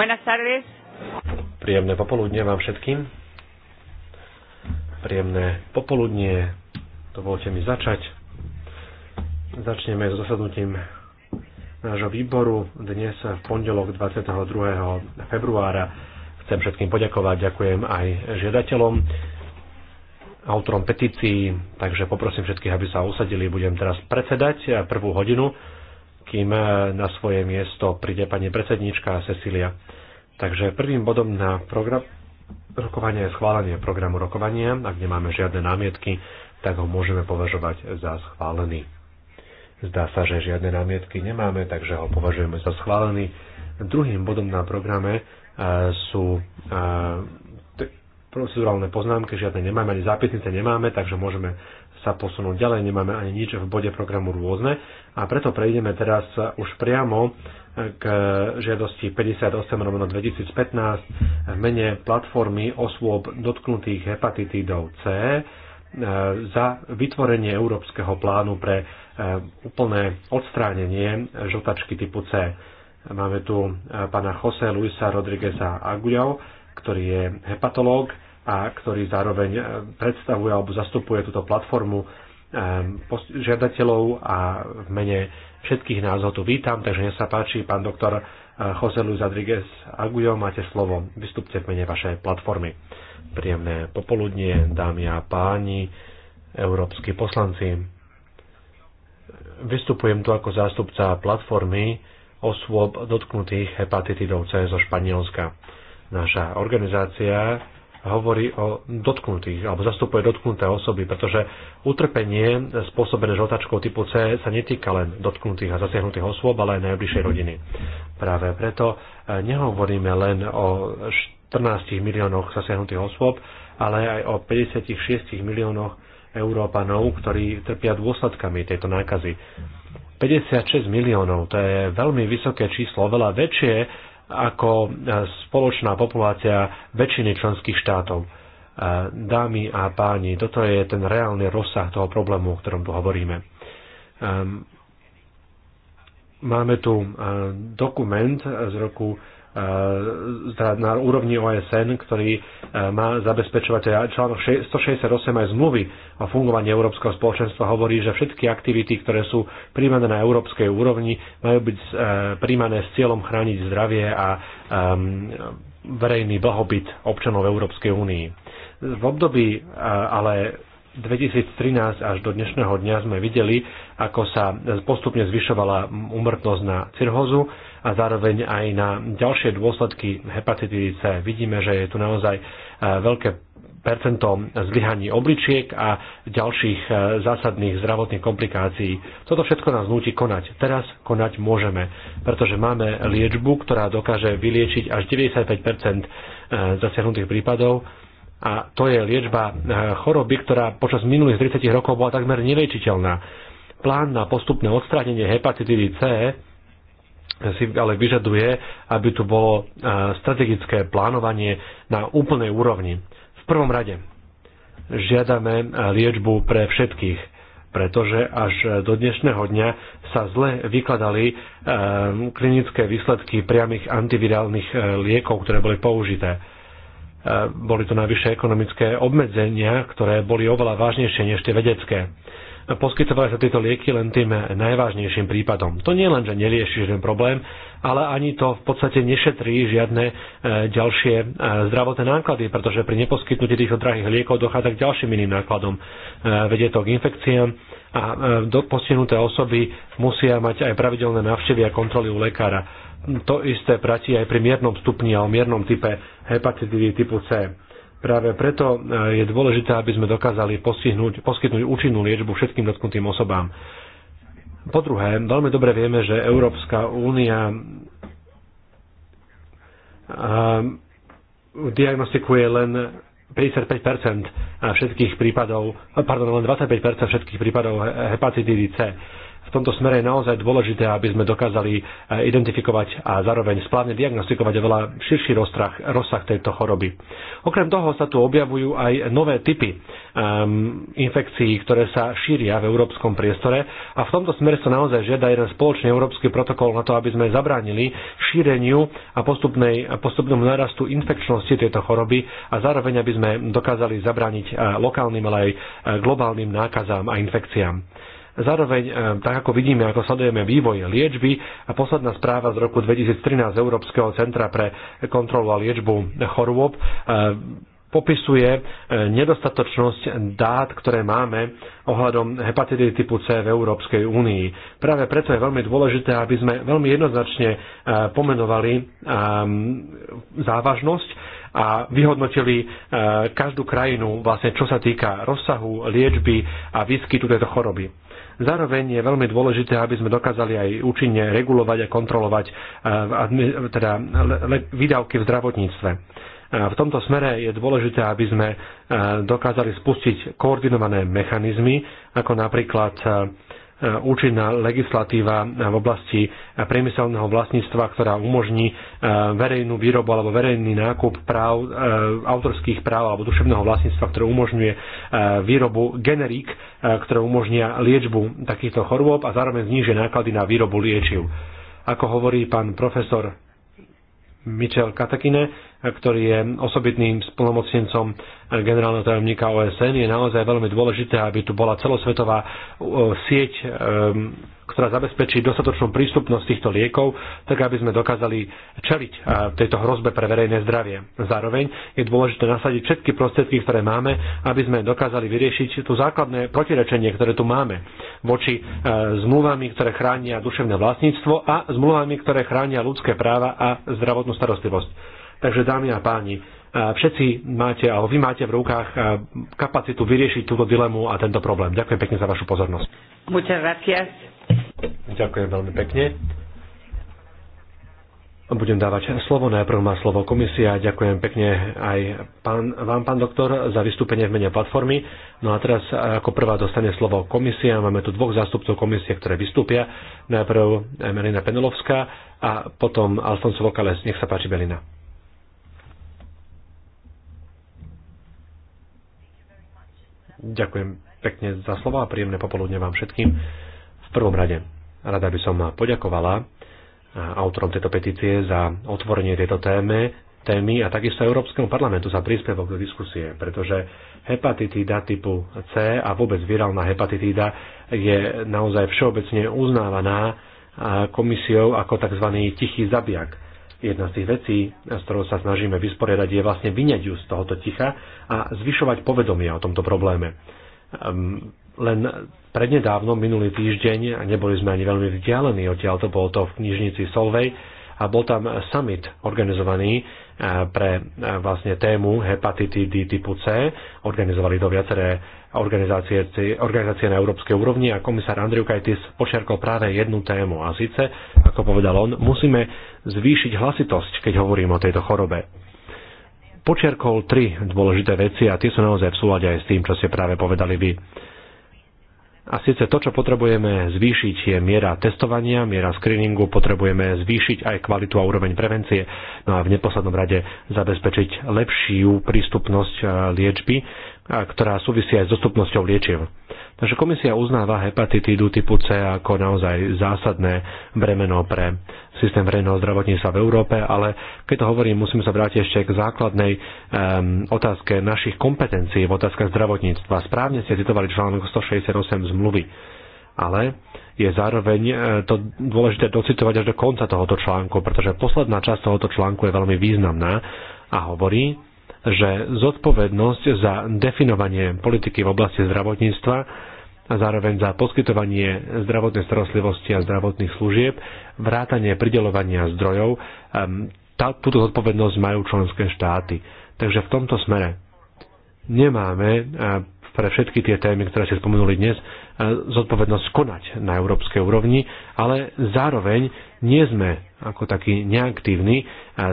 Buenas tardes. Príjemné popoludne vám všetkým. Príjemné popoludnie. Dovolte mi začať. Začneme s zasadnutím nášho výboru dnes v pondelok 22. februára. Chcem všetkým poďakovať, ďakujem aj žiadateľom, autorom petícií, takže poprosím všetkých, aby sa usadili. Budem teraz predsedať eh, prvú hodinu kým eh, na svoje miesto príde pani predsednička Cecília. Takže prvým bodom na program rokovania je schválenie programu rokovania. Ak nemáme žiadne námietky, tak ho môžeme považovať za schválený. Zdá sa, že žiadne námietky nemáme, takže ho považujeme za schválený. Druhým bodom na programe eh, sú eh, procedurálne poznámky, žiadne nemáme, ani zápisnice nemáme, takže môžeme sa posunúť ďalej, nemáme ani nič v bode programu rôzne a preto prejdeme teraz už priamo eh, k žiadosti 58 rovno 2015 v mene platformy osôb dotknutých hepatitídou C eh, za vytvorenie európskeho plánu pre eh, úplné odstránenie žltačky typu C. Máme tu pána Jose Luisa Rodrígueza Aguiao, ktorý je hepatológ a ktorý zároveň e, predstavuje alebo zastupuje túto platformu e, žiadateľov a v mene všetkých nás ho tu vítam, takže nech sa páči, pán doktor e, Jose Luis Rodriguez Agujo, máte slovo, vystupte v mene vašej platformy. Príjemné popoludnie, dámy a páni, európsky poslanci. Vystupujem tu ako zástupca platformy osôb dotknutých hepatitidou C zo Španielska. Naša organizácia hovorí o dotknutých alebo zastupuje dotknuté osoby, pretože utrpenie spôsobené žltačkou typu C sa netýka len dotknutých a zasiahnutých osôb, ale aj najbližšej rodiny. Práve preto e, nehovoríme len o 14 miliónoch zasiahnutých osôb, ale aj o 56 miliónoch Európanov, ktorí trpia dôsledkami tejto nákazy. 56 miliónov, to je veľmi vysoké číslo, veľa väčšie ako e, spoločná populácia väčšiny členských štátov. E, dámy a páni, toto je ten reálny rozsah toho problému, o ktorom tu hovoríme. E, máme tu dokument z roku E, teda na úrovni OSN, ktorý e, má zabezpečovať aj teda článok 168 aj zmluvy o fungovaní Európskeho spoločenstva hovorí, že všetky aktivity, ktoré sú príjmané na európskej úrovni, majú byť e, príjmané s cieľom chrániť zdravie a verejný blahobyt občanov Európskej únii. V období ale 2013 až do dnešného dňa sme videli, ako sa postupne zvyšovala umrtnosť na cirhozu a zároveň aj na ďalšie dôsledky hepatitidy C. Vidíme, že je tu naozaj e, veľké percento zlyhaní obličiek a ďalších e, zásadných zdravotných komplikácií. Toto všetko nás nutí konať. Teraz konať môžeme, pretože máme liečbu, ktorá dokáže vyliečiť až 95 e, zasiahnutých prípadov a to je liečba choroby, ktorá počas minulých 30 rokov bola takmer neliečiteľná. Plán na postupné odstránenie hepatitidy C si ale vyžaduje, aby tu bolo e, strategické plánovanie na úplnej úrovni. V prvom rade žiadame e, liečbu pre všetkých pretože až do dnešného dňa sa zle vykladali e, klinické výsledky priamých antivirálnych liekov, ktoré boli použité. Boli to najvyššie ekonomické obmedzenia, ktoré boli oveľa vážnejšie než tie vedecké poskytovali sa tieto lieky len tým najvážnejším prípadom. To nie len, že nerieši žiaden problém, ale ani to v podstate nešetrí žiadne e, ďalšie e, zdravotné náklady, pretože pri neposkytnutí týchto drahých liekov dochádza k ďalším iným nákladom. E, vedie to k infekciám a postihnuté osoby musia mať aj pravidelné návštevy a kontroly u lekára. To isté platí aj pri miernom stupni a o miernom type hepatitidy typu C. Práve preto e, je dôležité, aby sme dokázali poskytnúť účinnú liečbu všetkým dotknutým osobám. Po druhé, veľmi dobre vieme, že Európska únia e, diagnostikuje len 55 všetkých prípadov, pardon, len 25 všetkých prípadov hepatitidy C v tomto smere je naozaj dôležité, aby sme dokázali e, identifikovať a zároveň správne diagnostikovať oveľa širší rozsah, rozsah tejto choroby. Okrem toho sa tu objavujú aj nové typy um, infekcií, ktoré sa šíria v európskom priestore a v tomto smere sa naozaj žiada jeden spoločný európsky protokol na to, aby sme zabránili šíreniu a postupnej, postupnému narastu infekčnosti tejto choroby a zároveň, aby sme dokázali zabrániť e, lokálnym, ale aj e, globálnym nákazám a infekciám. Zároveň, e, tak ako vidíme, ako sledujeme vývoj liečby a posledná správa z roku 2013 Európskeho centra pre kontrolu a liečbu chorôb e, popisuje e, nedostatočnosť dát, ktoré máme ohľadom hepatitidy typu C v Európskej únii. Práve preto je veľmi dôležité, aby sme veľmi jednoznačne pomenovali závažnosť a vyhodnotili každú krajinu, vlastne čo sa týka rozsahu, liečby a výskytu tejto choroby. Zároveň je veľmi dôležité, aby sme dokázali aj účinne regulovať a kontrolovať eh, teda výdavky v zdravotníctve. Eh, v tomto smere je dôležité, aby sme eh, dokázali spustiť koordinované mechanizmy, ako napríklad E, účinná legislatíva v oblasti priemyselného vlastníctva, ktorá umožní e, verejnú výrobu alebo verejný nákup práv, e, autorských práv alebo duševného vlastníctva, ktoré umožňuje výrobu generík, ktoré umožnia liečbu takýchto chorôb a zároveň zníže náklady na výrobu liečiv. Ako hovorí pán profesor Michel Katakine, ktorý je osobitným spolomocnencom generálneho tajomníka OSN. Je naozaj veľmi dôležité, aby tu bola celosvetová e, sieť e, ktorá zabezpečí dostatočnú prístupnosť týchto liekov, tak aby sme dokázali čeliť tejto hrozbe pre verejné zdravie. Zároveň je dôležité nasadiť všetky prostriedky, ktoré máme, aby sme dokázali vyriešiť tú základné protirečenie, ktoré tu máme voči zmluvami, ktoré chránia duševné vlastníctvo a zmluvami, ktoré chránia ľudské práva a zdravotnú starostlivosť. Takže dámy a páni, všetci máte, alebo vy máte v rukách kapacitu vyriešiť túto dilemu a tento problém. Ďakujem pekne za vašu pozornosť. Muchas gracias. Ďakujem veľmi pekne. Budem dávať slovo, najprv má slovo komisia. Ďakujem pekne aj pán, vám, pán doktor, za vystúpenie v mene platformy. No a teraz ako prvá dostane slovo komisia. Máme tu dvoch zástupcov komisie, ktoré vystúpia. Najprv Melina Penelovská a potom Alfonso Vokales. Nech sa páči, Melina. Ďakujem pekne za slova a príjemné popoludne vám všetkým. V prvom rade rada by som poďakovala autorom tejto petície za otvorenie tejto téme, témy a takisto Európskemu parlamentu za príspevok do diskusie, pretože hepatitída typu C a vôbec virálna hepatitída je naozaj všeobecne uznávaná komisiou ako tzv. tichý zabijak Jedna z tých vecí, s ktorou sa snažíme vysporiadať, je vlastne vyňať ju z tohoto ticha a zvyšovať povedomie o tomto probléme. Ehm, len prednedávno, minulý týždeň, neboli sme ani veľmi vzdialení odtiaľ, to bolo to v knižnici Solvej, a bol tam summit organizovaný e, pre e, vlastne tému hepatitidy typu C. Organizovali to viaceré organizácie, organizácie na európskej úrovni a komisár Andriu Kajtis počiarkol práve jednu tému a síce, ako povedal on, musíme zvýšiť hlasitosť, keď hovorím o tejto chorobe. Počerkol tri dôležité veci a tie sú naozaj v súlade aj s tým, čo ste práve povedali vy. A síce to, čo potrebujeme zvýšiť, je miera testovania, miera screeningu, potrebujeme zvýšiť aj kvalitu a úroveň prevencie, no a v neposlednom rade zabezpečiť lepšiu prístupnosť e, liečby ktorá súvisí aj s dostupnosťou liečiv. Takže komisia uznáva hepatitídu typu C ako naozaj zásadné bremeno pre systém verejného zdravotníctva v Európe, ale keď to hovorím, musíme sa vrátiť ešte k základnej um, otázke našich kompetencií v otázkach zdravotníctva. Správne ste citovali článok 168 zmluvy, ale je zároveň e, to dôležité docitovať až do konca tohoto článku, pretože posledná časť tohoto článku je veľmi významná a hovorí, že zodpovednosť za definovanie politiky v oblasti zdravotníctva a zároveň za poskytovanie zdravotnej starostlivosti a zdravotných služieb, vrátanie pridelovania zdrojov, ehm, tá, túto zodpovednosť majú členské štáty. Takže v tomto smere nemáme e, pre všetky tie témy, ktoré ste spomenuli dnes, e, zodpovednosť konať na európskej úrovni, ale zároveň nie sme ako taký neaktívny.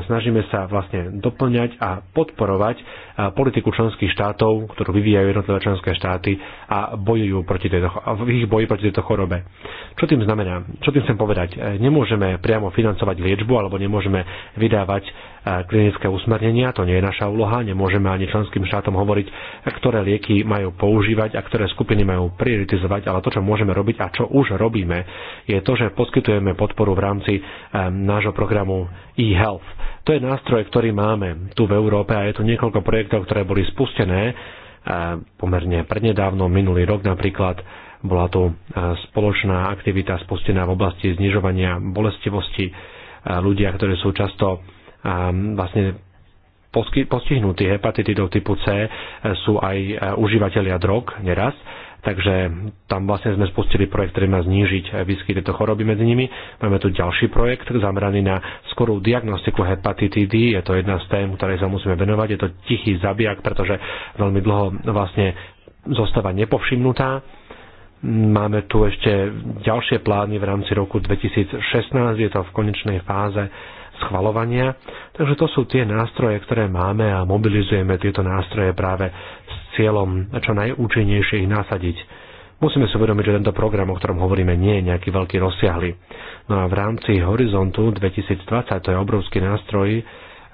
Snažíme sa vlastne doplňať a podporovať politiku členských štátov, ktorú vyvíjajú jednotlivé členské štáty a bojujú proti tejto, v ich boji proti tejto chorobe. Čo tým znamená? Čo tým chcem povedať? E, nemôžeme priamo financovať liečbu alebo nemôžeme vydávať e, klinické usmernenia, to nie je naša úloha, nemôžeme ani členským štátom hovoriť, ktoré lieky majú používať a ktoré skupiny majú prioritizovať, ale to, čo môžeme robiť a čo už robíme, je to, že poskytujeme podporu v rámci nášho programu e-health. To je nástroj, ktorý máme tu v Európe a je tu niekoľko projektov, ktoré boli spustené e, pomerne prednedávno, minulý rok napríklad. Bola tu e, spoločná aktivita spustená v oblasti znižovania bolestivosti e, ľudia, ktorí sú často vlastne postihnutí hepatitidou typu C sú aj užívateľia drog neraz Takže tam vlastne sme spustili projekt, ktorý má znížiť výskyt tejto choroby medzi nimi. Máme tu ďalší projekt zameraný na skorú diagnostiku hepatitidy. Je to jedna z tém, ktorej sa musíme venovať. Je to tichý zabijak, pretože veľmi dlho vlastne zostáva nepovšimnutá. Máme tu ešte ďalšie plány v rámci roku 2016, je to v konečnej fáze schvalovania. Takže to sú tie nástroje, ktoré máme a mobilizujeme tieto nástroje práve s cieľom čo najúčinnejšie ich nasadiť. Musíme si uvedomiť, že tento program, o ktorom hovoríme, nie je nejaký veľký rozsiahly. No a v rámci Horizontu 2020, to je obrovský nástroj,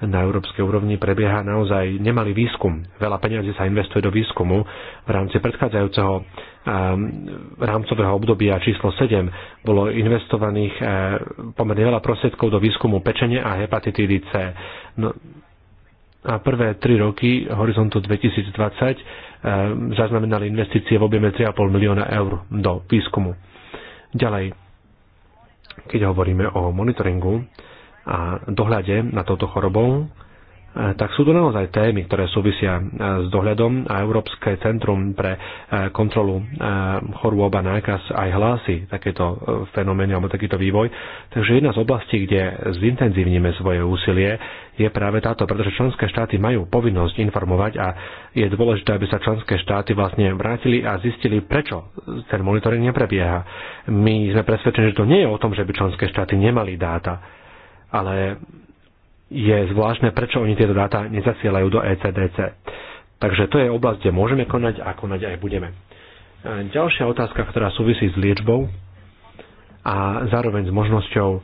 na európskej úrovni prebieha naozaj nemalý výskum. Veľa peniazy sa investuje do výskumu. V rámci predchádzajúceho ehm, rámcového obdobia číslo 7 bolo investovaných ehm, pomerne veľa prostriedkov do výskumu pečenia a hepatitídy C. No, a prvé tri roky horizontu 2020 eh, zaznamenali investície v objeme 3,5 milióna eur do výskumu. Ďalej, keď hovoríme o monitoringu a dohľade na touto chorobou, E, tak sú to naozaj témy, ktoré súvisia e, s dohľadom a Európske centrum pre e, kontrolu chorôb a nákaz aj hlási takéto fenomény alebo takýto vývoj. Takže jedna z oblastí, kde zintenzívnime svoje úsilie, je práve táto, pretože členské štáty majú povinnosť informovať a je dôležité, aby sa členské štáty vlastne vrátili a zistili, prečo ten monitoring neprebieha. My sme presvedčení, že to nie je o tom, že by členské štáty nemali dáta, ale je zvláštne, prečo oni tieto dáta nezasielajú do ECDC. Takže to je oblasť, kde môžeme konať a konať aj budeme. E, ďalšia otázka, ktorá súvisí s liečbou a zároveň s možnosťou e,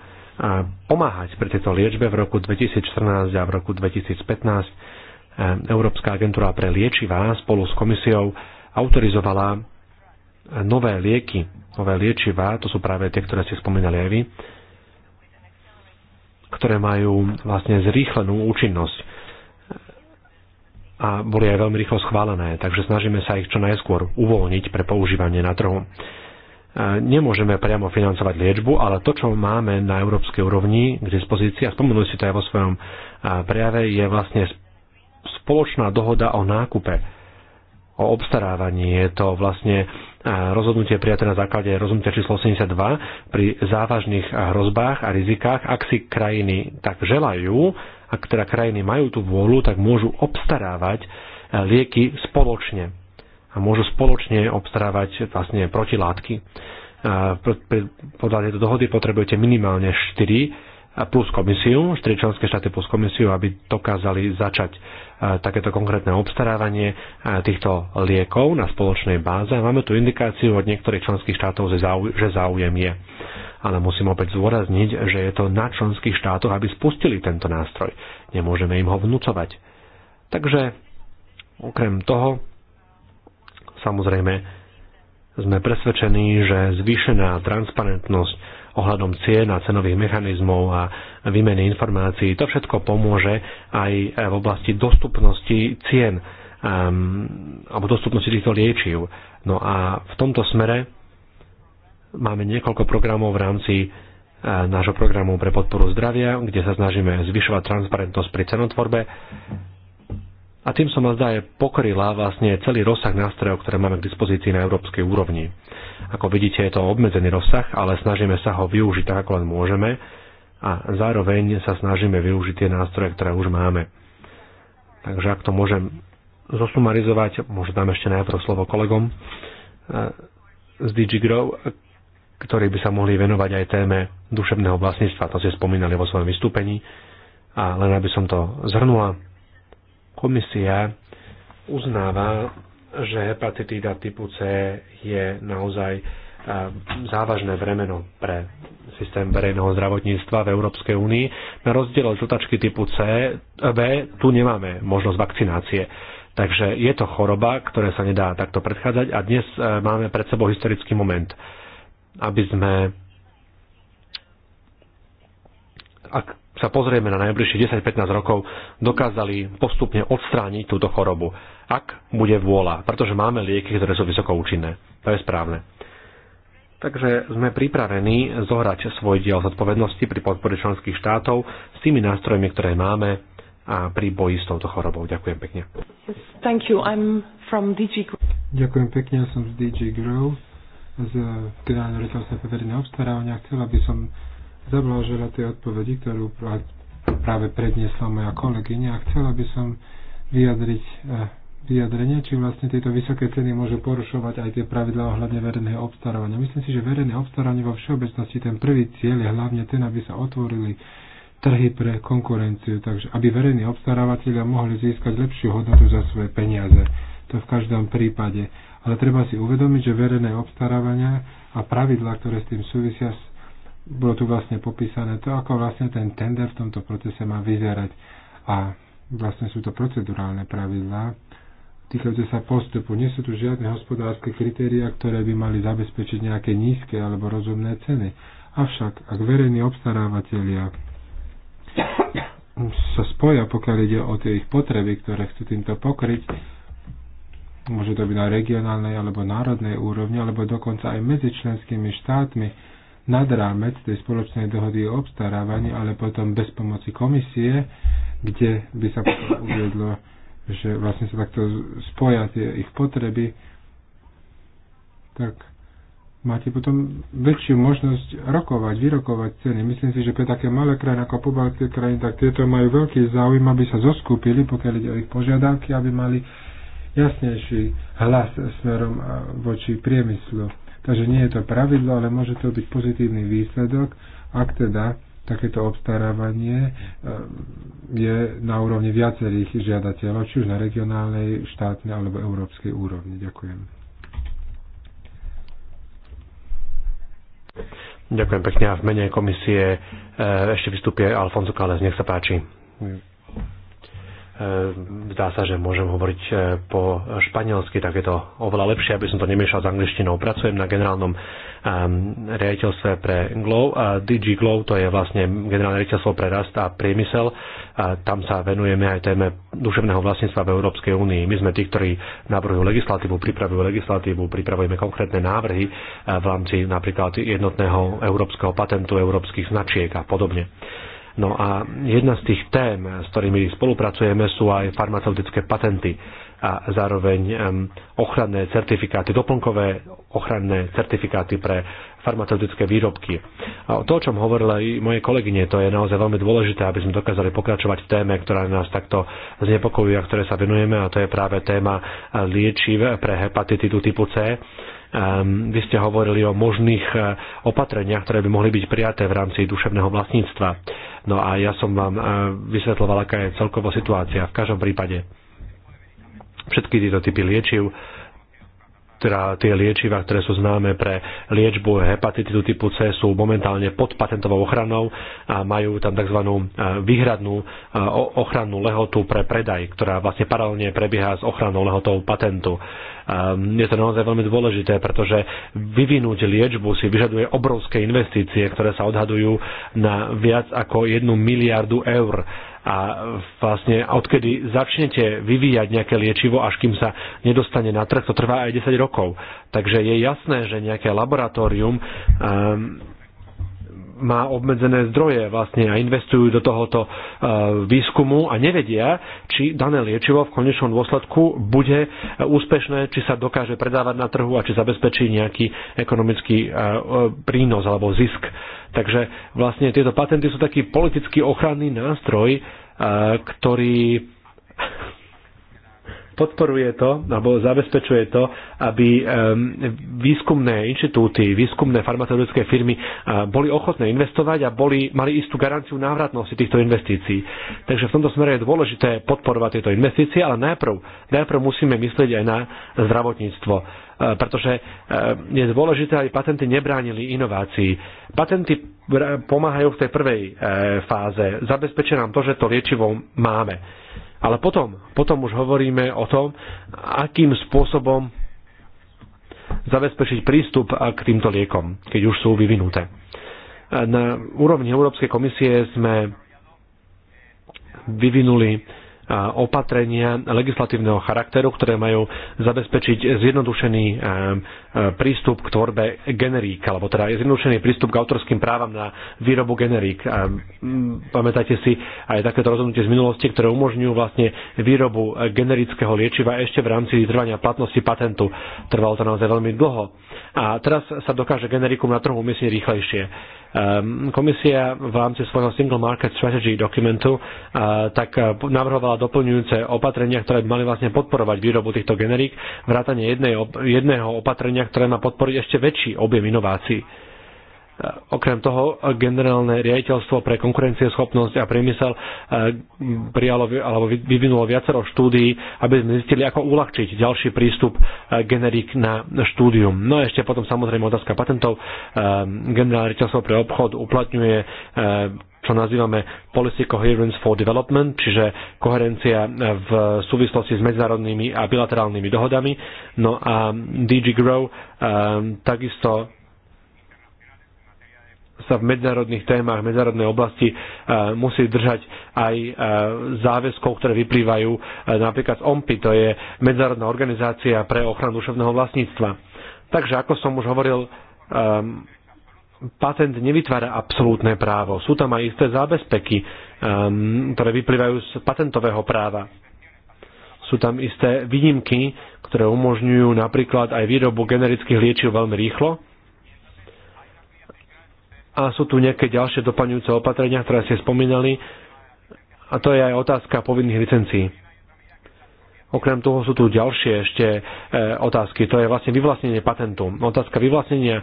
pomáhať pri tejto liečbe v roku 2014 a v roku 2015 e, Európska agentúra pre liečivá spolu s komisiou autorizovala nové lieky, nové liečivá, to sú práve tie, ktoré ste spomínali aj vy, ktoré majú vlastne zrýchlenú účinnosť a boli aj veľmi rýchlo schválené, takže snažíme sa ich čo najskôr uvoľniť pre používanie na trhu. E, nemôžeme priamo financovať liečbu, ale to, čo máme na európskej úrovni k dispozícii, a spomenuli si to aj vo svojom e, prejave, je vlastne spoločná dohoda o nákupe o obstarávaní. Je to vlastne rozhodnutie prijaté na základe rozhodnutia číslo 82 pri závažných hrozbách a rizikách. Ak si krajiny tak želajú, ak teda krajiny majú tú vôľu, tak môžu obstarávať lieky spoločne. A môžu spoločne obstarávať vlastne protilátky. Podľa tejto dohody potrebujete minimálne 4 plus komisiu, štyri členské štáty plus komisiu, aby dokázali začať e, takéto konkrétne obstarávanie e, týchto liekov na spoločnej báze. Máme tu indikáciu od niektorých členských štátov, že záujem je. Ale musím opäť zdôrazniť, že je to na členských štátoch, aby spustili tento nástroj. Nemôžeme im ho vnúcovať. Takže okrem toho, samozrejme, sme presvedčení, že zvýšená transparentnosť ohľadom cien a cenových mechanizmov a výmeny informácií. To všetko pomôže aj v oblasti dostupnosti cien um, alebo dostupnosti týchto liečiv. No a v tomto smere máme niekoľko programov v rámci e, nášho programu pre podporu zdravia, kde sa snažíme zvyšovať transparentnosť pri cenotvorbe. A tým som vás dá pokryla vlastne celý rozsah nástrojov, ktoré máme k dispozícii na európskej úrovni. Ako vidíte, je to obmedzený rozsah, ale snažíme sa ho využiť tak, ako len môžeme a zároveň sa snažíme využiť tie nástroje, ktoré už máme. Takže ak to môžem zosumarizovať, možno dám ešte najprv slovo kolegom eh, z DigiGrow, ktorí by sa mohli venovať aj téme duševného vlastníctva, to ste spomínali vo svojom vystúpení. A len aby som to zhrnula, komisia uznáva že hepatitída typu C je naozaj závažné vremeno pre systém verejného zdravotníctva v Európskej únii. Na rozdiel od žltačky typu C, B, tu nemáme možnosť vakcinácie. Takže je to choroba, ktoré sa nedá takto predchádzať a dnes e, máme pred sebou historický moment, aby sme ak sa pozrieme na najbližšie 10-15 rokov, dokázali postupne odstrániť túto chorobu, ak bude vôľa, pretože máme lieky, ktoré sú vysoko účinné. To je správne. Takže sme pripravení zohrať svoj diel zodpovednosti pri podpore členských štátov s tými nástrojmi, ktoré máme a pri boji s touto chorobou. Ďakujem pekne. thank you. I'm from DG Ďakujem pekne, ja som z DG Grow z generálneho riaditeľstva pre verejné obstarávania. Chcela by som zablážila tej odpovedi, ktorú práve predniesla moja kolegyňa a chcela by som vyjadriť e, vyjadrenie, či vlastne tieto vysoké ceny môžu porušovať aj tie pravidlá ohľadne verejného obstarávania. Myslím si, že verejné obstarávanie vo všeobecnosti ten prvý cieľ je hlavne ten, aby sa otvorili trhy pre konkurenciu, takže aby verejní obstarávateľia mohli získať lepšiu hodnotu za svoje peniaze. To v každom prípade. Ale treba si uvedomiť, že verejné obstarávania a pravidlá, ktoré s tým súvisia, bolo tu vlastne popísané to, ako vlastne ten tender v tomto procese má vyzerať. A vlastne sú to procedurálne pravidlá, týkajúce sa postupu. Nie sú tu žiadne hospodárske kritéria, ktoré by mali zabezpečiť nejaké nízke alebo rozumné ceny. Avšak, ak verejní obstarávateľia sa spoja, pokiaľ ide o tie ich potreby, ktoré chcú týmto pokryť, môže to byť na regionálnej alebo národnej úrovni, alebo dokonca aj medzi členskými štátmi, nad rámec tej spoločnej dohody o obstarávaní, ale potom bez pomoci komisie, kde by sa potom uviedlo, že vlastne sa takto spoja tie ich potreby, tak máte potom väčšiu možnosť rokovať, vyrokovať ceny. Myslím si, že pre také malé krajiny ako pobaltské krajiny, tak tieto majú veľký záujem, aby sa zoskúpili, pokiaľ ide o ich požiadavky, aby mali jasnejší hlas smerom voči priemyslu. Takže nie je to pravidlo, ale môže to byť pozitívny výsledok, ak teda takéto obstarávanie e, je na úrovni viacerých žiadateľov, či už na regionálnej, štátnej alebo európskej úrovni. Ďakujem. Ďakujem pekne a v mene komisie e, ešte vystupie Alfonso Kales. Nech sa páči. Ehm, zdá sa, že môžem hovoriť e, po španielsky, tak je to oveľa lepšie, aby som to nemiešal s angličtinou. Pracujem na generálnom ehm, riaditeľstve pre Glow. A DG Glow to je vlastne generálne riaditeľstvo pre rast a priemysel. A tam sa venujeme aj téme duševného vlastníctva v Európskej únii. My sme tí, ktorí navrhujú legislatívu, pripravujú legislatívu, pripravujeme konkrétne návrhy e, v rámci napríklad jednotného európskeho patentu, európskych značiek a podobne. No a jedna z tých tém, s ktorými spolupracujeme, sú aj farmaceutické patenty a zároveň ochranné certifikáty, doplnkové ochranné certifikáty pre farmaceutické výrobky. A to, o čom hovorila aj moje kolegyne, to je naozaj veľmi dôležité, aby sme dokázali pokračovať v téme, ktorá nás takto znepokojuje a ktoré sa venujeme, a to je práve téma liečiv pre hepatitidu typu C. Um, vy ste hovorili o možných eh, opatreniach, ktoré by mohli byť prijaté v rámci duševného vlastníctva. No a ja som vám e, vysvetloval, aká je celková situácia. V každom prípade všetky tieto typy liečiv ktorá, teda tie liečiva, ktoré sú známe pre liečbu hepatitidu typu C, sú momentálne pod patentovou ochranou a majú tam tzv. E, výhradnú e, ochrannú lehotu pre predaj, ktorá vlastne paralelne prebieha s ochrannou lehotou patentu. Ehm, je to naozaj veľmi dôležité, pretože vyvinúť liečbu si vyžaduje obrovské investície, ktoré sa odhadujú na viac ako jednu miliardu eur a vlastne odkedy začnete vyvíjať nejaké liečivo, až kým sa nedostane na trh, to trvá aj 10 rokov. Takže je jasné, že nejaké laboratórium um, má obmedzené zdroje vlastne a investujú do tohoto e, výskumu a nevedia, či dané liečivo v konečnom dôsledku bude e, úspešné, či sa dokáže predávať na trhu a či zabezpečí nejaký ekonomický e, prínos alebo zisk. Takže vlastne tieto patenty sú taký politicky ochranný nástroj, ktorý podporuje to alebo zabezpečuje to, aby výskumné inštitúty, výskumné farmaceutické firmy boli ochotné investovať a boli, mali istú garanciu návratnosti týchto investícií. Takže v tomto smere je dôležité podporovať tieto investície, ale najprv, najprv musíme myslieť aj na zdravotníctvo Eh, pretože eh, je dôležité, aby patenty nebránili inovácii. Patenty pomáhajú v tej prvej eh, fáze, zabezpečia nám to, že to liečivo máme. Ale potom, potom už hovoríme o tom, akým spôsobom zabezpečiť prístup k týmto liekom, keď už sú vyvinuté. Na úrovni Európskej komisie sme vyvinuli opatrenia legislatívneho charakteru, ktoré majú zabezpečiť zjednodušený prístup k tvorbe generík, alebo teda je zjednodušený prístup k autorským právam na výrobu generík. A, pamätáte si aj takéto rozhodnutie z minulosti, ktoré umožňujú vlastne výrobu generického liečiva ešte v rámci trvania platnosti patentu. Trvalo to naozaj veľmi dlho. A teraz sa dokáže generikum na trhu umiestniť rýchlejšie. Ehm, komisia v rámci svojho Single Market Strategy dokumentu tak navrhovala doplňujúce opatrenia, ktoré by mali vlastne podporovať výrobu týchto generík, vrátanie jedného opatrenia, ktoré má podporiť ešte väčší objem inovácií. Okrem toho, generálne riaditeľstvo pre konkurencieschopnosť a priemysel eh, prijalo alebo vyvinulo viacero štúdií, aby sme zistili, ako uľahčiť ďalší prístup eh, generík na štúdium. No a ešte potom samozrejme otázka patentov. Eh, generálne riaditeľstvo pre obchod uplatňuje čo nazývame Policy Coherence for Development, čiže koherencia v súvislosti s medzinárodnými a bilaterálnymi dohodami. No a DG Grow um, takisto sa v medzinárodných témach, medzinárodnej oblasti eh, musí držať aj eh, záväzkov, ktoré vyplývajú napríklad z OMPI, to je Medzinárodná organizácia pre ochranu duševného vlastníctva. Takže ako som už hovoril, um, patent nevytvára absolútne právo. Sú tam aj isté zábezpeky, um, ktoré vyplývajú z patentového práva. Sú tam isté výnimky, ktoré umožňujú napríklad aj výrobu generických liečiv veľmi rýchlo. A sú tu nejaké ďalšie doplňujúce opatrenia, ktoré ste spomínali. A to je aj otázka povinných licencií Okrem toho sú tu ďalšie ešte e, otázky. To je vlastne vyvlastnenie patentu. Otázka vyvlastnenia e,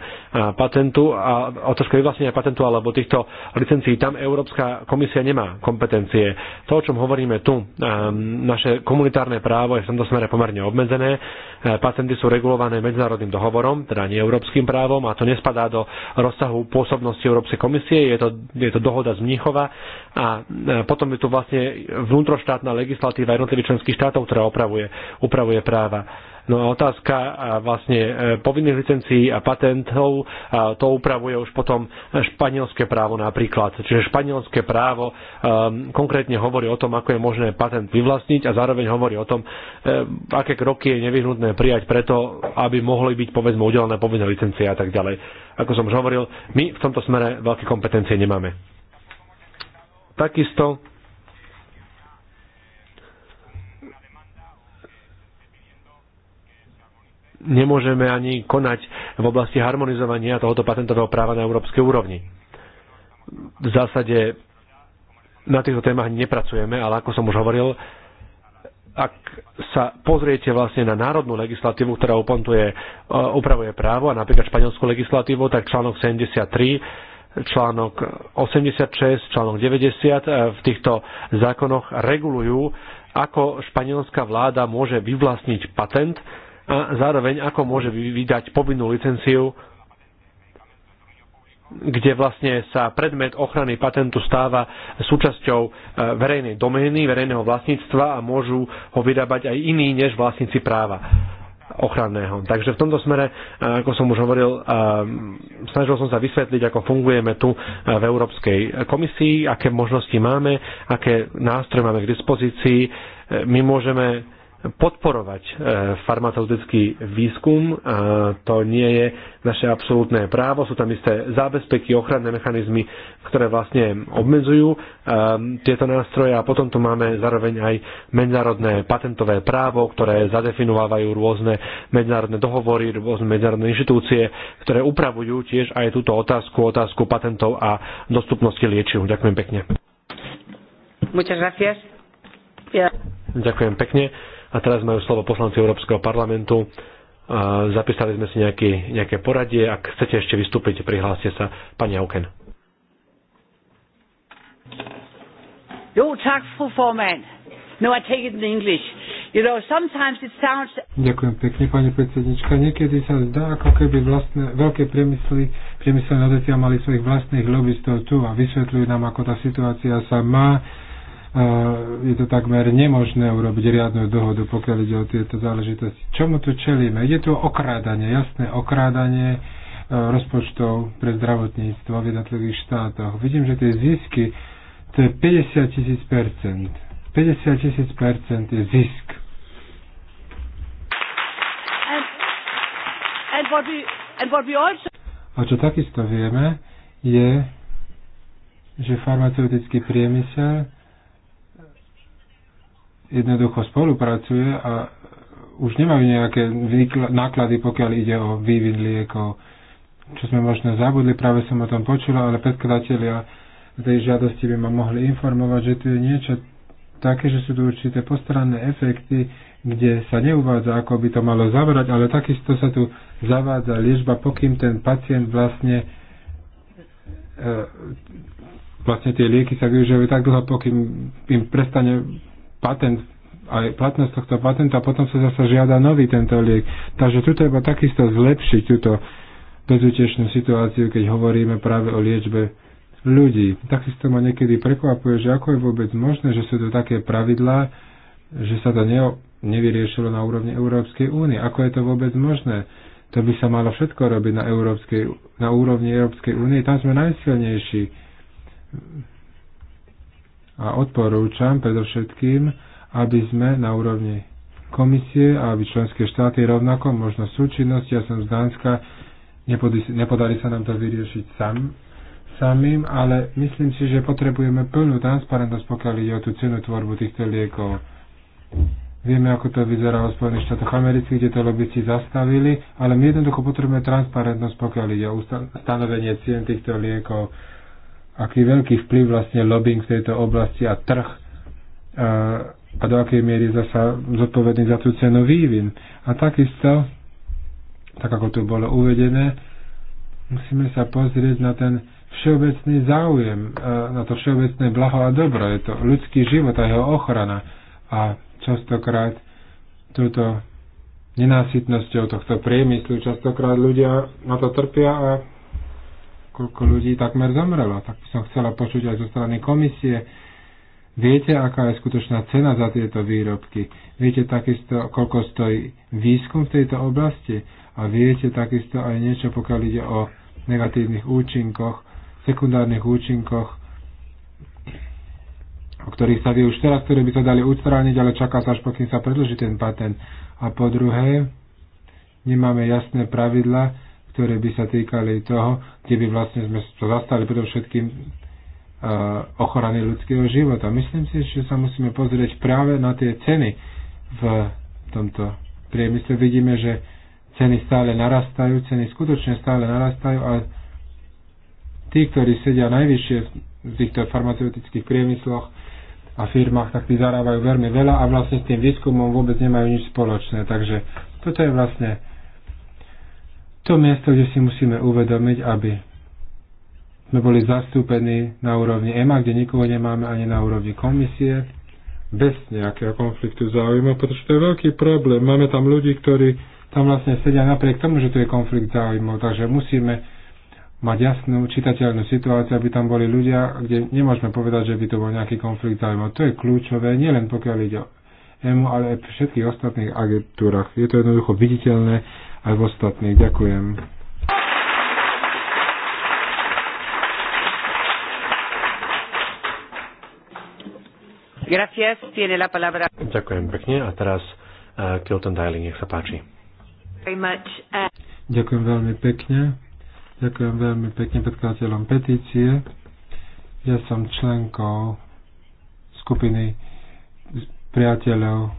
patentu a otázka vyvlastnenia patentu alebo týchto licencií. Tam Európska komisia nemá kompetencie. To, o čom hovoríme tu, e, naše komunitárne právo je v tomto smere pomerne obmedzené. E, patenty sú regulované medzinárodným dohovorom, teda nie európskym právom a to nespadá do rozsahu pôsobnosti Európskej komisie. Je to, je to dohoda z Mníchova a e, potom je tu vlastne vnútroštátna legislatíva jednotlivých členských štátov, ktorá upravuje, upravuje práva. No a otázka vlastne e, povinných licencií a patentov, a to upravuje už potom španielské právo napríklad. Čiže španielské právo um, konkrétne hovorí o tom, ako je možné patent vyvlastniť a zároveň hovorí o tom, um, aké kroky je nevyhnutné prijať preto, aby mohli byť povedzme udelené povinné licencie a tak ďalej. Ako som už hovoril, my v tomto smere veľké kompetencie nemáme. Takisto nemôžeme ani konať v oblasti harmonizovania tohoto patentového práva na európskej úrovni. V zásade na týchto témach nepracujeme, ale ako som už hovoril, ak sa pozriete vlastne na národnú legislatívu, ktorá upontuje, e, upravuje právo a napríklad španielskú legislatívu, tak článok 73 článok 86, článok 90 e, v týchto zákonoch regulujú, ako španielská vláda môže vyvlastniť patent a zároveň ako môže vydať povinnú licenciu, kde vlastne sa predmet ochrany patentu stáva súčasťou e, verejnej domény, verejného vlastníctva a môžu ho vyrábať aj iní než vlastníci práva ochranného. Takže v tomto smere, e, ako som už hovoril, e, snažil som sa vysvetliť, ako fungujeme tu v Európskej komisii, aké možnosti máme, aké nástroje máme k dispozícii. My môžeme podporovať e, farmaceutický výskum. E, to nie je naše absolútne právo. Sú tam isté zábezpeky, ochranné mechanizmy, ktoré vlastne obmedzujú e, tieto nástroje a potom tu máme zároveň aj medzinárodné patentové právo, ktoré zadefinovávajú rôzne medzinárodné dohovory, rôzne medzinárodné inštitúcie, ktoré upravujú tiež aj túto otázku, otázku patentov a dostupnosti liečiv. Ďakujem pekne. Muchas gracias. Yeah. Ďakujem pekne. A teraz majú slovo poslanci Európskeho parlamentu. Zapísali sme si nejaký, nejaké poradie. Ak chcete ešte vystúpiť, prihláste sa. Pani Auken. Jo, tak, fru No, I take it in English. You know, sometimes it sounds... Ďakujem pekne, pani predsednička. Niekedy sa zdá, ako keby vlastné, veľké priemysly, priemyselné odetia mali svojich vlastných lobbystov tu a vysvetľujú nám, ako tá situácia sa má je to takmer nemožné urobiť riadnu dohodu, pokiaľ ide o tieto záležitosti. Čomu tu čelíme? Je tu okrádanie, jasné okrádanie e, rozpočtov pre zdravotníctvo v jednotlivých štátoch. Vidím, že tie zisky to je 50 tisíc percent. 50 tisíc percent je zisk. And, and what we, and what we also... A čo takisto vieme, je, že farmaceutický priemysel jednoducho spolupracuje a už nemajú nejaké náklady, pokiaľ ide o vývin liekov. Čo sme možno zabudli, práve som o tom počula, ale predkladatelia tej žiadosti by ma mohli informovať, že tu je niečo také, že sú tu určité postranné efekty, kde sa neuvádza, ako by to malo zavrať, ale takisto sa tu zavádza liežba, pokým ten pacient vlastne e, vlastne tie lieky sa využívajú tak dlho, pokým im prestane patent aj platnosť tohto patenta a potom sa zase žiada nový tento liek. Takže tu treba takisto zlepšiť túto bezútešnú situáciu, keď hovoríme práve o liečbe ľudí. Takisto ma niekedy prekvapuje, že ako je vôbec možné, že sú to také pravidlá, že sa to ne, nevyriešilo na úrovni Európskej únie. Ako je to vôbec možné? To by sa malo všetko robiť na, Európskej, na úrovni Európskej únie. Tam sme najsilnejší a odporúčam predovšetkým, aby sme na úrovni komisie a aby členské štáty rovnako možno súčinnosť. Ja som z Dánska, nepodarí sa nám to vyriešiť sam, samým, ale myslím si, že potrebujeme plnú transparentnosť, pokiaľ ide o tú cenu tvorbu týchto liekov. Vieme, ako to vyzerá v Spojených štátoch amerických, kde to lobbyci zastavili, ale my jednoducho potrebujeme transparentnosť, pokiaľ ide o stanovenie cien týchto liekov aký veľký vplyv vlastne lobbying v tejto oblasti a trh a, e, a do akej miery zasa zodpovedný za tú cenu vývin. A takisto, tak ako tu bolo uvedené, musíme sa pozrieť na ten všeobecný záujem, e, na to všeobecné blaho a dobro. Je to ľudský život a jeho ochrana. A častokrát túto nenásytnosťou tohto priemyslu, častokrát ľudia na to trpia a koľko ľudí takmer zomrelo. Tak by som chcela počuť aj zo strany komisie. Viete, aká je skutočná cena za tieto výrobky? Viete takisto, koľko stojí výskum v tejto oblasti? A viete takisto aj niečo, pokiaľ ide o negatívnych účinkoch, sekundárnych účinkoch, o ktorých sa vie už teraz, ktoré by sa dali ustrániť, ale čaká sa, až pokým sa predlží ten patent. A po druhé, nemáme jasné pravidla, ktoré by sa týkali toho, kde by vlastne sme to zastali predovšetkým e, ochrany ľudského života. Myslím si, že sa musíme pozrieť práve na tie ceny v tomto priemysle. Vidíme, že ceny stále narastajú, ceny skutočne stále narastajú a tí, ktorí sedia najvyššie v týchto farmaceutických priemysloch a firmách, tak tí zarábajú veľmi veľa a vlastne s tým výskumom vôbec nemajú nič spoločné. Takže toto je vlastne to miesto, kde si musíme uvedomiť, aby sme boli zastúpení na úrovni EMA, kde nikoho nemáme ani na úrovni komisie, bez nejakého konfliktu záujmov, pretože to je veľký problém. Máme tam ľudí, ktorí tam vlastne sedia napriek tomu, že tu je konflikt záujmov, takže musíme mať jasnú čitateľnú situáciu, aby tam boli ľudia, kde nemôžeme povedať, že by to bol nejaký konflikt záujmov. To je kľúčové, nielen pokiaľ ide o EMU, ale aj v všetkých ostatných agentúrach. Je to jednoducho viditeľné aj v ostatných. Ďakujem. Gracias, tiene la palabra. Ďakujem pekne a teraz uh, Kilton Daly, nech sa páči. Very much. Uh... Ďakujem veľmi pekne. Ďakujem veľmi pekne predkladateľom petície. Ja som členkou skupiny priateľov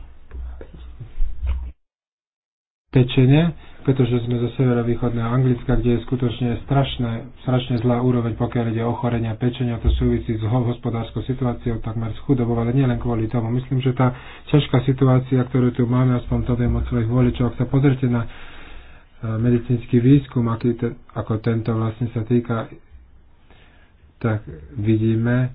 pečenie pretože sme zo severovýchodného Anglicka, kde je skutočne strašné, strašne zlá úroveň, pokiaľ ide ochorenia pečenia, to súvisí s hospodárskou situáciou, takmer s chudobou, ale nielen kvôli tomu. Myslím, že tá ťažká situácia, ktorú tu máme, aspoň to viem od svojich voličov, ak sa pozrite na e, medicínsky výskum, aký te, ako tento vlastne sa týka, tak vidíme,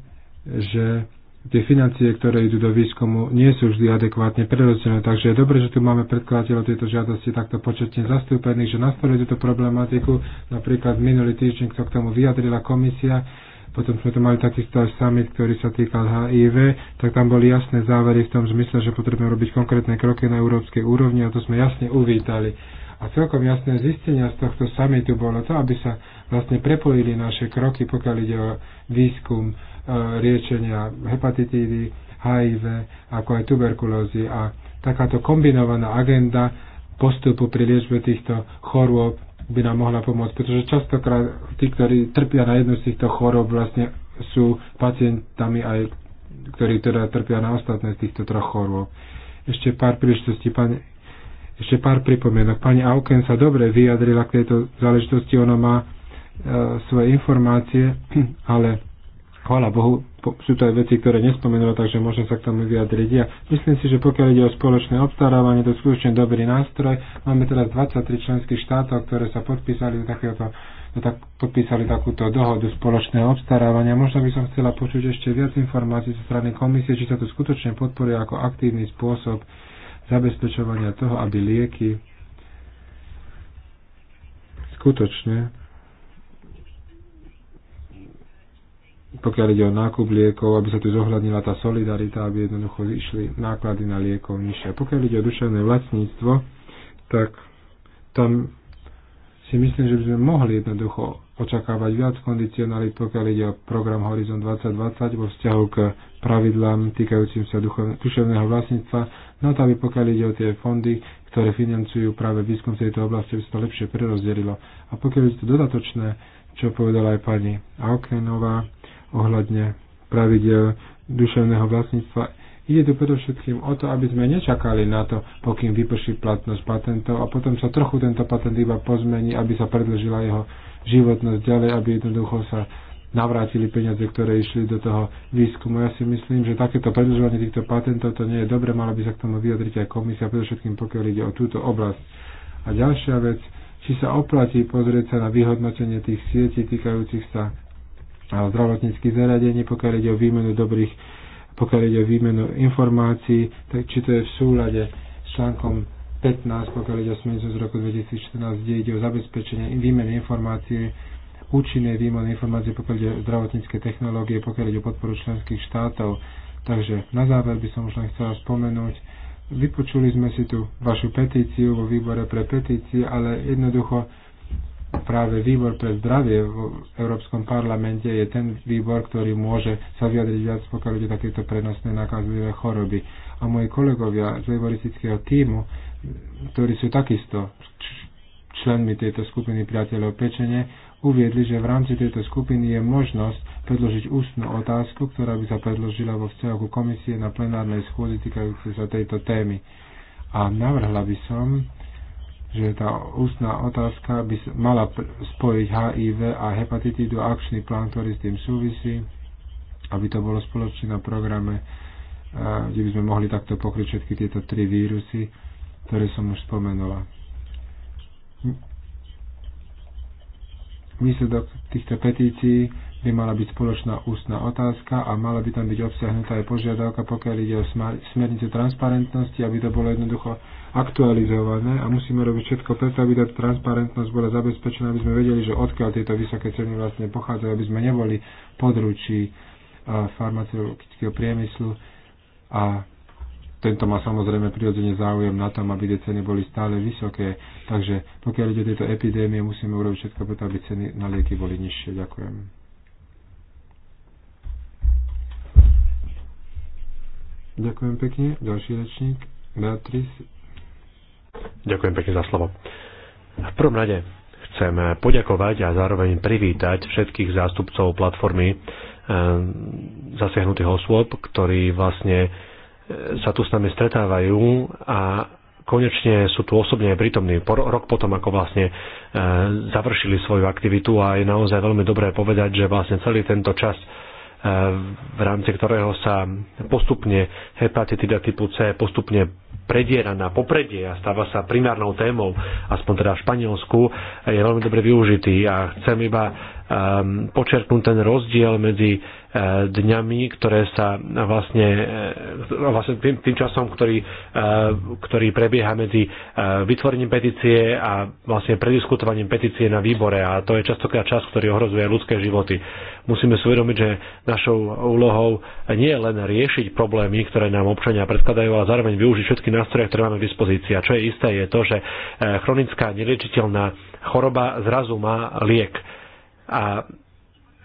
že tie financie, ktoré idú do výskumu, nie sú vždy adekvátne prerozdelené. Takže je dobre, že tu máme predkladateľov tejto žiadosti takto početne zastúpených, že nastavili túto problematiku. Napríklad minulý týždeň sa k tomu vyjadrila komisia, potom sme tu mali takisto aj summit, ktorý sa týkal HIV, tak tam boli jasné závery v tom zmysle, že potrebujeme robiť konkrétne kroky na európskej úrovni a to sme jasne uvítali. A celkom jasné zistenia z tohto samitu bolo to, aby sa vlastne prepojili naše kroky, pokiaľ ide o výskum E, riečenia hepatitídy, HIV, ako aj tuberkulózy. A takáto kombinovaná agenda postupu pri liečbe týchto chorôb by nám mohla pomôcť, pretože častokrát tí, ktorí trpia na jednu z týchto chorôb, vlastne sú pacientami aj, ktorí teda trpia na ostatné z týchto troch chorôb. Ešte pár príležitostí, pani, ešte pár pripomienok. Pani Auken sa dobre vyjadrila k tejto záležitosti, ona má e, svoje informácie, ale Chvála Bohu, sú to aj veci, ktoré nespomenula, takže môžem sa k tomu vyjadriť ja. Myslím si, že pokiaľ ide o spoločné obstarávanie, to je skutočne dobrý nástroj. Máme teraz 23 členských štátov, ktoré sa podpísali do takéhoto tak, podpísali takúto dohodu spoločného obstarávania. Možno by som chcela počuť ešte viac informácií zo strany komisie, či sa to skutočne podporuje ako aktívny spôsob zabezpečovania toho, aby lieky skutočne pokiaľ ide o nákup liekov, aby sa tu zohľadnila tá solidarita, aby jednoducho išli náklady na liekov nižšie. Pokiaľ ide o duševné vlastníctvo, tak tam si myslím, že by sme mohli jednoducho očakávať viac kondicionalit, pokiaľ ide o program Horizon 2020 vo vzťahu k pravidlám týkajúcim sa duševného vlastníctva, no to aby pokiaľ ide o tie fondy, ktoré financujú práve výskum v tejto oblasti, by sa to lepšie prerozdelilo. A pokiaľ je to dodatočné, čo povedala aj pani Aukenová, ohľadne pravidel duševného vlastníctva. Ide tu predovšetkým o to, aby sme nečakali na to, pokým vyprší platnosť patentov a potom sa trochu tento patent iba pozmení, aby sa predlžila jeho životnosť ďalej, aby jednoducho sa navrátili peniaze, ktoré išli do toho výskumu. Ja si myslím, že takéto predlžovanie týchto patentov to nie je dobre, mala by sa k tomu vyjadriť aj komisia, predovšetkým pokiaľ ide o túto oblasť. A ďalšia vec, či sa oplatí pozrieť sa na vyhodnotenie tých sietí týkajúcich sa zdravotníckých zariadení, pokiaľ ide o výmenu dobrých, pokiaľ ide o výmenu informácií, tak či to je v súlade s článkom 15, pokiaľ ide o smernicu z roku 2014, kde ide o zabezpečenie výmeny informácií, účinnej výmeny informácií, pokiaľ ide o zdravotnícke technológie, pokiaľ ide o podporu členských štátov. Takže na záver by som už len chcela spomenúť, vypočuli sme si tu vašu petíciu vo výbore pre petície, ale jednoducho práve výbor pre zdravie v Európskom parlamente je ten výbor, ktorý môže sa vyjadriť viac, pokiaľ ide takéto prenosné nakazlivé choroby. A moji kolegovia z laboristického týmu, ktorí sú takisto členmi tejto skupiny priateľov pečenie, uviedli, že v rámci tejto skupiny je možnosť predložiť ústnu otázku, ktorá by sa predložila vo vzťahu komisie na plenárnej schôdzi týkajúcej sa tejto témy. A navrhla by som, že tá ústná otázka by mala spojiť HIV a hepatitidu akčný plán, ktorý s tým súvisí, aby to bolo spoločne na programe, e, kde by sme mohli takto pokryť všetky tieto tri vírusy, ktoré som už spomenula. Výsledok týchto petícií by mala byť spoločná ústna otázka a mala by tam byť obsiahnutá aj požiadavka, pokiaľ ide o smernicu transparentnosti, aby to bolo jednoducho aktualizované a musíme robiť všetko preto, aby tá transparentnosť bola zabezpečená, aby sme vedeli, že odkiaľ tieto vysoké ceny vlastne pochádzajú, aby sme neboli područí e, farmaceutického priemyslu a tento má samozrejme prirodzene záujem na tom, aby tie ceny boli stále vysoké. Takže pokiaľ ide o tieto epidémie, musíme urobiť všetko preto, aby ceny na lieky boli nižšie. Ďakujem. Ďakujem pekne. Ďalší rečník. Beatrice Ďakujem pekne za slovo. V prvom rade chcem poďakovať a zároveň privítať všetkých zástupcov platformy eh, zasiahnutých osôb, ktorí vlastne eh, sa tu s nami stretávajú a konečne sú tu osobne prítomní. Po, rok potom, ako vlastne e, završili svoju aktivitu a je naozaj veľmi dobré povedať, že vlastne celý tento čas v rámci ktorého sa postupne hepatitida typu C postupne predieraná, popredie a stáva sa primárnou témou, aspoň teda v Španielsku, je veľmi dobre využitý a chcem iba Ehm, počerknúť ten rozdiel medzi eh, dňami, ktoré sa vlastne, eh, vlastne tým, tým časom, ktorý, eh, ktorý prebieha medzi vytvorením petície a vlastne prediskutovaním petície na výbore a to je častokrát čas, ktorý ohrozuje ľudské životy. Musíme si uvedomiť, že našou úlohou nie je len riešiť problémy, ktoré nám občania predkladajú, ale zároveň využiť všetky nástroje, ktoré máme v dispozícii. A čo je isté, je to, že chronická neliečiteľná choroba zrazu má liek a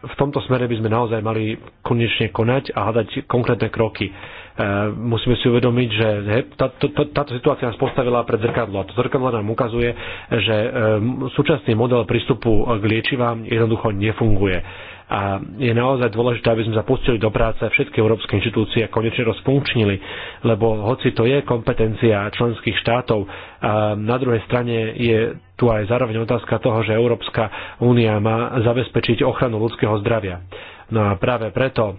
v tomto smere by sme naozaj mali konečne konať a hľadať konkrétne kroky. E, musíme si uvedomiť, že he, tá, to, táto situácia nás postavila pred zrkadlo. A to zrkadlo nám ukazuje, že e, súčasný model prístupu k liečivám jednoducho nefunguje. A je naozaj dôležité, aby sme zapustili do práce všetky európske inštitúcie a konečne rozfunkčnili, lebo hoci to je kompetencia členských štátov, a na druhej strane je tu aj zároveň otázka toho, že Európska únia má zabezpečiť ochranu ľudského zdravia. No a práve preto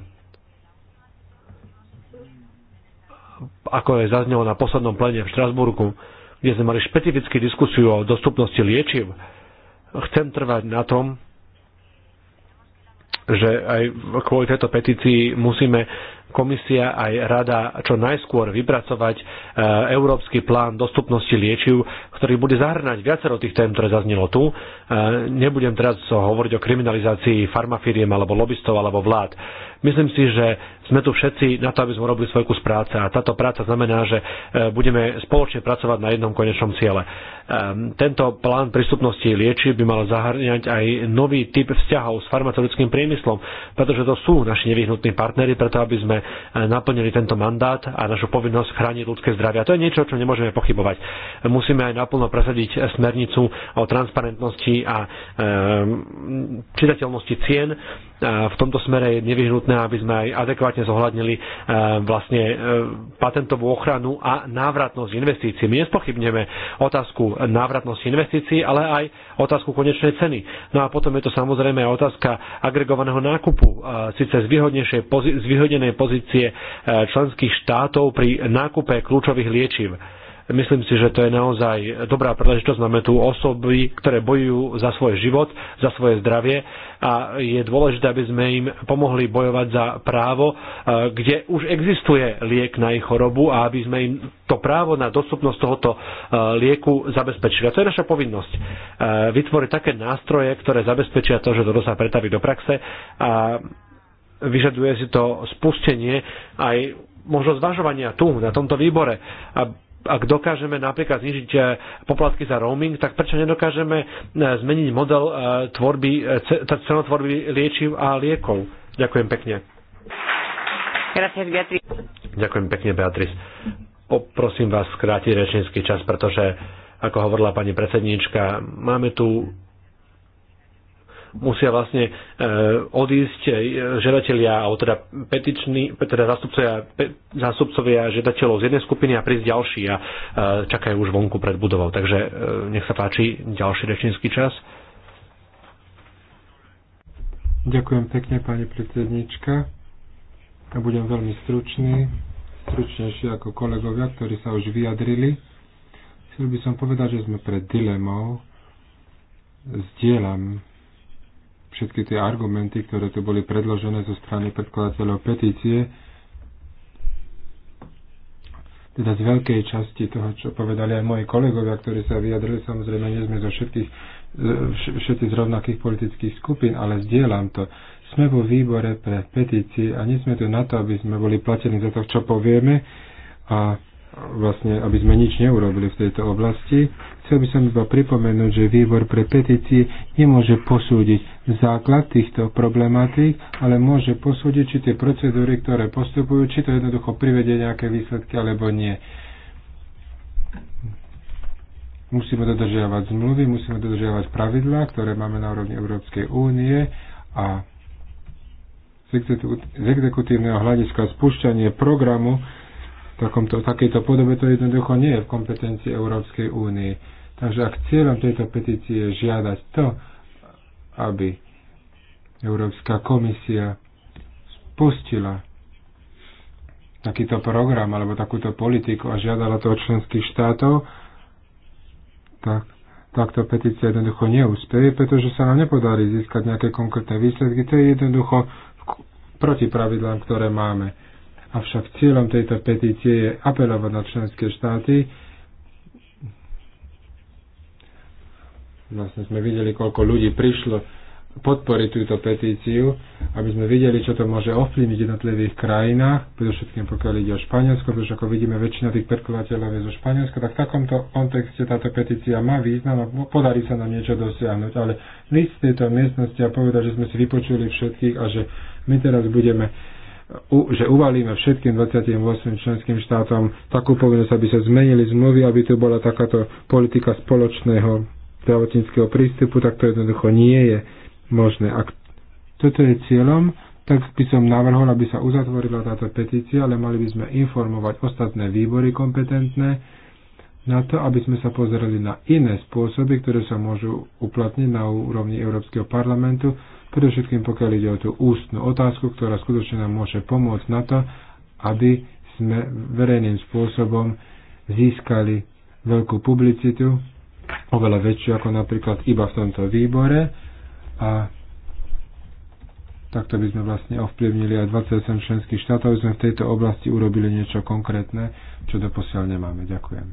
ako je zaznelo na poslednom plene v Štrasburgu, kde sme mali špecifickú diskusiu o dostupnosti liečiv, chcem trvať na tom, že aj kvôli tejto petícii musíme komisia aj rada čo najskôr vypracovať e, európsky plán dostupnosti liečiv, ktorý bude zahrnať viacero tých tém, ktoré zaznelo tu. E, nebudem teraz hovoriť o kriminalizácii farmafíriem alebo lobbystov alebo vlád. Myslím si, že sme tu všetci na to, aby sme robili svoj kus práce a táto práca znamená, že e, budeme spoločne pracovať na jednom konečnom ciele. Tento plán prístupnosti liečiv by mal zahrňať aj nový typ vzťahov s farmaceutickým priemyslom, pretože to sú naši nevyhnutní partnery, preto aby sme naplnili tento mandát a našu povinnosť chrániť ľudské zdravie. A to je niečo, o nemôžeme pochybovať. Musíme aj naplno presadiť smernicu o transparentnosti a ehm, čitateľnosti cien v tomto smere je nevyhnutné, aby sme aj adekvátne zohľadnili e, vlastne e, patentovú ochranu a návratnosť investícií. My nespochybneme otázku návratnosti investícií, ale aj otázku konečnej ceny. No a potom je to samozrejme aj otázka agregovaného nákupu, e, síce z, z vyhodenej pozície členských štátov pri nákupe kľúčových liečiv. Myslím si, že to je naozaj dobrá príležitosť. Máme tu osoby, ktoré bojujú za svoj život, za svoje zdravie a je dôležité, aby sme im pomohli bojovať za právo, e, kde už existuje liek na ich chorobu a aby sme im to právo na dostupnosť tohoto e, lieku zabezpečili. A to je naša povinnosť. E, vytvoriť také nástroje, ktoré zabezpečia to, že toto sa pretaví do praxe a vyžaduje si to spustenie aj možno zvažovania tu, na tomto výbore. A ak dokážeme napríklad znižiť eh, poplatky za roaming, tak prečo nedokážeme eh, zmeniť model eh, tvorby, cenotvorby liečiv a liekov? Ďakujem pekne. Gracias, Beatriz. Ďakujem pekne, Beatriz. Poprosím vás skrátiť rečnícky čas, pretože, ako hovorila pani predsedníčka, máme tu musia vlastne e, odísť e, žiadatelia, alebo teda, petiční, teda zastupcovia, pe, zastupcovia žiadateľov z jednej skupiny a prísť ďalší a e, čakajú už vonku pred budovou. Takže nech sa páči, ďalší rečnícky čas. Ďakujem pekne, pani predsednička. Ja budem veľmi stručný, stručnejší ako kolegovia, ktorí sa už vyjadrili. Chcel by som povedať, že sme pred dilemou. Zdieľam všetky tie argumenty, ktoré tu boli predložené zo strany predkladateľov petície, teda z veľkej časti toho, čo povedali aj moji kolegovia, ktorí sa vyjadrili, samozrejme nie sme zo všetkých, e, všetkých z rovnakých politických skupín, ale zdieľam to. Sme vo výbore pre petície a nie sme tu na to, aby sme boli platení za to, čo povieme a vlastne, aby sme nič neurobili v tejto oblasti. Chcel by som iba pripomenúť, že výbor pre petície nemôže posúdiť základ týchto problematík, ale môže posúdiť, či tie procedúry, ktoré postupujú, či to jednoducho privedie nejaké výsledky alebo nie. Musíme dodržiavať zmluvy, musíme dodržiavať pravidlá, ktoré máme na úrovni Európskej únie a z exekutívneho hľadiska spúšťanie programu takomto, takejto podobe to jednoducho nie je v kompetencii Európskej únie. Takže ak cieľom tejto petície je žiadať to, aby Európska komisia spustila takýto program alebo takúto politiku a žiadala to od členských štátov, tak takto petícia jednoducho neúspeje, pretože sa nám nepodarí získať nejaké konkrétne výsledky. To je jednoducho proti pravidlám, ktoré máme. Avšak cieľom tejto petície je apelovať na členské štáty, Vlastne sme videli, koľko ľudí prišlo podporiť túto petíciu, aby sme videli, čo to môže ovplyvniť v jednotlivých krajinách, predovšetkým pokiaľ ide o Španielsko, pretože ako vidíme, väčšina tých predkladateľov je zo Španielska, tak v takomto kontexte táto petícia má význam a podarí sa nám niečo dosiahnuť. Ale list tejto miestnosti a povedať, že sme si vypočuli všetkých a že my teraz budeme u, že uvalíme všetkým 28 členským štátom takú povinnosť, aby sa zmenili zmluvy, aby tu bola takáto politika spoločného zdravotníckého prístupu, tak to jednoducho nie je možné. Ak toto je cieľom, tak by som navrhol, aby sa uzatvorila táto petícia, ale mali by sme informovať ostatné výbory kompetentné na to, aby sme sa pozerali na iné spôsoby, ktoré sa môžu uplatniť na úrovni Európskeho parlamentu, predovšetkým pokiaľ ide o tú ústnu otázku, ktorá skutočne nám môže pomôcť na to, aby sme verejným spôsobom získali veľkú publicitu oveľa väčšiu ako napríklad iba v tomto výbore a takto by sme vlastne ovplyvnili aj 28 členských štátov, aby sme v tejto oblasti urobili niečo konkrétne, čo doposiaľ nemáme. Ďakujem.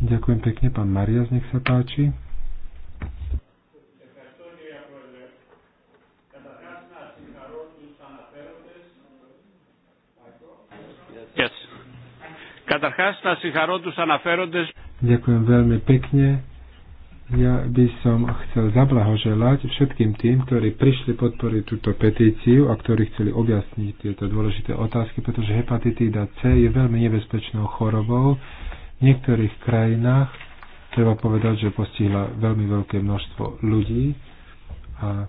Ďakujem pekne, pán Marias, nech sa páči. Καταρχάς συγχαρώ τους αναφέροντες. Ďakujem veľmi pekne. Ja by som chcel zablahoželať všetkým tým, ktorí prišli podporiť túto petíciu a ktorí chceli objasniť tieto dôležité otázky, pretože hepatitída C je veľmi nebezpečnou chorobou. V niektorých krajinách treba povedať, že postihla veľmi veľké množstvo ľudí. A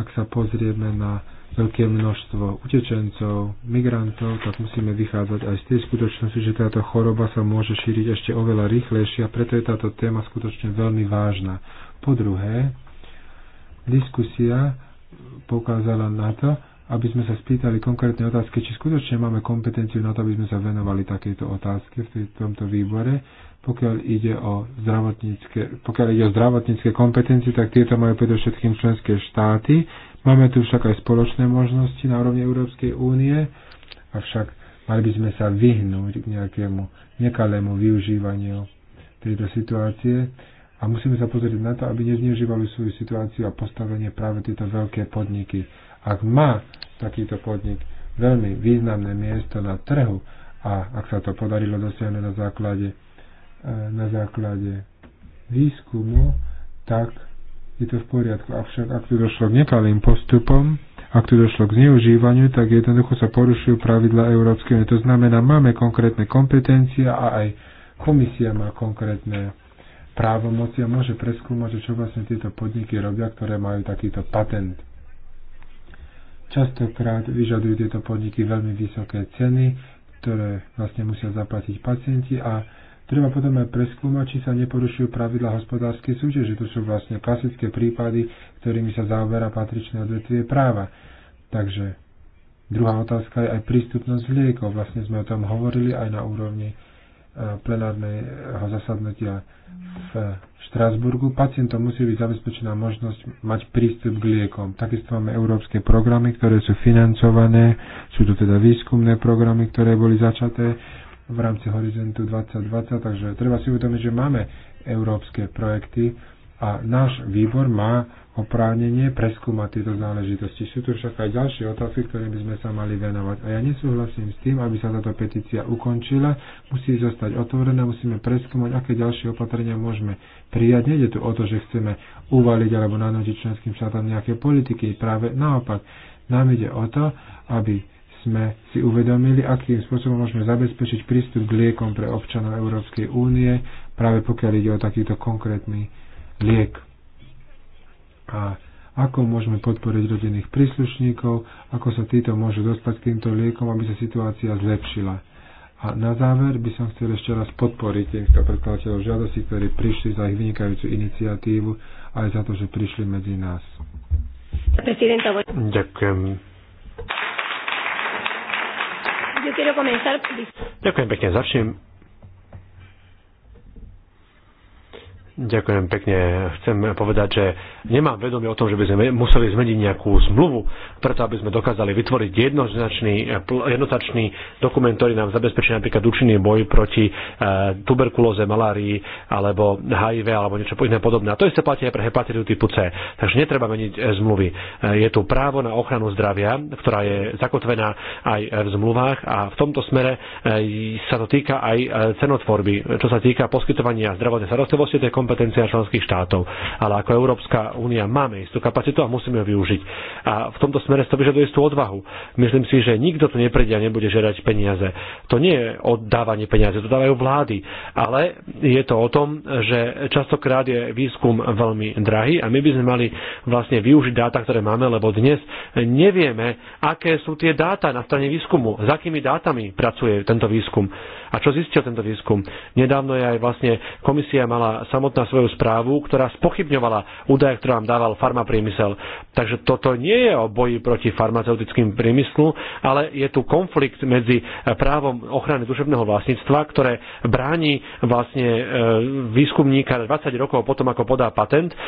ak sa pozrieme na veľké množstvo utečencov, migrantov, tak musíme vychádzať aj z tej skutočnosti, že táto choroba sa môže šíriť ešte oveľa rýchlejšie a preto je táto téma skutočne veľmi vážna. Po druhé, diskusia poukázala na to, aby sme sa spýtali konkrétne otázky, či skutočne máme kompetenciu na to, aby sme sa venovali takéto otázke v tomto výbore. Pokiaľ ide o zdravotnícke, pokiaľ ide o zdravotnícke kompetencie, tak tieto majú predovšetkým členské štáty Máme tu však aj spoločné možnosti na úrovni Európskej únie, avšak mali by sme sa vyhnúť k nejakému nekalému využívaniu tejto situácie a musíme sa pozrieť na to, aby nezneužívali svoju situáciu a postavenie práve tieto veľké podniky. Ak má takýto podnik veľmi významné miesto na trhu a ak sa to podarilo dosiahnuť na základe, e, na základe výskumu, tak je to v poriadku. Avšak ak tu došlo k nekalým postupom, ak tu došlo k zneužívaniu, tak jednoducho sa porušujú pravidla Európskej únie. To znamená, máme konkrétne kompetencie a aj komisia má konkrétne právomoci a môže preskúmať, čo vlastne tieto podniky robia, ktoré majú takýto patent. Častokrát vyžadujú tieto podniky veľmi vysoké ceny, ktoré vlastne musia zaplatiť pacienti a Treba potom aj preskúmať, či sa neporušujú pravidla hospodárskej súťaže. To sú vlastne klasické prípady, ktorými sa zaoberá patričné odvetvie práva. Takže druhá otázka je aj prístupnosť liekov. Vlastne sme o tom hovorili aj na úrovni e, plenárneho zasadnutia v Štrasburgu. Pacientom musí byť zabezpečená možnosť mať prístup k liekom. Takisto máme európske programy, ktoré sú financované, sú to teda výskumné programy, ktoré boli začaté v rámci Horizontu 2020, takže treba si uvedomiť, že máme európske projekty a náš výbor má oprávnenie preskúmať tieto záležitosti. Sú tu však aj ďalšie otázky, ktoré by sme sa mali venovať. A ja nesúhlasím s tým, aby sa táto petícia ukončila. Musí zostať otvorená, musíme preskúmať, aké ďalšie opatrenia môžeme prijať. Nejde tu o to, že chceme uvaliť alebo nanútiť členským štátom nejaké politiky. Práve naopak, nám ide o to, aby sme si uvedomili, akým spôsobom môžeme zabezpečiť prístup k liekom pre občanov Európskej únie, práve pokiaľ ide o takýto konkrétny liek. A ako môžeme podporiť rodinných príslušníkov, ako sa títo môžu dostať k týmto liekom, aby sa situácia zlepšila. A na záver by som chcel ešte raz podporiť týchto predkladateľov žiadosti, ktorí prišli za ich vynikajúcu iniciatívu aj za to, že prišli medzi nás. Ďakujem. Ďakujem pekne. Začnem Ďakujem pekne. Chcem povedať, že nemám vedomie o tom, že by sme museli zmeniť nejakú zmluvu, preto aby sme dokázali vytvoriť jednoznačný, jednotačný dokument, ktorý nám zabezpečí napríklad účinný boj proti eh, tuberkulóze, malárii alebo HIV alebo niečo iné podobné. A to isté platí aj pre hepatitidu typu C. Takže netreba meniť eh, zmluvy. Eh, je tu právo na ochranu zdravia, ktorá je zakotvená aj v zmluvách a v tomto smere sa to týka aj cenotvorby, čo sa týka poskytovania zdravotnej starostlivosti, kompetencia členských štátov. Ale ako Európska únia máme istú kapacitu a musíme ju využiť. A v tomto smere to vyžaduje istú odvahu. Myslím si, že nikto tu nepredia a nebude žerať peniaze. To nie je oddávanie peniaze, to dávajú vlády. Ale je to o tom, že častokrát je výskum veľmi drahý a my by sme mali vlastne využiť dáta, ktoré máme, lebo dnes nevieme, aké sú tie dáta na strane výskumu, s akými dátami pracuje tento výskum. A čo zistil tento výskum? Nedávno je aj vlastne komisia mala samotná svoju správu, ktorá spochybňovala údaje, ktoré nám dával farmapriemysel. Takže toto nie je o boji proti farmaceutickým priemyslu, ale je tu konflikt medzi eh, právom ochrany duševného vlastníctva, ktoré bráni vlastne eh, výskumníka 20 rokov potom, ako podá patent eh,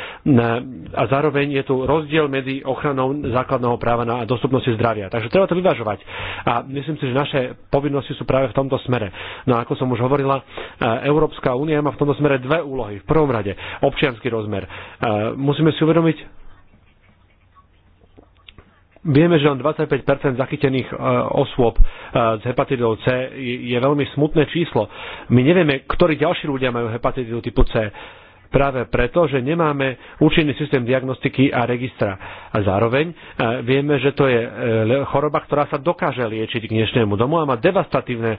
a zároveň je tu rozdiel medzi ochranou základného práva na dostupnosti zdravia. Takže treba to vyvažovať. A myslím si, že naše povinnosti sú práve v tomto smere. No ako som už hovorila, e, Európska únia má v tomto smere dve úlohy. V prvom rade občianský rozmer. E, musíme si uvedomiť, Vieme, že len 25 zachytených e, osôb s hepatitidou C je veľmi smutné číslo. My nevieme, ktorí ďalší ľudia majú hepatitidu typu C práve preto, že nemáme účinný systém diagnostiky a registra. A zároveň e, vieme, že to je e, choroba, ktorá sa dokáže liečiť k dnešnému domu a má devastatívne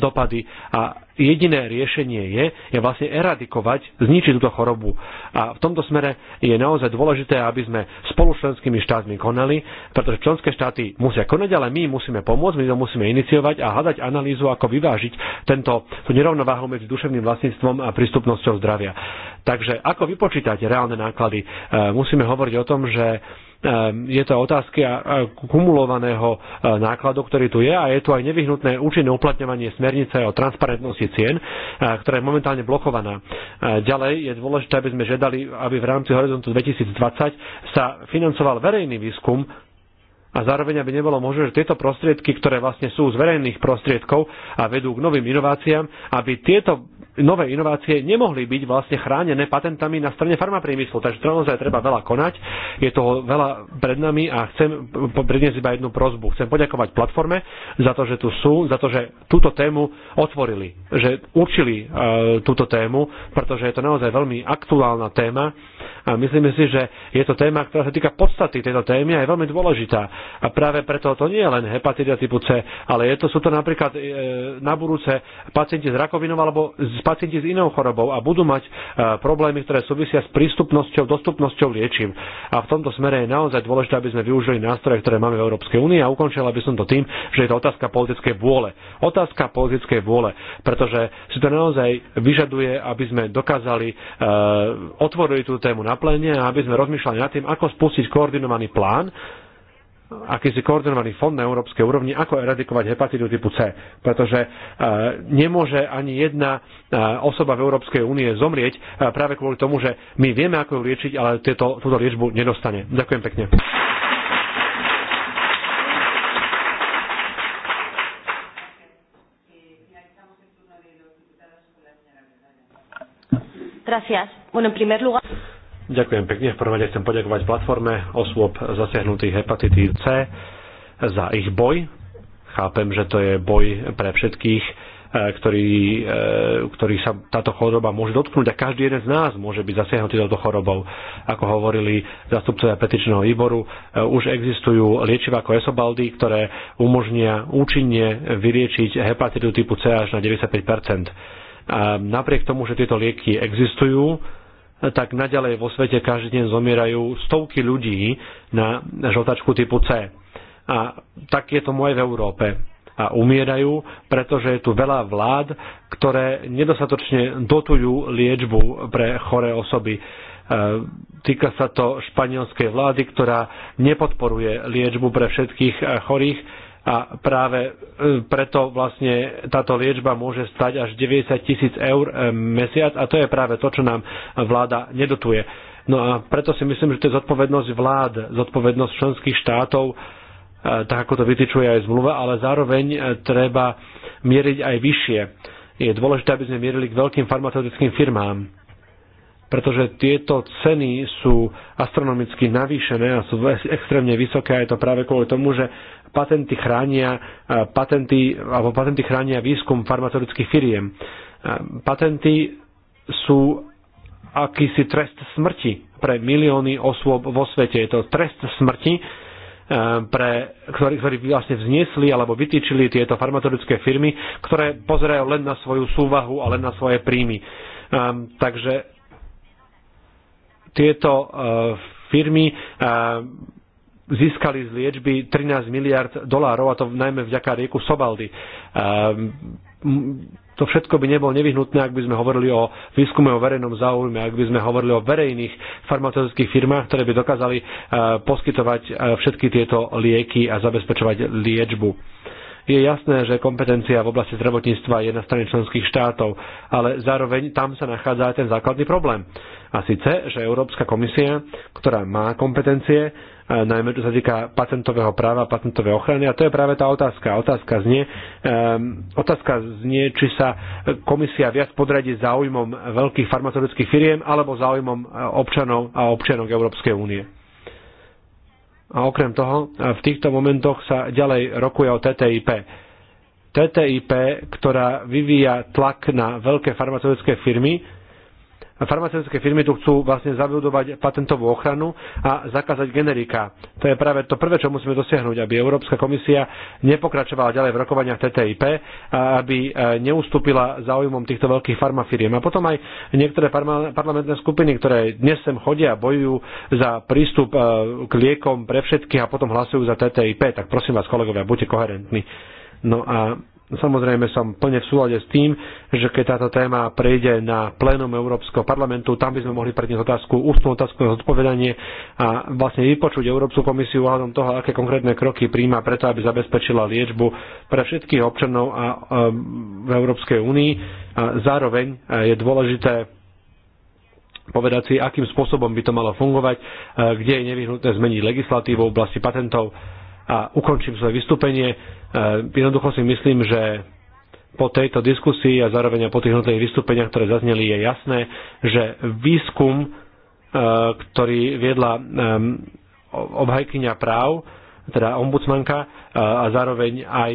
dopady a jediné riešenie je, je vlastne eradikovať, zničiť túto chorobu. A v tomto smere je naozaj dôležité, aby sme spolu členskými štátmi konali, pretože členské štáty musia konať, ale my musíme pomôcť, my to musíme iniciovať a hľadať analýzu, ako vyvážiť tento, tú nerovnováhu medzi duševným vlastníctvom a prístupnosťou zdravia. Takže ako vypočítať reálne náklady? E, musíme hovoriť o tom, že Ehm, je to otázka e, kumulovaného e, nákladu, ktorý tu je a je tu aj nevyhnutné účinné uplatňovanie smernice o transparentnosti cien, e, ktorá je momentálne blokovaná. Ďalej je dôležité, aby sme žiadali, aby v rámci Horizontu 2020 sa financoval verejný výskum a zároveň aby nebolo možné, že tieto prostriedky, ktoré vlastne sú z verejných prostriedkov a vedú k novým inováciám, aby tieto nové inovácie nemohli byť vlastne chránené patentami na strane farmapriemyslu. Takže to naozaj treba veľa konať, je toho veľa pred nami a chcem predniesť iba jednu prozbu. Chcem poďakovať platforme za to, že tu sú, za to, že túto tému otvorili, že určili e, túto tému, pretože je to naozaj veľmi aktuálna téma a myslíme si, že je to téma, ktorá sa týka podstaty tejto témy a je veľmi dôležitá a práve preto to nie je len hepatitida typu C, ale je to, sú to napríklad e, na budúce pacienti s rakovinou alebo pacienti s inou chorobou a budú mať e, problémy, ktoré súvisia s prístupnosťou, dostupnosťou liečiv. A v tomto smere je naozaj dôležité, aby sme využili nástroje, ktoré máme v Európskej únii a ukončila by som to tým, že je to otázka politickej vôle. Otázka politickej vôle, pretože si to naozaj vyžaduje, aby sme dokázali e, otvoriť tú tému na plene a aby sme rozmýšľali nad tým, ako spustiť koordinovaný plán, akýsi koordinovaný fond na európskej úrovni, ako eradikovať hepatitu typu C. Pretože e, nemôže ani jedna e, osoba v Európskej únie zomrieť e, práve kvôli tomu, že my vieme, ako ju liečiť, ale tieto, túto liečbu nedostane. Ďakujem pekne. Gracias. Bueno, en primer lugar. Ďakujem pekne. V prvom rade chcem poďakovať platforme osôb zasiahnutých hepatití C za ich boj. Chápem, že to je boj pre všetkých, ktorý, e, ktorý e, sa táto choroba môže dotknúť a každý jeden z nás môže byť zasiahnutý touto chorobou. Ako hovorili zastupcovia petičného výboru, e, už existujú liečiva ako esobaldy, ktoré umožnia účinne vyriečiť hepatitu typu C až na 95 Napriek tomu, že tieto lieky existujú, tak naďalej vo svete každý deň zomierajú stovky ľudí na žltačku typu C. A tak je to moje v Európe. A umierajú, pretože je tu veľa vlád, ktoré nedostatočne dotujú liečbu pre choré osoby. E, týka sa to španielskej vlády, ktorá nepodporuje liečbu pre všetkých e, chorých, a práve e, preto vlastne táto liečba môže stať až 90 tisíc eur e, mesiac a to je práve to, čo nám vláda nedotuje. No a preto si myslím, že to je zodpovednosť vlád, zodpovednosť členských štátov, e, tak ako to vytýčuje aj zmluva, ale zároveň treba mieriť aj vyššie. Je dôležité, aby sme mierili k veľkým farmaceutickým firmám pretože tieto ceny sú astronomicky navýšené a sú extrémne vysoké a je to práve kvôli tomu, že patenty chránia, patenty, alebo patenty chránia výskum farmaceutických firiem. Patenty sú akýsi trest smrti pre milióny osôb vo svete. Je to trest smrti, pre, ktorí, ktorí vlastne vzniesli alebo vytýčili tieto farmaceutické firmy, ktoré pozerajú len na svoju súvahu a len na svoje príjmy. Um, takže tieto e, firmy e, získali z liečby 13 miliard dolárov, a to najmä vďaka rieku Sobaldy. E, to všetko by nebolo nevyhnutné, ak by sme hovorili o výskume o verejnom záujme, ak by sme hovorili o verejných farmaceutických firmách, ktoré by dokázali poskytovať všetky tieto lieky a zabezpečovať liečbu je jasné, že kompetencia v oblasti zdravotníctva je na strane členských štátov, ale zároveň tam sa nachádza aj ten základný problém. A síce, že Európska komisia, ktorá má kompetencie, e, najmä čo sa týka patentového práva, patentovej ochrany. A to je práve tá otázka. Otázka znie, um, otázka znie či sa komisia viac podradí záujmom veľkých farmaceutických firiem alebo záujmom e, občanov a občanov Európskej únie. A okrem toho, e, v týchto momentoch sa ďalej rokuje o TTIP. TTIP, ktorá vyvíja tlak na veľké farmaceutické firmy, farmaceutické firmy tu chcú vlastne zavodovať patentovú ochranu a zakázať generika. To je práve to prvé, čo musíme dosiahnuť, aby Európska komisia nepokračovala ďalej v rokovaniach TTIP a aby e, neustúpila záujmom týchto veľkých farmafiriem. A potom aj niektoré parlamentné skupiny, ktoré dnes sem chodia, a bojujú za prístup e, k liekom pre všetkých a potom hlasujú za TTIP. Tak prosím vás, kolegovia, buďte koherentní. No a Samozrejme som plne v súlade s tým, že keď táto téma prejde na plénum Európskeho parlamentu, tam by sme mohli predniesť otázku, ústnú otázku na zodpovedanie a vlastne vypočuť Európsku komisiu ohľadom toho, aké konkrétne kroky príjma preto, aby zabezpečila liečbu pre všetkých občanov a, e, v Európskej únii. A zároveň e, je dôležité povedať si, akým spôsobom by to malo fungovať, e, kde je nevyhnutné zmeniť legislatívu v oblasti patentov a ukončím svoje vystúpenie. E, jednoducho si myslím, že po tejto diskusii a zároveň po tých jednotlivých vystúpeniach, ktoré zazneli, je jasné, že výskum, e, ktorý viedla e, obhajkyňa práv, teda ombudsmanka a zároveň aj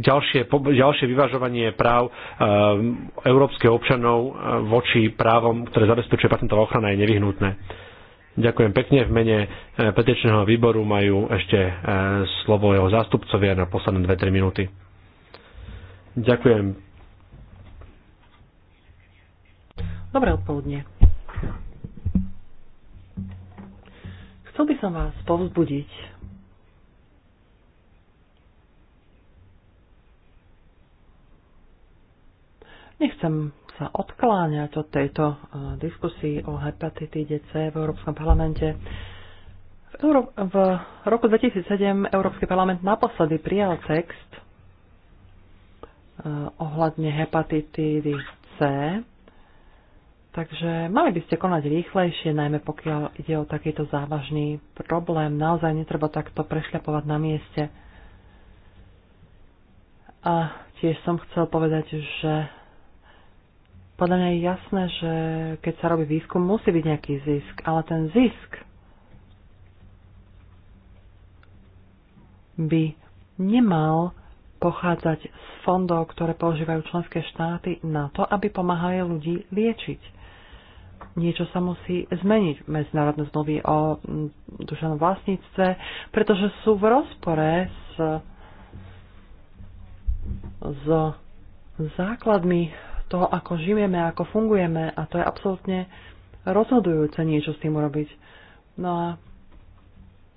ďalšie, ďalšie vyvažovanie práv európskych občanov voči právom, ktoré zabezpečuje patentová ochrana, je nevyhnutné. Ďakujem pekne. V mene e, petičného výboru majú ešte e, slovo jeho zástupcovia na posledné 2-3 minúty. Ďakujem. Dobré odpoludne. Chcel by som vás povzbudiť Nechcem sa odkláňať od tejto e, diskusii o hepatitíde C v Európskom parlamente. V, Euró- v roku 2007 Európsky parlament naposledy prijal text e, ohľadne hepatitídy C, takže mali by ste konať rýchlejšie, najmä pokiaľ ide o takýto závažný problém. Naozaj netreba takto prešľapovať na mieste. A tiež som chcel povedať, že podľa mňa je jasné, že keď sa robí výskum, musí byť nejaký zisk, ale ten zisk by nemal pochádzať z fondov, ktoré používajú členské štáty na to, aby pomáhali ľudí liečiť. Niečo sa musí zmeniť medzinárodné zmluvy o duševnom vlastníctve, pretože sú v rozpore s, s základmi toho, ako žijeme, ako fungujeme a to je absolútne rozhodujúce niečo s tým urobiť. No a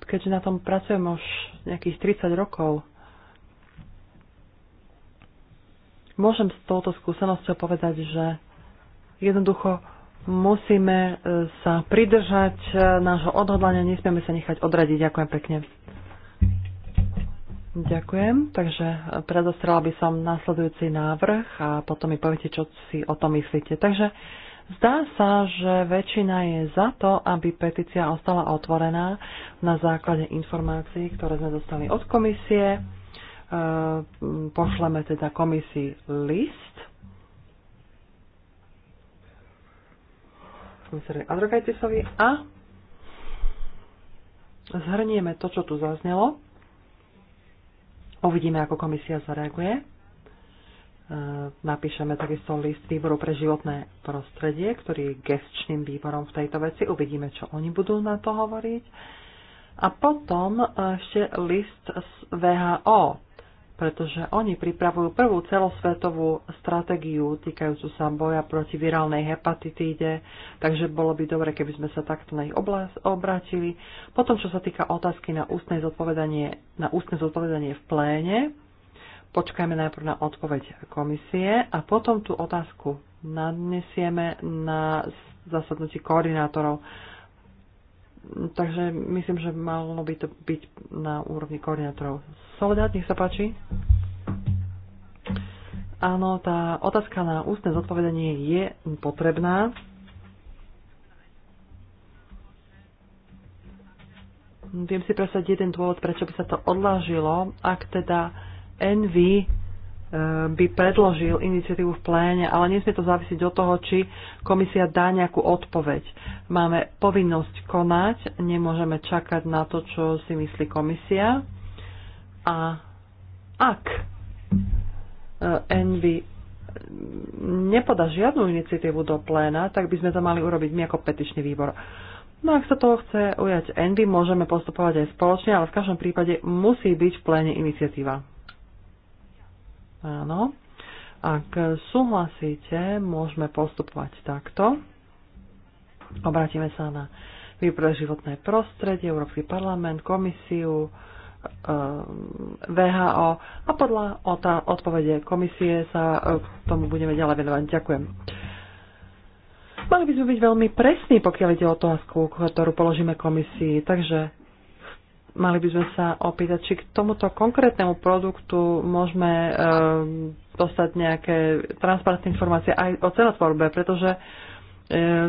keďže na tom pracujem už nejakých 30 rokov, môžem s touto skúsenosťou povedať, že jednoducho musíme e, sa pridržať e, nášho odhodlania, nesmieme sa nechať odradiť. Ďakujem pekne. Ďakujem. Takže eh, predostrela by som následujúci návrh a potom mi poviete, čo si o tom myslíte. Takže zdá sa, že väčšina je za to, aby petícia ostala otvorená na základe informácií, ktoré sme dostali od komisie. Eh, pošleme teda komisii list. Komisári Adrogajtisovi a zhrnieme to, čo tu zaznelo Uvidíme, ako komisia zareaguje. E, napíšeme takisto list výboru pre životné prostredie, ktorý je gestčným výborom v tejto veci. Uvidíme, čo oni budú na to hovoriť. A potom e, ešte list z VHO, pretože oni pripravujú prvú celosvetovú stratégiu týkajúcu sa boja proti virálnej hepatitíde, takže bolo by dobre, keby sme sa takto na ich obrátili. Potom, čo sa týka otázky na ústne zodpovedanie, na ústne zodpovedanie v pléne, počkajme najprv na odpoveď komisie a potom tú otázku nadnesieme na zasadnutí koordinátorov. Takže myslím, že malo by to byť na úrovni koordinátorov. Soledad, nech sa páči. Áno, tá otázka na ústne zodpovedanie je potrebná. Viem si presať jeden dôvod, prečo by sa to odlážilo, ak teda Envy by predložil iniciatívu v pléne, ale nesmie to závisiť od toho, či komisia dá nejakú odpoveď. Máme povinnosť konať, nemôžeme čakať na to, čo si myslí komisia. A ak Envy eh, nepodá žiadnu iniciatívu do pléna, tak by sme to mali urobiť my ako petičný výbor. No ak sa toho chce ujať Envy, môžeme postupovať aj spoločne, ale v každom prípade musí byť v pléne iniciatíva. Áno. Ak súhlasíte, môžeme postupovať takto. Obratíme sa na výbor životné prostredie, Európsky parlament, komisiu, eh, VHO a podľa odpovede komisie sa k eh, tomu budeme ďalej venovať. Ďakujem. Mali by sme byť veľmi presní, pokiaľ ide o otázku, ktorú položíme komisii. Takže Mali by sme sa opýtať, či k tomuto konkrétnemu produktu môžeme e, dostať nejaké transparentné informácie aj o cenotvorbe, pretože e,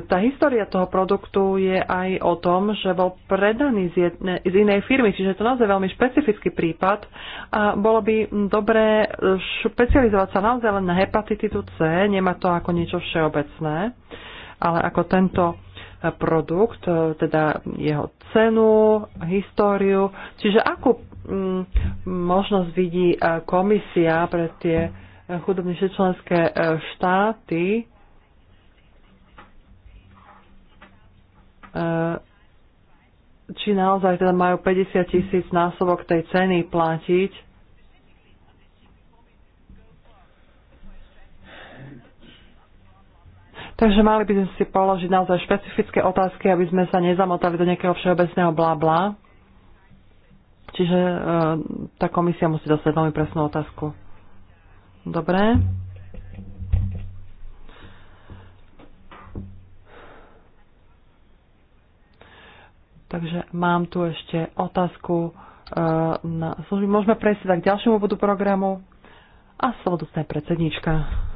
tá história toho produktu je aj o tom, že bol predaný z, jedne, z inej firmy, čiže to naozaj veľmi špecifický prípad a bolo by dobré eh, špecializovať sa naozaj len na hepatitidu C, nemá to ako niečo všeobecné, ale ako tento produkt, e, teda jeho cenu, históriu. Čiže akú mm, možnosť vidí e, komisia pre tie e, chudobnejšie členské štáty či naozaj teda majú 50 tisíc násobok tej ceny platiť Takže mali by sme si položiť naozaj špecifické otázky, aby sme sa nezamotali do nejakého všeobecného blabla. Čiže e, tá komisia musí dostať veľmi presnú otázku. Dobre. Takže mám tu ešte otázku. E, na, môžeme prejsť teda k ďalšiemu bodu programu a slovo dostane predsednička.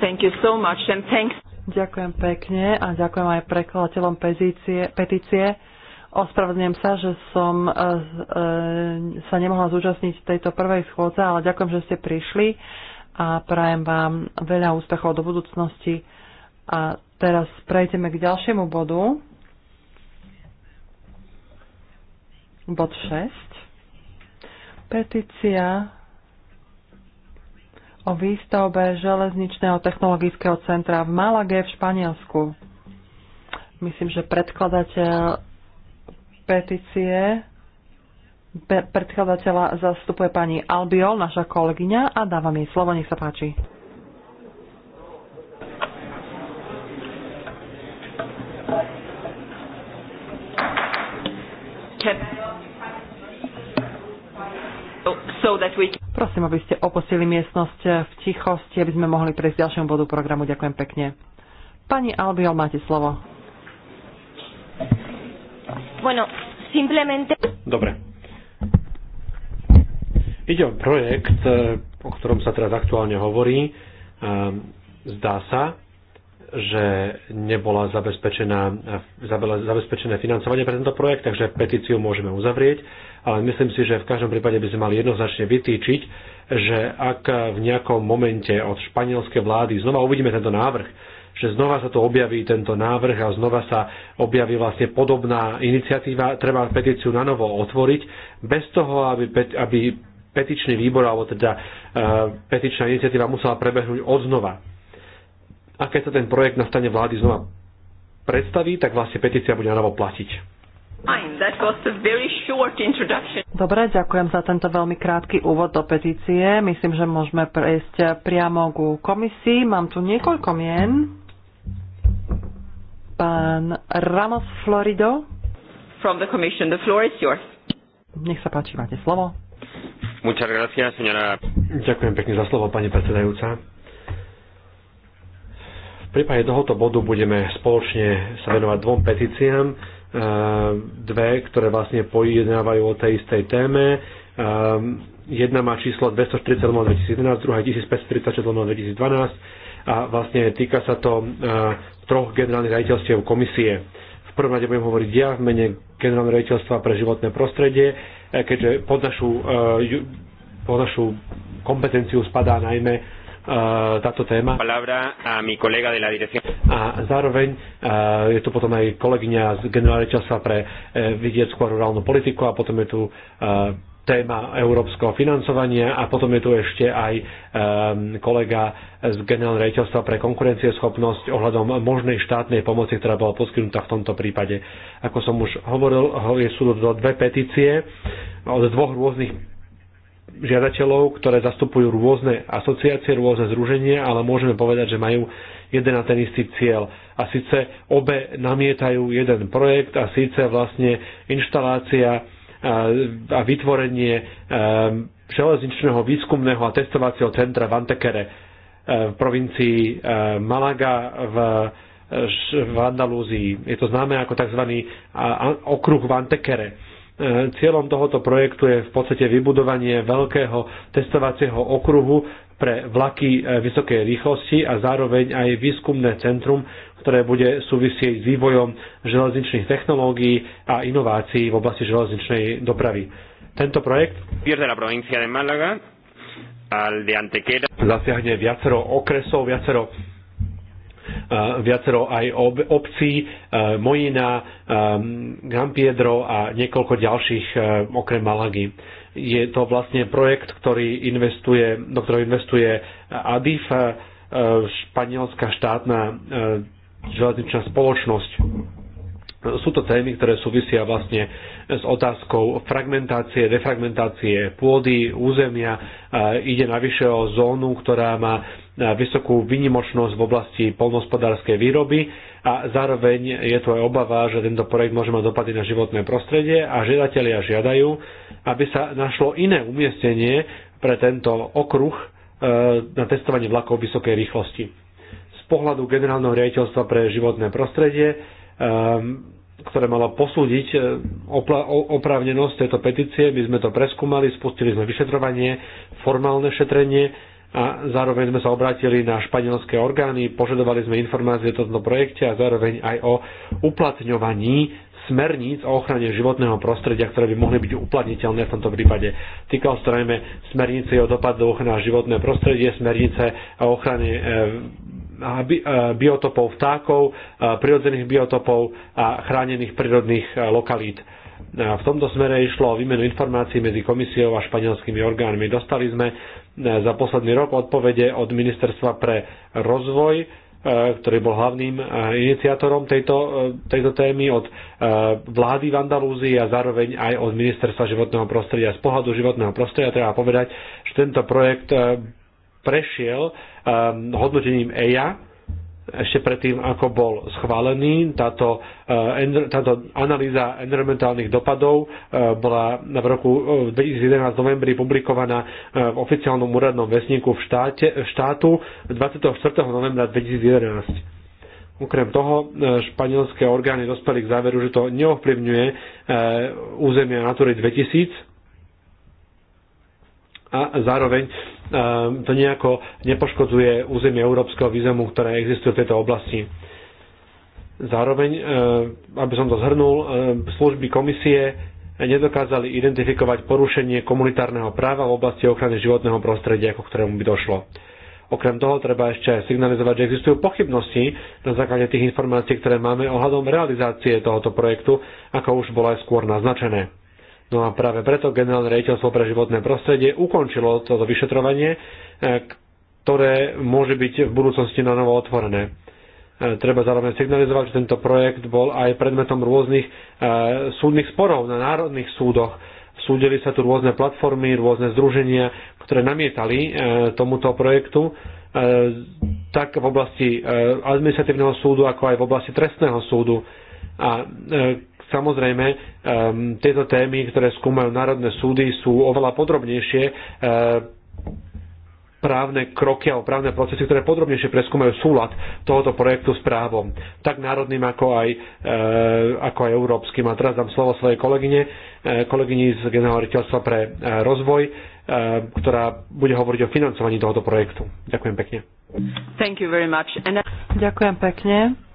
Thank you so much and thanks. Ďakujem pekne a ďakujem aj prekladateľom petície. petície. Ospravedlňujem sa, že som e, e, sa nemohla zúčastniť tejto prvej schôdze, ale ďakujem, že ste prišli a prajem vám veľa úspechov do budúcnosti. A teraz prejdeme k ďalšiemu bodu. Bod 6. Petícia o výstavbe železničného technologického centra v Malage v Španielsku. Myslím, že predkladateľ petície predkladateľa zastupuje pani Albiol, naša kolegyňa a dávam jej slovo, nech sa páči. Oh, so that we can Prosím, aby ste opustili miestnosť v tichosti, aby sme mohli prejsť k ďalšiemu bodu programu. Ďakujem pekne. Pani Albiol, máte slovo. Bueno, simplemente... Dobre. Ide o projekt, e, o ktorom sa teraz aktuálne hovorí. E, zdá sa, že nebola zabezpečená, e, zabezpečené financovanie pre tento projekt, takže petíciu môžeme uzavrieť ale myslím si, že v každom prípade by sme mali jednoznačne vytýčiť, že ak v nejakom momente od španielskej vlády znova uvidíme tento návrh, že znova sa tu objaví tento návrh a znova sa objaví vlastne podobná iniciatíva, treba petíciu na novo otvoriť, bez toho, aby, aby petičný výbor alebo teda e, petičná iniciatíva musela prebehnúť odznova. A keď sa ten projekt na stane vlády znova predstaví, tak vlastne petícia bude na novo platiť. Dobre, ďakujem za tento veľmi krátky úvod do petície. Myslím, že môžeme prejsť priamo ku komisii. Mám tu niekoľko mien. Pán Ramos Florido. From the commission, the floor is yours. Nech sa páči, máte slovo. Muchas gracias, señora. Ďakujem pekne za slovo, pani predsedajúca. V prípade tohoto bodu budeme spoločne sa venovať dvom petíciám dve, ktoré vlastne pojednávajú o tej istej téme. Ehm, jedna má číslo 240 2011, druhá 1536 2012 a vlastne týka sa to eh, troch generálnych riaditeľstiev komisie. V prvom rade budem hovoriť ja v mene generálneho raditeľstva pre životné prostredie, eh, keďže pod našu, eh, pod našu kompetenciu spadá najmä táto téma. A zároveň je tu potom aj kolegyňa z generálne časa pre e, vidieckú a rurálnu politiku a potom je tu e, téma európskeho financovania a potom je tu ešte aj um, kolega z generálne rejteľstva pre konkurencieschopnosť ohľadom možnej štátnej pomoci, ktorá bola poskytnutá v tomto prípade. Ako som už hovoril, sú to dve petície od dvoch rôznych žiadateľov, ktoré zastupujú rôzne asociácie, rôzne združenia, ale môžeme povedať, že majú jeden a ten istý cieľ. A síce obe namietajú jeden projekt a síce vlastne inštalácia e, a vytvorenie e, železničného výskumného a testovacieho centra v Antekere e, v provincii Malaga v v Andalúzii. Je to známe ako tzv. okruh v Antekere E, cieľom tohoto projektu je v podstate vybudovanie veľkého testovacieho okruhu pre vlaky e, vysokej rýchlosti a zároveň aj výskumné centrum, ktoré bude súvisieť s vývojom železničných technológií a inovácií v oblasti železničnej dopravy. Tento projekt zasiahne viacero okresov, viacero viacero aj obcí, e, Mojina, e, Piedro a niekoľko ďalších e, okrem Malagy. Je to vlastne projekt, ktorý investuje, do ktorého investuje ADIF, španielská štátna železničná spoločnosť. Sú to témy, ktoré súvisia vlastne s otázkou fragmentácie, defragmentácie pôdy, územia. Ide navyše o zónu, ktorá má vysokú výnimočnosť v oblasti polnospodárskej výroby a zároveň je tu aj obava, že tento projekt môže mať dopady na životné prostredie a žiadatelia žiadajú, aby sa našlo iné umiestnenie pre tento okruh e, na testovanie vlakov vysokej rýchlosti. Z pohľadu generálneho riaditeľstva pre životné prostredie e, ktoré malo posúdiť e, oprávnenosť tejto petície. My sme to preskúmali, spustili sme vyšetrovanie, formálne šetrenie a zároveň sme sa obrátili na španielské orgány, požadovali sme informácie o tomto projekte a zároveň aj o uplatňovaní smerníc o ochrane životného prostredia, ktoré by mohli byť uplatniteľné v tomto prípade. Týkalo sa najmä smernice o dopadoch na životné prostredie, smernice o ochrane e, e, biotopov vtákov, e, prirodzených biotopov a chránených prírodných lokalít. V tomto smere išlo o výmenu informácií medzi komisiou a španielskými orgánmi. Dostali sme E, za posledný rok odpovede od Ministerstva pre rozvoj, e, ktorý bol hlavným e, iniciátorom tejto, tejto témy od vlády v Andalúzii a zároveň aj od Ministerstva životného prostredia. Z pohľadu životného prostredia treba povedať, že tento projekt prešiel hodnotením EIA, ešte predtým, ako bol schválený. Táto, eh, táto analýza environmentálnych dopadov eh, bola v roku 2011 eh, novembri publikovaná v oficiálnom úradnom vesníku v štáte, štátu 24. novembra 2011. Okrem toho, španielské orgány dospeli k záveru, že to neovplyvňuje územie Natury 2000 a zároveň e, to nejako nepoškodzuje územie európskeho významu, ktoré existuje v tejto oblasti. Zároveň, e, aby som to zhrnul, e, služby komisie nedokázali identifikovať porušenie komunitárneho práva v oblasti ochrany životného prostredia, ako ktorému by došlo. Okrem toho treba ešte signalizovať, že existujú pochybnosti na základe tých informácií, ktoré máme ohľadom realizácie tohoto projektu, ako už bolo aj skôr naznačené. No a práve preto generálne rejiteľstvo pre životné prostredie ukončilo toto vyšetrovanie, e, ktoré môže byť v budúcnosti na novo otvorené. E, treba zároveň signalizovať, že tento projekt bol aj predmetom rôznych e, súdnych sporov na národných súdoch. Súdili sa tu rôzne platformy, rôzne združenia, ktoré namietali tomuto projektu tak v oblasti administratívneho súdu, ako aj v oblasti trestného súdu. A Samozrejme, um, tieto témy, ktoré skúmajú národné súdy, sú oveľa podrobnejšie uh, právne kroky alebo právne procesy, ktoré podrobnejšie preskúmajú súlad tohoto projektu s právom, tak národným ako aj, e, ako aj európskym. A teraz dám slovo svojej kolegyne, e, kolegyni z Generálneho pre e, rozvoj, e, ktorá bude hovoriť o financovaní tohoto projektu. Ďakujem pekne. Thank you very much. And... Ďakujem pekne.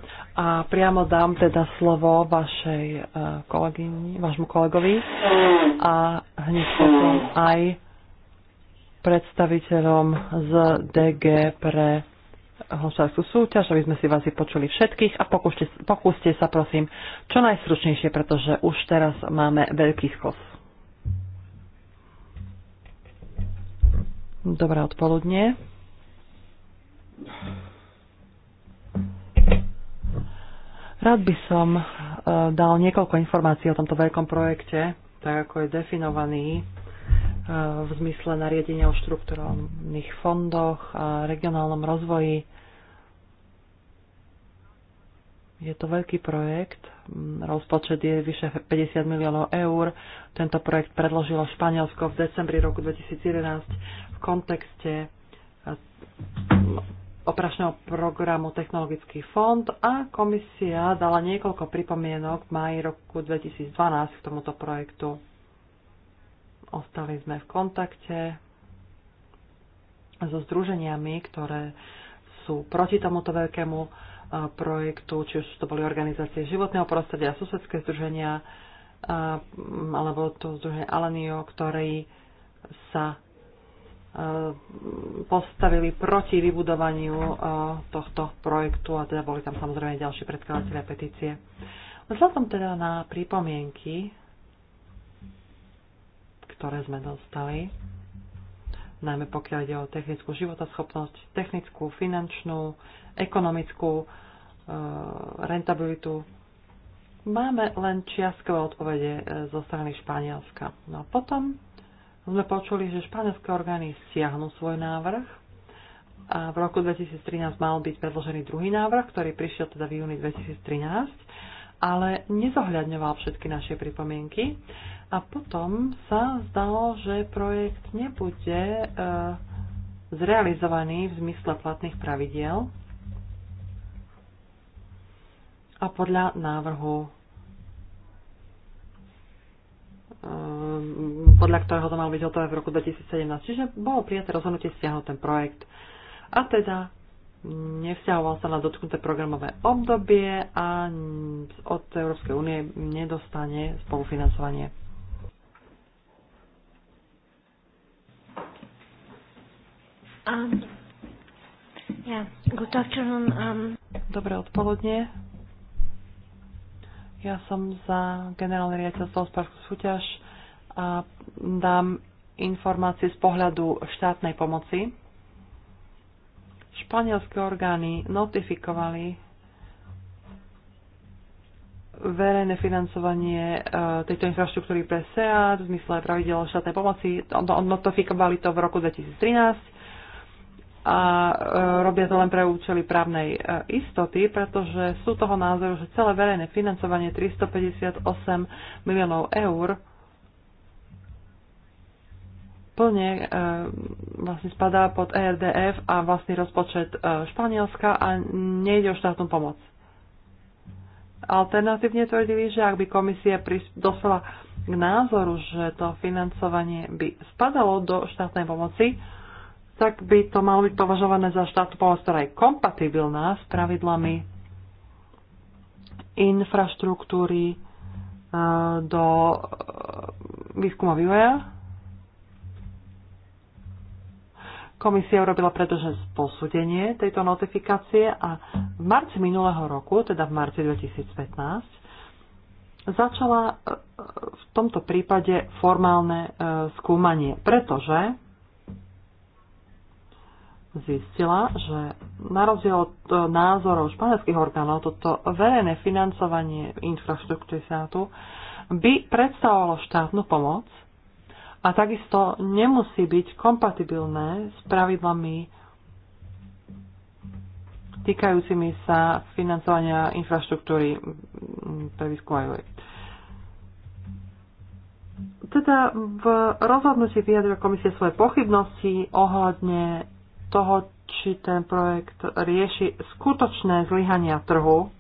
A priamo dám teda slovo vašej eh, kolegyni, vášmu kolegovi a hneď potom aj predstaviteľom z DG pre hospodárskú súťaž, aby sme si vás vypočuli všetkých a pokúste, pokúste sa prosím čo najstručnejšie, pretože už teraz máme veľký skos. Dobré odpoludne. Rád by som e, dal niekoľko informácií o tomto veľkom projekte, tak ako je definovaný e, v zmysle nariadenia o štruktúrnych fondoch a regionálnom rozvoji. Je to veľký projekt, mm, rozpočet je vyše 50 miliónov eur. Tento projekt predložilo Španielsko v decembri roku 2011 v kontekste operačného programu Technologický fond a komisia dala niekoľko pripomienok v maji roku 2012 k tomuto projektu. Ostali sme v kontakte so združeniami, ktoré sú proti tomuto veľkému e, projektu, či už to boli organizácie životného prostredia, susedské združenia, e, alebo to združenie Alenio, ktorý sa Eh, postavili proti vybudovaniu eh, tohto projektu a teda boli tam samozrejme ďalšie predkladateľe petície. Vzhľadom teda na pripomienky, ktoré sme dostali, najmä pokiaľ ide o technickú životaschopnosť, technickú, finančnú, ekonomickú eh, rentabilitu, máme len čiastkové odpovede zo strany Španielska. No a potom sme počuli, že španielské orgány stiahnu svoj návrh a v roku 2013 mal byť predložený druhý návrh, ktorý prišiel teda v júni 2013, ale nezohľadňoval všetky naše pripomienky a potom sa zdalo, že projekt nebude e, zrealizovaný v zmysle platných pravidiel a podľa návrhu Ehm, podľa ktorého to malo byť hotové v roku 2017. Čiže bolo prijaté rozhodnutie stiahnuť ten projekt. A teda mm, nevzťahoval sa na dotknuté programové obdobie a od Európskej únie nedostane spolufinancovanie. Um, yeah. Good afternoon. Um... Dobré odpoludne. Ja som za generálne riaditeľstvo hospodárskú súťaž a dám informácie z pohľadu štátnej pomoci. Španielské orgány notifikovali verejné financovanie e, tejto infraštruktúry pre SEAT v zmysle pravidel štátnej pomoci. No, no, notifikovali to v roku 2013 a e, robia to len pre účely právnej e, istoty, pretože sú toho názoru, že celé verejné financovanie 358 miliónov eur plne e, vlastne spadá pod ERDF a vlastný rozpočet Španielska a nejde o štátnu pomoc. Alternatívne tvrdili, že ak by komisia dospela k názoru, že to financovanie by spadalo do štátnej pomoci, tak by to malo byť považované za štátu pomoc, ktorá je kompatibilná s pravidlami infraštruktúry e, do e, výskuma vývoja. Komisia urobila predlžné posúdenie tejto notifikácie a v marci minulého roku, teda v marci 2015, začala e, v tomto prípade formálne skúmanie, pretože zistila, že na rozdiel od e, názorov španielských orgánov, toto verejné financovanie infraštruktúry státu by predstavovalo štátnu pomoc a takisto nemusí byť kompatibilné s pravidlami týkajúcimi sa financovania infraštruktúry pre výskum vývoj. Teda v rozhodnutí vyjadrila Komisie svoje pochybnosti ohľadne toho, či ten projekt rieši skutočné zlyhania trhu,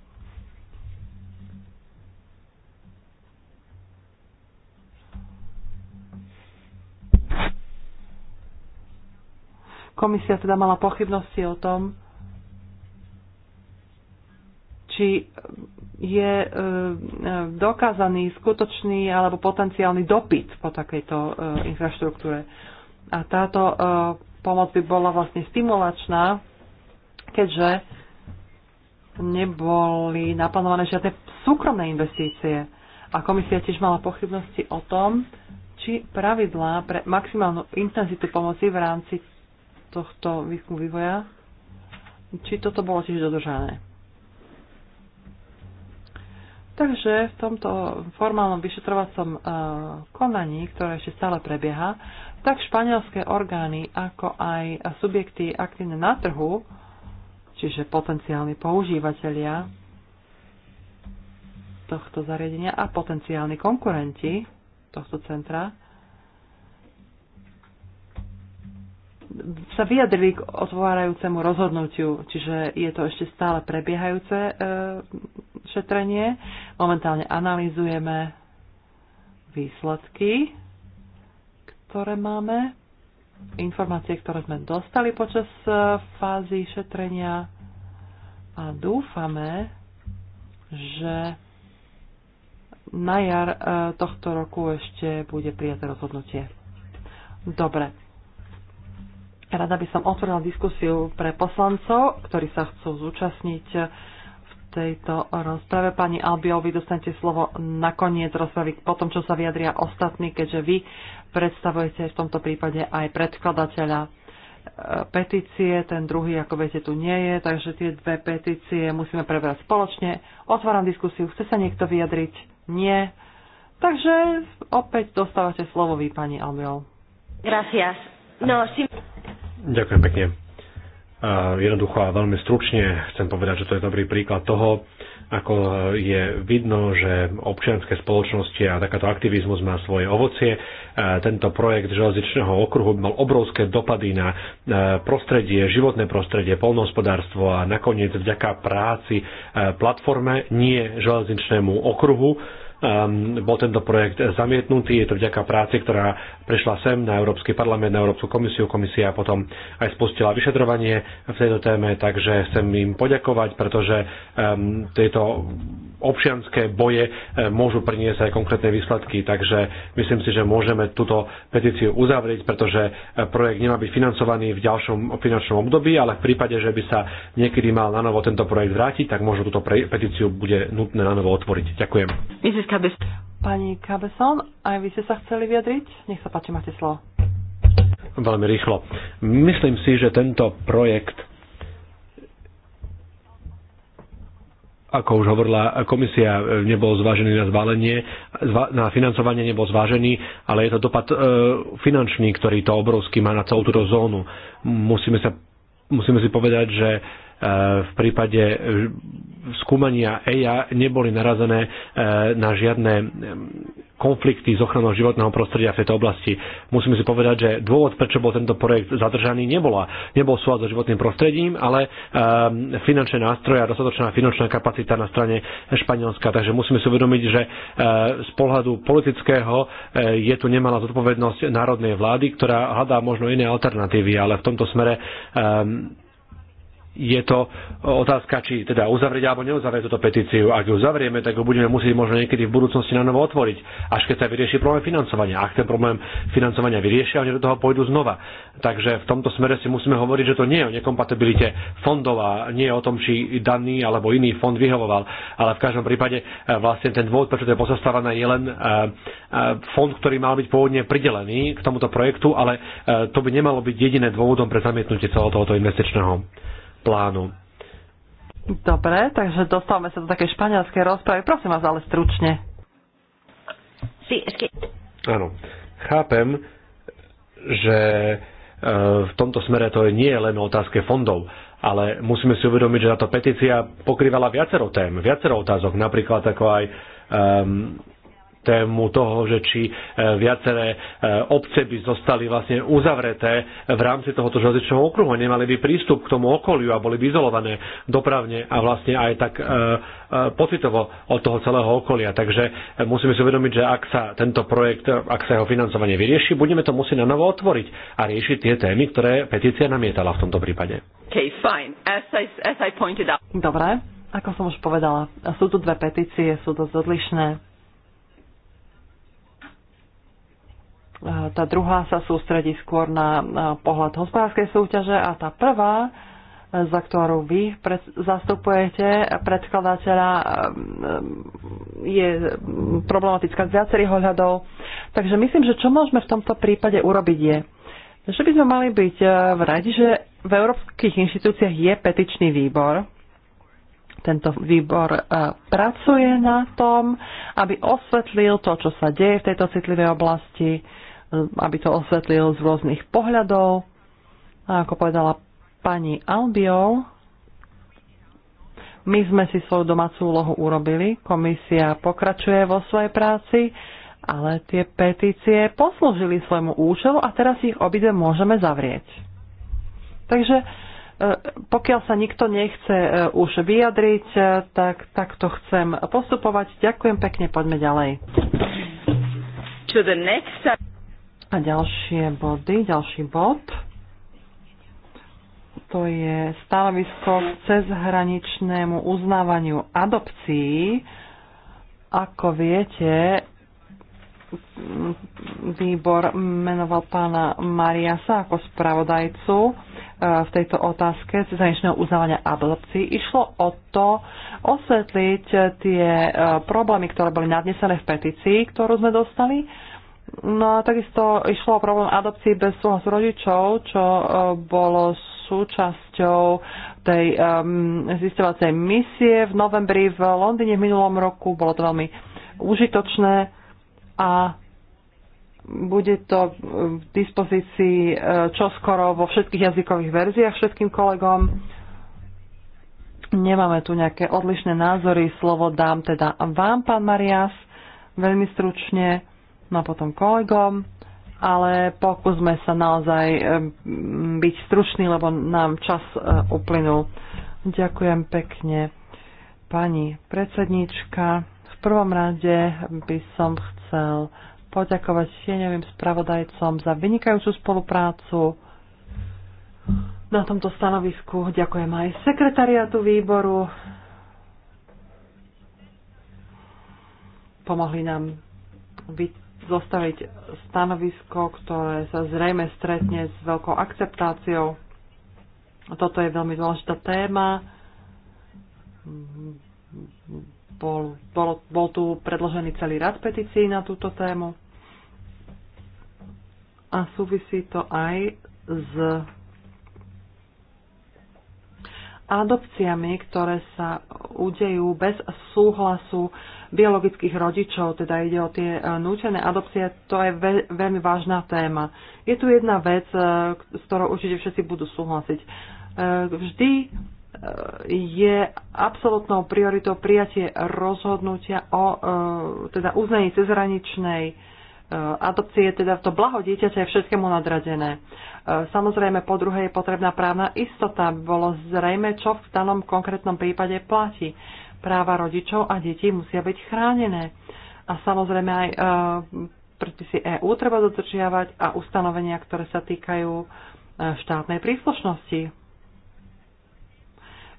Komisia teda mala pochybnosti o tom, či je e, e dokázaný skutočný alebo potenciálny dopyt po takejto e, infraštruktúre. A táto e, pomoc by bola vlastne stimulačná, keďže neboli naplánované žiadne súkromné investície. A komisia tiež mala pochybnosti o tom, či pravidlá pre maximálnu intenzitu pomoci v rámci tohto výskumu vývoja, či toto bolo tiež dodržané. Takže v tomto formálnom vyšetrovacom eh, konaní, ktoré ešte stále prebieha, tak španielské orgány, ako aj subjekty aktívne na trhu, čiže potenciálni používateľia tohto zariadenia a potenciálni konkurenti tohto centra, sa vyjadrili k otvárajúcemu rozhodnutiu, čiže je to ešte stále prebiehajúce e, šetrenie. Momentálne analýzujeme výsledky ktoré máme, informácie, ktoré sme dostali počas e, fázy šetrenia a dúfame, že na jar e, tohto roku ešte bude prijaté rozhodnutie. Dobre. Rada by som otvorila diskusiu pre poslancov, ktorí sa chcú zúčastniť tejto rozprave. Pani Albiol, vy dostanete slovo na koniec rozpravy, po tom, čo sa vyjadria ostatní, keďže vy predstavujete v tomto prípade aj predkladateľa e, petície, ten druhý, ako viete, tu nie je, takže tie dve petície musíme prebrať spoločne. Otváram diskusiu, chce sa niekto vyjadriť? Nie. Takže opäť dostávate slovo vy, pani Albiol. Gracias. No, si... Ďakujem pekne Jednoducho a veľmi stručne chcem povedať, že to je dobrý príklad toho, ako je vidno, že občianske spoločnosti a takáto aktivizmus má svoje ovocie. Tento projekt železničného okruhu mal obrovské dopady na e, prostredie, životné prostredie, polnohospodárstvo a nakoniec vďaka práci e, platforme, nie železničnému okruhu, Um, bol tento projekt zamietnutý, je to vďaka práci, ktorá prešla sem na Európsky parlament, na Európsku komisiu. Komisia potom aj spustila vyšetrovanie v tejto téme, takže chcem im poďakovať, pretože um, tieto občianské boje um, môžu priniesť aj konkrétne výsledky, takže myslím si, že môžeme túto petíciu uzavrieť, pretože projekt nemá byť financovaný v ďalšom finančnom období, ale v prípade, že by sa niekedy mal na novo tento projekt vrátiť, tak možno túto petíciu bude nutné na novo otvoriť. Ďakujem. Kabes. Pani Kabeson, aj vy ste sa chceli vyjadriť? Nech sa páči, máte slovo. Veľmi rýchlo. Myslím si, že tento projekt ako už hovorila komisia, nebol zvážený na zvalenie, na financovanie nebol zvážený, ale je to dopad e, finančný, ktorý to obrovský má na celú túto zónu. Musíme, sa, musíme si povedať, že v prípade eh, skúmania EIA neboli narazené eh, na žiadne eh, konflikty s ochranou životného prostredia v tejto oblasti. Musíme si povedať, že dôvod, prečo bol tento projekt zadržaný, nebola. Nebol súlad so životným prostredím, ale finančné nástroje a dostatočná finančná kapacita na strane Španielska. Takže musíme si uvedomiť, že z pohľadu politického je tu nemalá zodpovednosť národnej vlády, ktorá hľadá možno iné alternatívy, ale v tomto smere je to otázka, či teda uzavrieť alebo neuzavrieť túto petíciu. Ak ju zavrieme, tak ju budeme musieť možno niekedy v budúcnosti na novo otvoriť, až keď sa vyrieši problém financovania. Ak ten problém financovania vyriešia, oni do toho pôjdu znova. Takže v tomto smere si musíme hovoriť, že to nie je o nekompatibilite fondov a nie je o tom, či daný alebo iný fond vyhovoval. Ale v každom prípade eh, vlastne ten dôvod, prečo to je pozastávané, je len eh, eh, fond, ktorý mal byť pôvodne pridelený k tomuto projektu, ale to by nemalo byť jediné dôvodom pre zamietnutie celého tohoto investičného plánu. Dobre, takže dostávame sa do také španielskej rozpravy. Prosím vás, ale stručne. Áno, chápem, že e, v tomto smere to nie je len o otázke fondov, ale musíme si uvedomiť, že táto petícia pokrývala viacero tém, viacero otázok, napríklad ako aj um, tému toho, že či e, viaceré e, obce by zostali vlastne uzavreté v rámci tohoto železničného okruhu. Nemali by prístup k tomu okoliu a boli by izolované dopravne a vlastne aj tak e, pocitovo od toho celého okolia. Takže musíme si uvedomiť, že ak sa tento projekt, ak sa jeho financovanie vyrieši, budeme to musieť na novo otvoriť a riešiť tie témy, ktoré petícia namietala v tomto prípade. Okay, fine. As I, as I pointed out. Dobre, ako som už povedala, sú tu dve petície, sú dosť odlišné Eh, tá druhá sa sústredí skôr na eh, pohľad hospodárskej súťaže a tá prvá, eh, za ktorú vy zastupujete predkladateľa, je problematická z viacerých ohľadov. Takže myslím, že čo môžeme v tomto prípade urobiť je, že by sme mali byť v radi, že v európskych inštitúciách je petičný výbor, tento výbor pracuje na tom, aby osvetlil to, čo sa deje v tejto citlivej oblasti aby to osvetlil z rôznych pohľadov. A ako povedala pani Albiol, my sme si svoju domácu úlohu urobili, komisia pokračuje vo svojej práci, ale tie petície poslúžili svojmu účelu a teraz ich obidve môžeme zavrieť. Takže e, pokiaľ sa nikto nechce e, už vyjadriť, e, tak, tak to chcem postupovať. Ďakujem pekne, poďme ďalej. To the next... A ďalšie body, ďalší bod, to je stanovisko k cezhraničnému uznávaniu adopcií. Ako viete, výbor menoval pána Mariasa ako spravodajcu e, v tejto otázke cezhraničného uznávania adopcií. Išlo o to osvetliť tie e, problémy, ktoré boli nadnesené v petícii, ktorú sme dostali No a takisto išlo o problém adopcie bez súhlasu rodičov, čo e, bolo súčasťou tej um, e, zistovacej misie v novembri v Londýne v minulom roku. Bolo to veľmi užitočné a bude to e, v dispozícii čoskoro vo všetkých jazykových verziách všetkým kolegom. Nemáme tu nejaké odlišné názory, slovo dám teda vám, pán Marias, veľmi stručne no a potom kolegom, ale pokúsme sa naozaj eh, byť stručný, lebo nám čas eh, uplynul. Ďakujem pekne, pani predsednička. V prvom rade by som chcel poďakovať tieňovým spravodajcom za vynikajúcu spoluprácu na tomto stanovisku. Ďakujem aj sekretariatu výboru. Pomohli nám vytvoriť zostaviť stanovisko, ktoré sa zrejme stretne s veľkou akceptáciou. Toto je veľmi dôležitá téma. Bol, bol, bol tu predložený celý rad petícií na túto tému. A súvisí to aj s adopciami, ktoré sa udejú bez súhlasu uh, biologických rodičov, teda ide o tie e, nútené adopcie, to je ve- veľmi vážna téma. Je tu jedna vec, e, s ktorou určite všetci budú súhlasiť. E, vždy je absolútnou prioritou prijatie rozhodnutia o teda uznení cezhraničnej adopcie, teda to blaho dieťaťa je všetkému nadradené. Samozrejme, po druhej je potrebná právna istota. Bolo zrejme, čo v danom konkrétnom prípade platí práva rodičov a detí musia byť chránené. A samozrejme aj e, predpisy EÚ treba dodržiavať a ustanovenia, ktoré sa týkajú e, štátnej príslušnosti.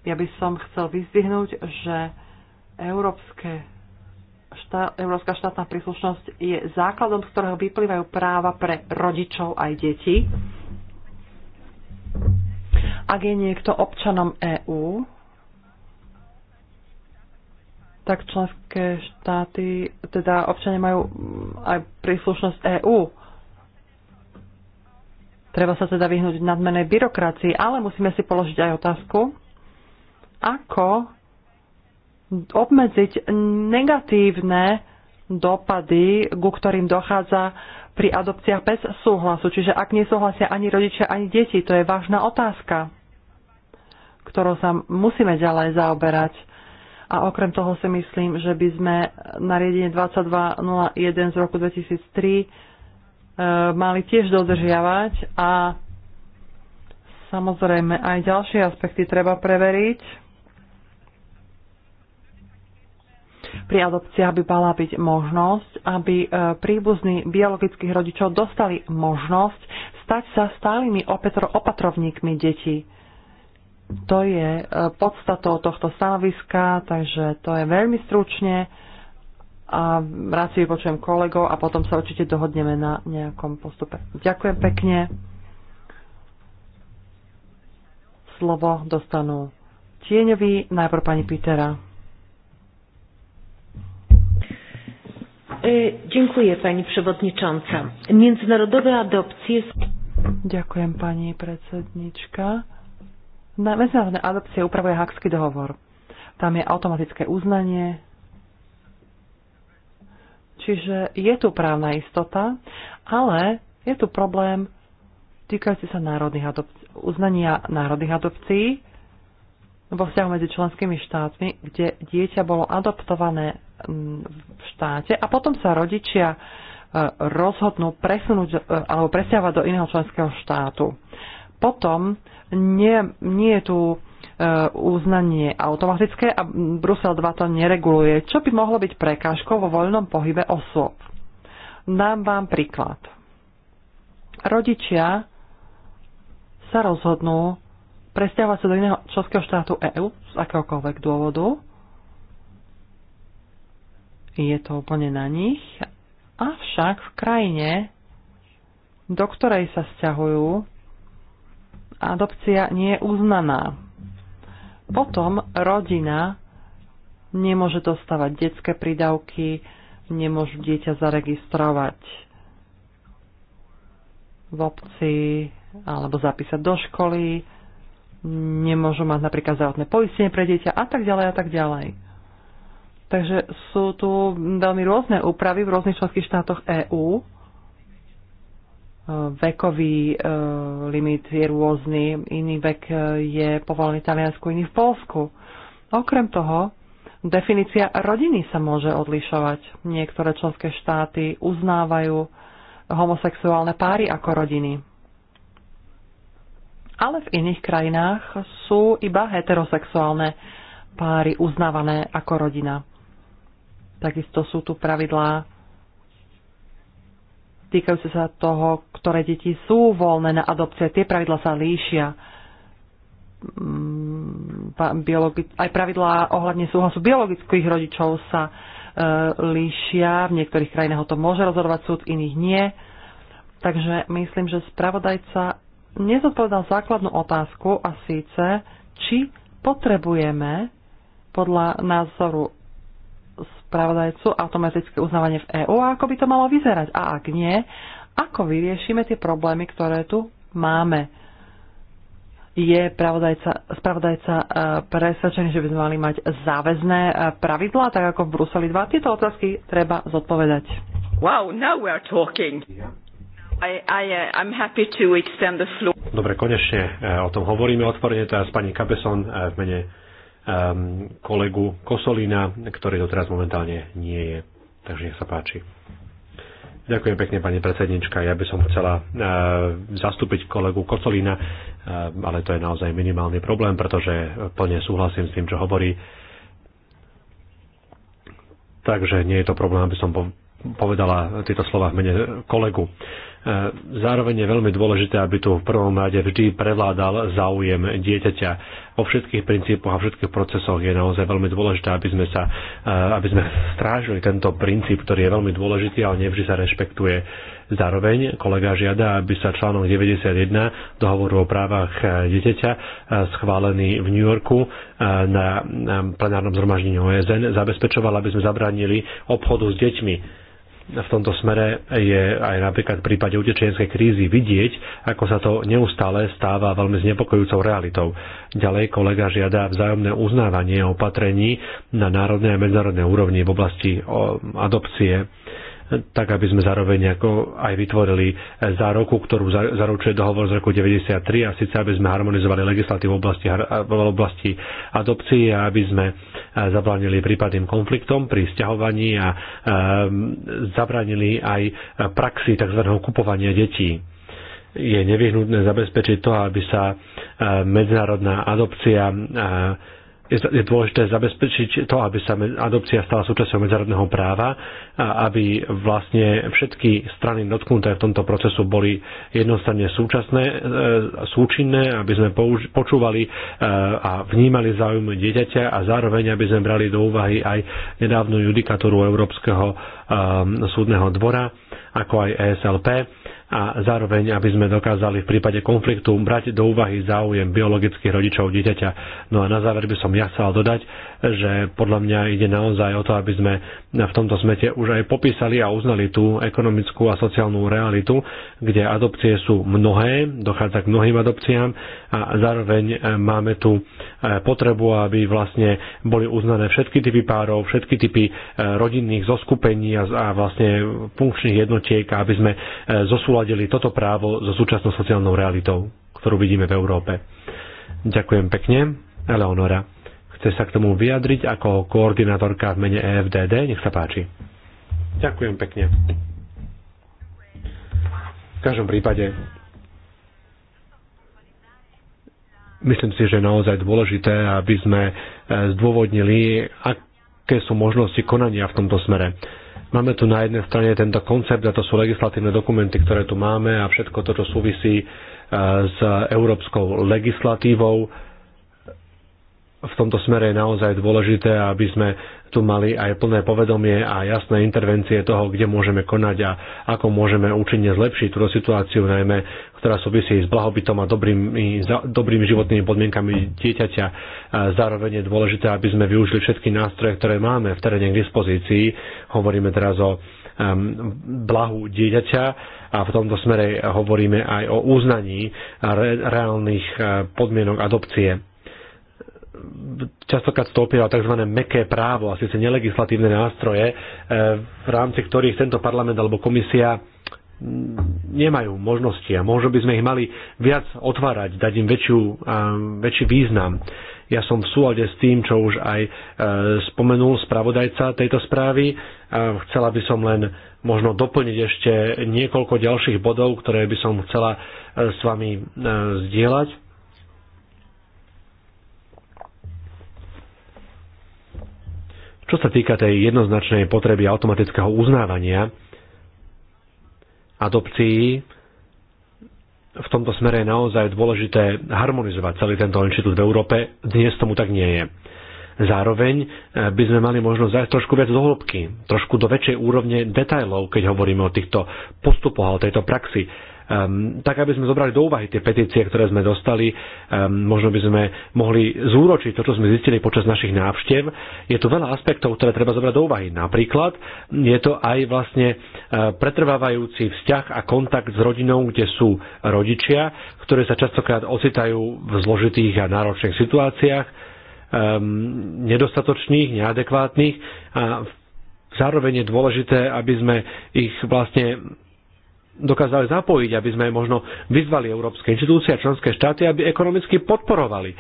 Ja by som chcel vyzdvihnúť, že európske štá, európska štátna príslušnosť je základom, z ktorého vyplývajú práva pre rodičov aj deti. Ak je niekto občanom EÚ, tak členské štáty, teda občania majú aj príslušnosť EÚ. Treba sa teda vyhnúť nadmenej byrokracii, ale musíme si položiť aj otázku, ako obmedziť negatívne dopady, ku ktorým dochádza pri adopciách bez súhlasu. Čiže ak nesúhlasia ani rodičia, ani deti, to je vážna otázka, ktorou sa musíme ďalej zaoberať a okrem toho si myslím, že by sme nariadenie 2201 z roku 2003 e, mali tiež dodržiavať a samozrejme aj ďalšie aspekty treba preveriť. Pri adopciách by mala byť možnosť, aby e, príbuzní biologických rodičov dostali možnosť stať sa stálymi opatrovníkmi detí. To je e, podstatou tohto stanoviska, takže to je veľmi stručne a rád si vypočujem kolegov a potom sa určite dohodneme na nejakom postupe. Ďakujem pekne. Slovo dostanú Tieňovi, najprv pani Pitera. E, dziękuję pani przewodnicząca. Międzynarodowe adopcje. Dziękuję pani predsedniczka. Na medzinárodné adopcie upravuje Hakský dohovor. Tam je automatické uznanie. Čiže je tu právna istota, ale je tu problém týkajúci sa národných adopcií, uznania národných adopcií vo vzťahu medzi členskými štátmi, kde dieťa bolo adoptované mm, v štáte a potom sa rodičia e, rozhodnú presunúť e, alebo presiavať do iného členského štátu. Potom nie, nie je tu e, uznanie automatické a Brusel 2 to nereguluje, čo by mohlo byť prekážkou vo voľnom pohybe osôb. Dám vám príklad. Rodičia sa rozhodnú presťahovať sa do iného členského štátu EÚ z akéhokoľvek dôvodu. Je to úplne na nich. Avšak v krajine, do ktorej sa sťahujú, adopcia nie je uznaná. Potom rodina nemôže dostávať detské prídavky, nemôžu dieťa zaregistrovať v obci alebo zapísať do školy, nemôžu mať napríklad zdravotné poistenie pre dieťa a tak ďalej a tak ďalej. Takže sú tu veľmi rôzne úpravy v rôznych členských štátoch EÚ vekový eh, limit je rôzny, iný vek eh, je povolený v Taliansku, iný v Polsku. Okrem toho, definícia rodiny sa môže odlišovať. Niektoré členské štáty uznávajú homosexuálne páry ako rodiny. Ale v iných krajinách sú iba heterosexuálne páry uznávané ako rodina. Takisto sú tu pravidlá týkajúce sa toho, ktoré deti sú voľné na adopcie. Tie pravidla sa líšia. Mm, aj pravidlá ohľadne súhlasu biologických rodičov sa e, líšia. V niektorých krajinách ho to môže rozhodovať súd, iných nie. Takže myslím, že spravodajca nezodpovedal základnú otázku a síce, či potrebujeme podľa názoru spravodajcu automatické uznávanie v EÚ a ako by to malo vyzerať. A ak nie, ako vyriešime tie problémy, ktoré tu máme. Je pravodajca, spravodajca e, presvedčený, že by sme mali mať záväzné e, pravidlá, tak ako v Bruseli 2? Tieto otázky treba zodpovedať. Wow, now we are talking. I, I, uh, I'm happy to extend the floor. Dobre, konečne e, o tom hovoríme otvorene teraz pani Kabeson v mene Um, kolegu Kosolina, ktorý doteraz momentálne nie je. Takže nech sa páči. Ďakujem pekne, pani predsednička. Ja by som chcela uh, zastúpiť kolegu uh, ale to je naozaj minimálny problém, pretože plne súhlasím s tým, čo hovorí. Takže nie je to problém, aby som povedala tieto slova v mene kolegu. E, zároveň je veľmi dôležité, aby tu v prvom rade vždy prevládal záujem dieťaťa. O všetkých princípoch a všetkých procesoch je naozaj veľmi dôležité, aby sme, sa, e, aby sme strážili tento princíp, ktorý je veľmi dôležitý, ale nevždy sa rešpektuje. Zároveň kolega žiada, aby sa článok 91 dohovoru o právach dieťaťa e, schválený v New Yorku na plenárnom zhromaždení OSN zabezpečoval, aby sme zabránili obchodu s deťmi v tomto smere je aj napríklad v prípade utečenskej krízy vidieť, ako sa to neustále stáva veľmi znepokojúcou realitou. Ďalej kolega žiada vzájomné uznávanie opatrení na národnej a medzinárodnej úrovni v oblasti adopcie tak aby sme zároveň ako aj vytvorili zároku, ktorú zaručuje dohovor z roku 93 a síce aby sme harmonizovali legislatívu v oblasti, v oblasti adopcií a aby sme zabránili prípadným konfliktom pri stiahovaní a zabránili aj praxi tzv. kupovania detí je nevyhnutné zabezpečiť to, aby sa medzinárodná adopcia je dôležité zabezpečiť to, aby sa adopcia stala súčasťou medzárodného práva a aby vlastne všetky strany dotknuté v tomto procesu boli jednostranne súčasné, e, súčinné, aby sme počúvali e, a vnímali záujmy dieťaťa a zároveň, aby sme brali do úvahy aj nedávnu judikatúru Európskeho e, súdneho dvora, ako aj ESLP a zároveň, aby sme dokázali v prípade konfliktu brať do úvahy záujem biologických rodičov dieťaťa. No a na záver by som ja chcel dodať, že podľa mňa ide naozaj o to, aby sme v tomto smete už aj popísali a uznali tú ekonomickú a sociálnu realitu, kde adopcie sú mnohé, dochádza k mnohým adopciám a zároveň e, máme tu e, potrebu, aby vlastne boli uznané všetky typy párov, všetky typy e, rodinných zoskupení a vlastne funkčných jednotiek, aby sme zosúľadili zosúladili toto právo so súčasnou sociálnou realitou, ktorú vidíme v Európe. Ďakujem pekne. Eleonora, chce sa k tomu vyjadriť ako koordinátorka v mene EFDD? Nech sa páči. Ďakujem pekne. V každom prípade myslím si, že je naozaj dôležité, aby sme eh, zdôvodnili, aké sú možnosti konania v tomto smere. Máme tu na jednej strane tento koncept a to sú legislatívne dokumenty, ktoré tu máme a všetko to, čo súvisí e, s európskou legislatívou, v tomto smere je naozaj dôležité, aby sme tu mali aj plné povedomie a jasné intervencie toho, kde môžeme konať a ako môžeme účinne zlepšiť túto situáciu, najmä ktorá súvisí s blahobytom a dobrými, dobrými životnými podmienkami dieťaťa. Zároveň je dôležité, aby sme využili všetky nástroje, ktoré máme v teréne k dispozícii. Hovoríme teraz o um, blahu dieťaťa a v tomto smere hovoríme aj o uznaní reálnych eh, podmienok adopcie častokrát to opieva tzv. meké právo, asi sa nelegislatívne nástroje, e, v rámci ktorých tento parlament alebo komisia nemajú možnosti a možno by sme ich mali viac otvárať, dať im väčšiu, väčší význam. Ja som v súlade s tým, čo už aj e, spomenul spravodajca tejto správy. E, chcela by som len možno doplniť ešte niekoľko ďalších bodov, ktoré by som chcela s vami zdieľať Čo sa týka tej jednoznačnej potreby automatického uznávania adopcií, v tomto smere je naozaj dôležité harmonizovať celý tento inštitút v Európe. Dnes tomu tak nie je. Zároveň eh, by sme mali možnosť zájsť trošku viac do hĺbky, trošku do väčšej úrovne detajlov, keď hovoríme o týchto postupoch a o tejto praxi um, tak aby sme zobrali do úvahy tie petície, ktoré sme dostali. Um, možno by sme mohli zúročiť to, čo sme zistili počas našich návštev. Je tu veľa aspektov, ktoré treba zobrať do úvahy. Napríklad je to aj vlastne e, pretrvávajúci vzťah a kontakt s rodinou, kde sú rodičia, ktorí sa častokrát ocitajú v zložitých a náročných situáciách, um, nedostatočných, neadekvátnych a v Zároveň je dôležité, aby sme ich vlastne dokázali zapojiť, aby sme možno vyzvali európske inštitúcie a členské štáty, aby ekonomicky podporovali um,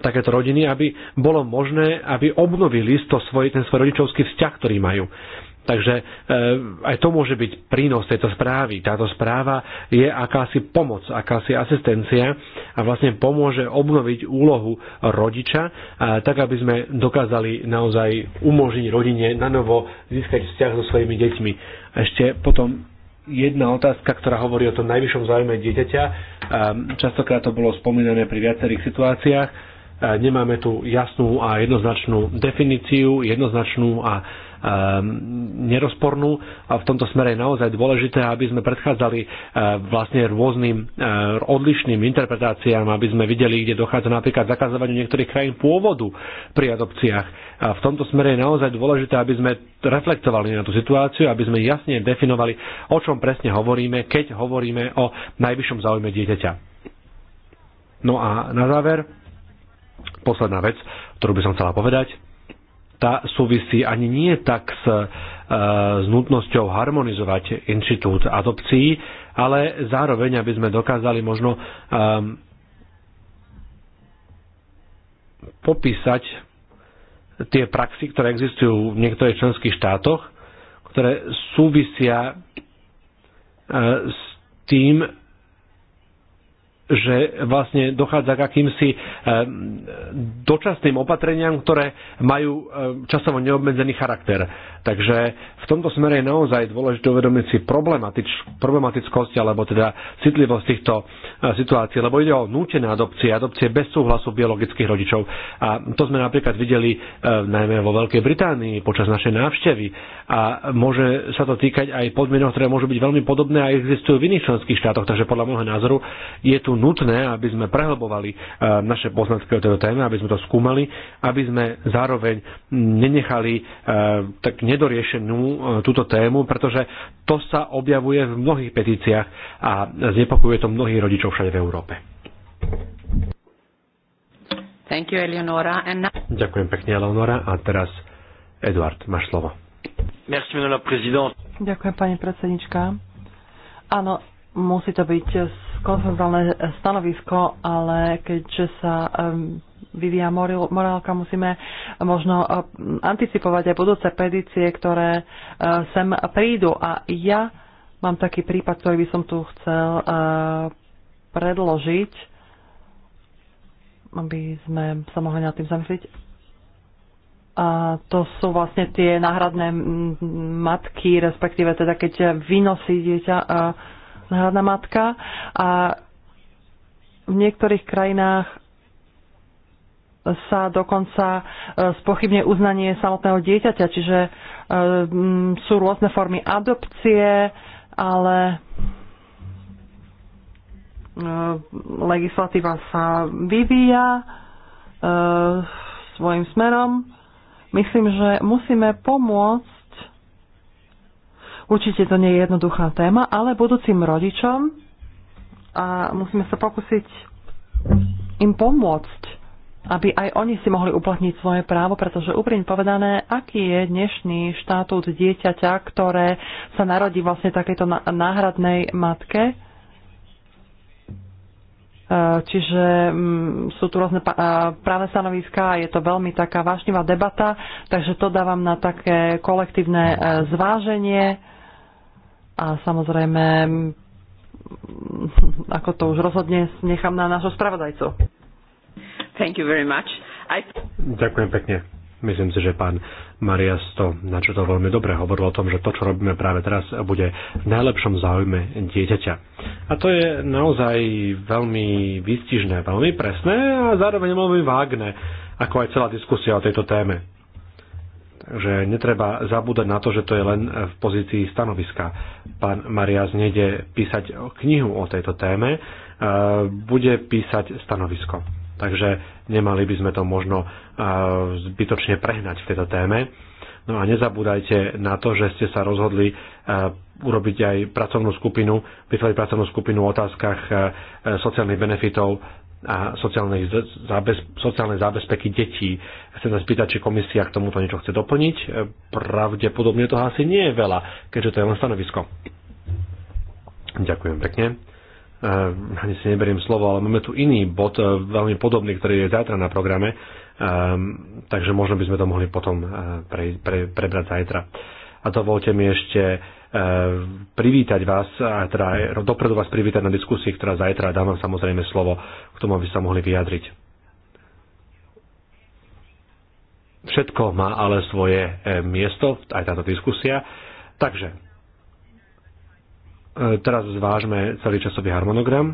takéto rodiny, aby bolo možné, aby obnovili to svoj, ten svoj rodičovský vzťah, ktorý majú. Takže e, aj to môže byť prínos tejto správy. Táto správa je akási pomoc, akási asistencia a vlastne pomôže obnoviť úlohu rodiča, e, tak aby sme dokázali naozaj umožniť rodine na novo získať vzťah so svojimi deťmi. Ešte potom jedna otázka, ktorá hovorí o tom najvyššom záujme dieťaťa. Ehm, častokrát to bolo spomínané pri viacerých situáciách. Ehm, nemáme tu jasnú a jednoznačnú definíciu, jednoznačnú a ehm, nerozpornú a v tomto smere je naozaj dôležité, aby sme predchádzali vlastne rôznym odlišným interpretáciám, aby sme videli, kde dochádza napríklad zakazovaniu niektorých krajín pôvodu pri adopciách a v tomto smere je naozaj dôležité, aby sme reflektovali na tú situáciu, aby sme jasne definovali, o čom presne hovoríme, keď hovoríme o najvyššom záujme dieťaťa. No a na záver, posledná vec, ktorú by som chcela povedať, tá súvisí ani nie tak s, e, s nutnosťou harmonizovať inštitút adopcií, ale zároveň, aby sme dokázali možno e, popísať tie praxy, ktoré existujú v niektorých členských štátoch, ktoré súvisia e, s tým, že vlastne dochádza k akýmsi eh, dočasným opatreniam, ktoré majú eh, časovo neobmedzený charakter. Takže v tomto smere je naozaj dôležité uvedomiť si problematickosť alebo teda citlivosť týchto eh, situácií, lebo ide o nútené adopcie, adopcie bez súhlasu biologických rodičov. A to sme napríklad videli najmä vo Veľkej Británii počas našej návštevy. A môže sa to týkať aj podmienok, ktoré môžu byť veľmi podobné a existujú v iných členských štátoch. Takže podľa môjho názoru je tu nutné, aby sme prehlbovali eh, naše poznatky o tejto téme, aby sme to skúmali, aby sme zároveň nenechali eh, tak nedoriešenú eh, túto tému, pretože to sa objavuje v mnohých petíciách a znepokuje to mnohých rodičov všade v Európe. Thank you, Eleonora. And... Ďakujem pekne, Eleonora. A teraz Eduard, máš slovo. Merci, Ďakujem, pani predsednička. Áno, musí to byť konsenzuálne stanovisko, ale keďže sa vyvíja morálka, musíme možno eh, anticipovať aj budúce pedície, ktoré eh, sem prídu. A ja mám taký prípad, ktorý by som tu chcel eh, predložiť, aby sme sa mohli nad tým zamyslieť. A to sú vlastne tie náhradné matky, respektíve teda keď vynosí dieťa hľadná matka a v niektorých krajinách sa dokonca e, spochybne uznanie samotného dieťaťa, čiže e, sú rôzne formy adopcie, ale e, legislatíva sa vyvíja svojim smerom. Myslím, že musíme pomôcť Určite to nie je jednoduchá téma, ale budúcim rodičom a musíme sa pokúsiť im pomôcť, aby aj oni si mohli uplatniť svoje právo, pretože úprimne povedané, aký je dnešný štatút dieťaťa, ktoré sa narodí vlastne takejto náhradnej matke, e, Čiže mm, sú tu rôzne práve stanoviská, je to veľmi taká vášnivá debata, takže to dávam na také kolektívne e, zváženie. A samozrejme, ako to už rozhodne, nechám na nášho spravodajcu. Thank you very much. I... Ďakujem pekne. Myslím si, že pán Marias to načetol veľmi dobre. Hovoril o tom, že to, čo robíme práve teraz, bude v najlepšom záujme dieťaťa. A to je naozaj veľmi výstižné, veľmi presné a zároveň veľmi vágne, ako aj celá diskusia o tejto téme že netreba zabúdať na to, že to je len v pozícii stanoviska. Pán Marias nejde písať knihu o tejto téme, e, bude písať stanovisko. Takže nemali by sme to možno e, zbytočne prehnať v tejto téme. No a nezabúdajte na to, že ste sa rozhodli e, urobiť aj pracovnú skupinu, vytvoriť pracovnú skupinu o otázkach sociálnych benefitov a sociálne, zábez, zábezpeky detí. Chcem sa spýtať, či komisia k tomuto niečo chce doplniť. E, pravdepodobne toho asi nie je veľa, keďže to je len stanovisko. Ďakujem pekne. E, ani si neberiem slovo, ale máme tu iný bod, e, veľmi podobný, ktorý je zajtra na programe, takže možno by sme to mohli potom pre, pre, prebrať zajtra. A dovolte mi ešte Eh, privítať vás, a teda dopredu vás privítať na diskusii, ktorá zajtra dávam samozrejme slovo k tomu, aby sa mohli vyjadriť. Všetko má ale svoje eh, miesto, aj táto diskusia. Takže, eh, teraz zvážme celý časový harmonogram.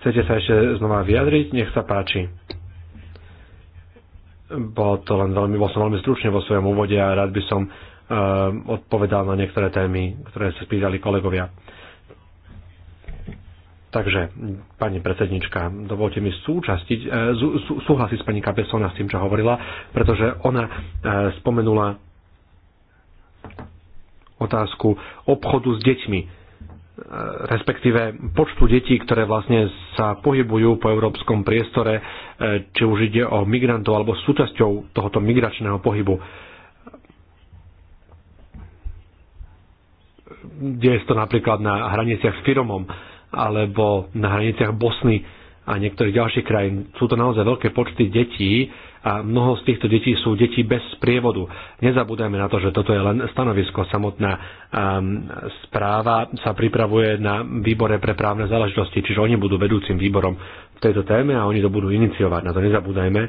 Chcete sa ešte znova vyjadriť? Nech sa páči bolo to len veľmi, bol som veľmi stručný vo svojom úvode a rád by som Ehm, odpovedal na niektoré témy, ktoré sa spýtali kolegovia. Takže, pani predsednička, dovolte mi súčastiť, e, súhlasiť s pani Kapesona s tým, čo hovorila, pretože ona e, spomenula otázku obchodu s deťmi, e, respektíve počtu detí, ktoré vlastne sa pohybujú po európskom priestore, či už ide o migrantov alebo súčasťou tohoto migračného pohybu deje to napríklad na hraniciach s Firomom alebo na hraniciach Bosny a niektorých ďalších krajín. Sú to naozaj veľké počty detí a mnoho z týchto detí sú deti bez sprievodu. Nezabúdajme na to, že toto je len stanovisko. Samotná um, správa sa pripravuje na výbore pre právne záležitosti, čiže oni budú vedúcim výborom v tejto téme a oni to budú iniciovať. Na to nezabúdajme.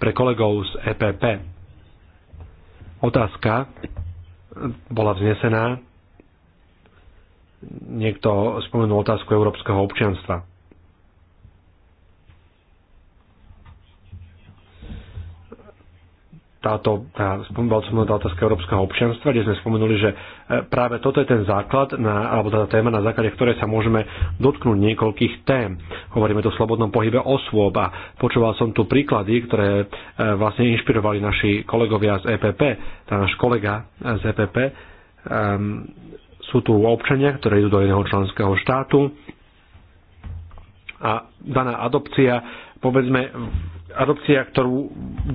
Pre kolegov z EPP otázka bola vznesená niekto spomenul otázku európskeho občianstva. Táto, tá, bola spomenutá otázka európskeho občianstva, kde sme spomenuli, že e, práve toto je ten základ, na, alebo tá téma, na základe ktorej sa môžeme dotknúť niekoľkých tém. Hovoríme tu o slobodnom pohybe osôb a počúval som tu príklady, ktoré e, vlastne inšpirovali naši kolegovia z EPP, tá náš kolega z EPP, um, sú tu občania, ktorí idú do iného členského štátu a daná adopcia, povedzme, adopcia, ktorú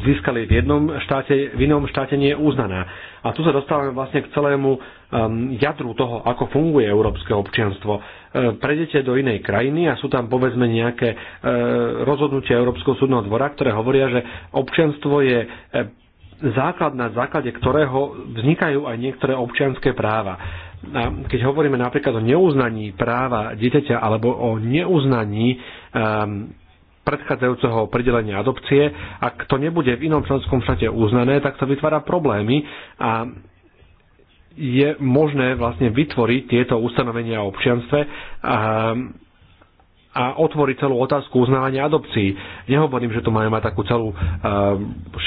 získali v jednom štáte, v inom štáte nie je uznaná. A tu sa dostávame vlastne k celému um, jadru toho, ako funguje európske občianstvo. E, prejdete do inej krajiny a sú tam povedzme nejaké e, rozhodnutia Európskeho súdneho dvora, ktoré hovoria, že občianstvo je e, základ, na základe ktorého vznikajú aj niektoré občianské práva. A keď hovoríme napríklad o neuznaní práva dieťaťa alebo o neuznaní um, predchádzajúceho pridelenia adopcie, ak to nebude v inom členskom štáte uznané, tak to vytvára problémy a je možné vlastne vytvoriť tieto ustanovenia o občianstve, ehm, a otvoriť celú otázku uznávania adopcií. Nehovorím, že tu máme mať takú celú uh, eh,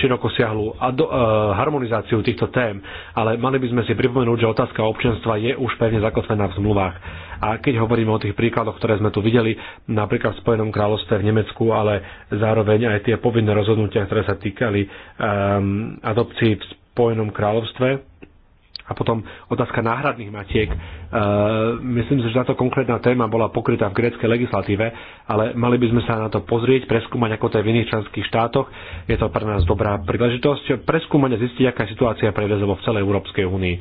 širokosiahlu ado- uh, harmonizáciu týchto tém, ale mali by sme si pripomenúť, že otázka občianstva je už pevne zakotvená v zmluvách. A keď hovoríme o tých príkladoch, ktoré sme tu videli, napríklad v Spojenom kráľovstve v Nemecku, ale zároveň aj tie povinné rozhodnutia, ktoré sa týkali um, adopcií v Spojenom kráľovstve, a potom otázka náhradných matiek. Uh, myslím si, že táto konkrétna téma bola pokrytá v gréckej legislatíve, ale mali by sme sa na to pozrieť, preskúmať, ako to je v iných členských štátoch. Je to pre nás dobrá príležitosť preskúmať a zistiť, aká je situácia pre v celej Európskej únii.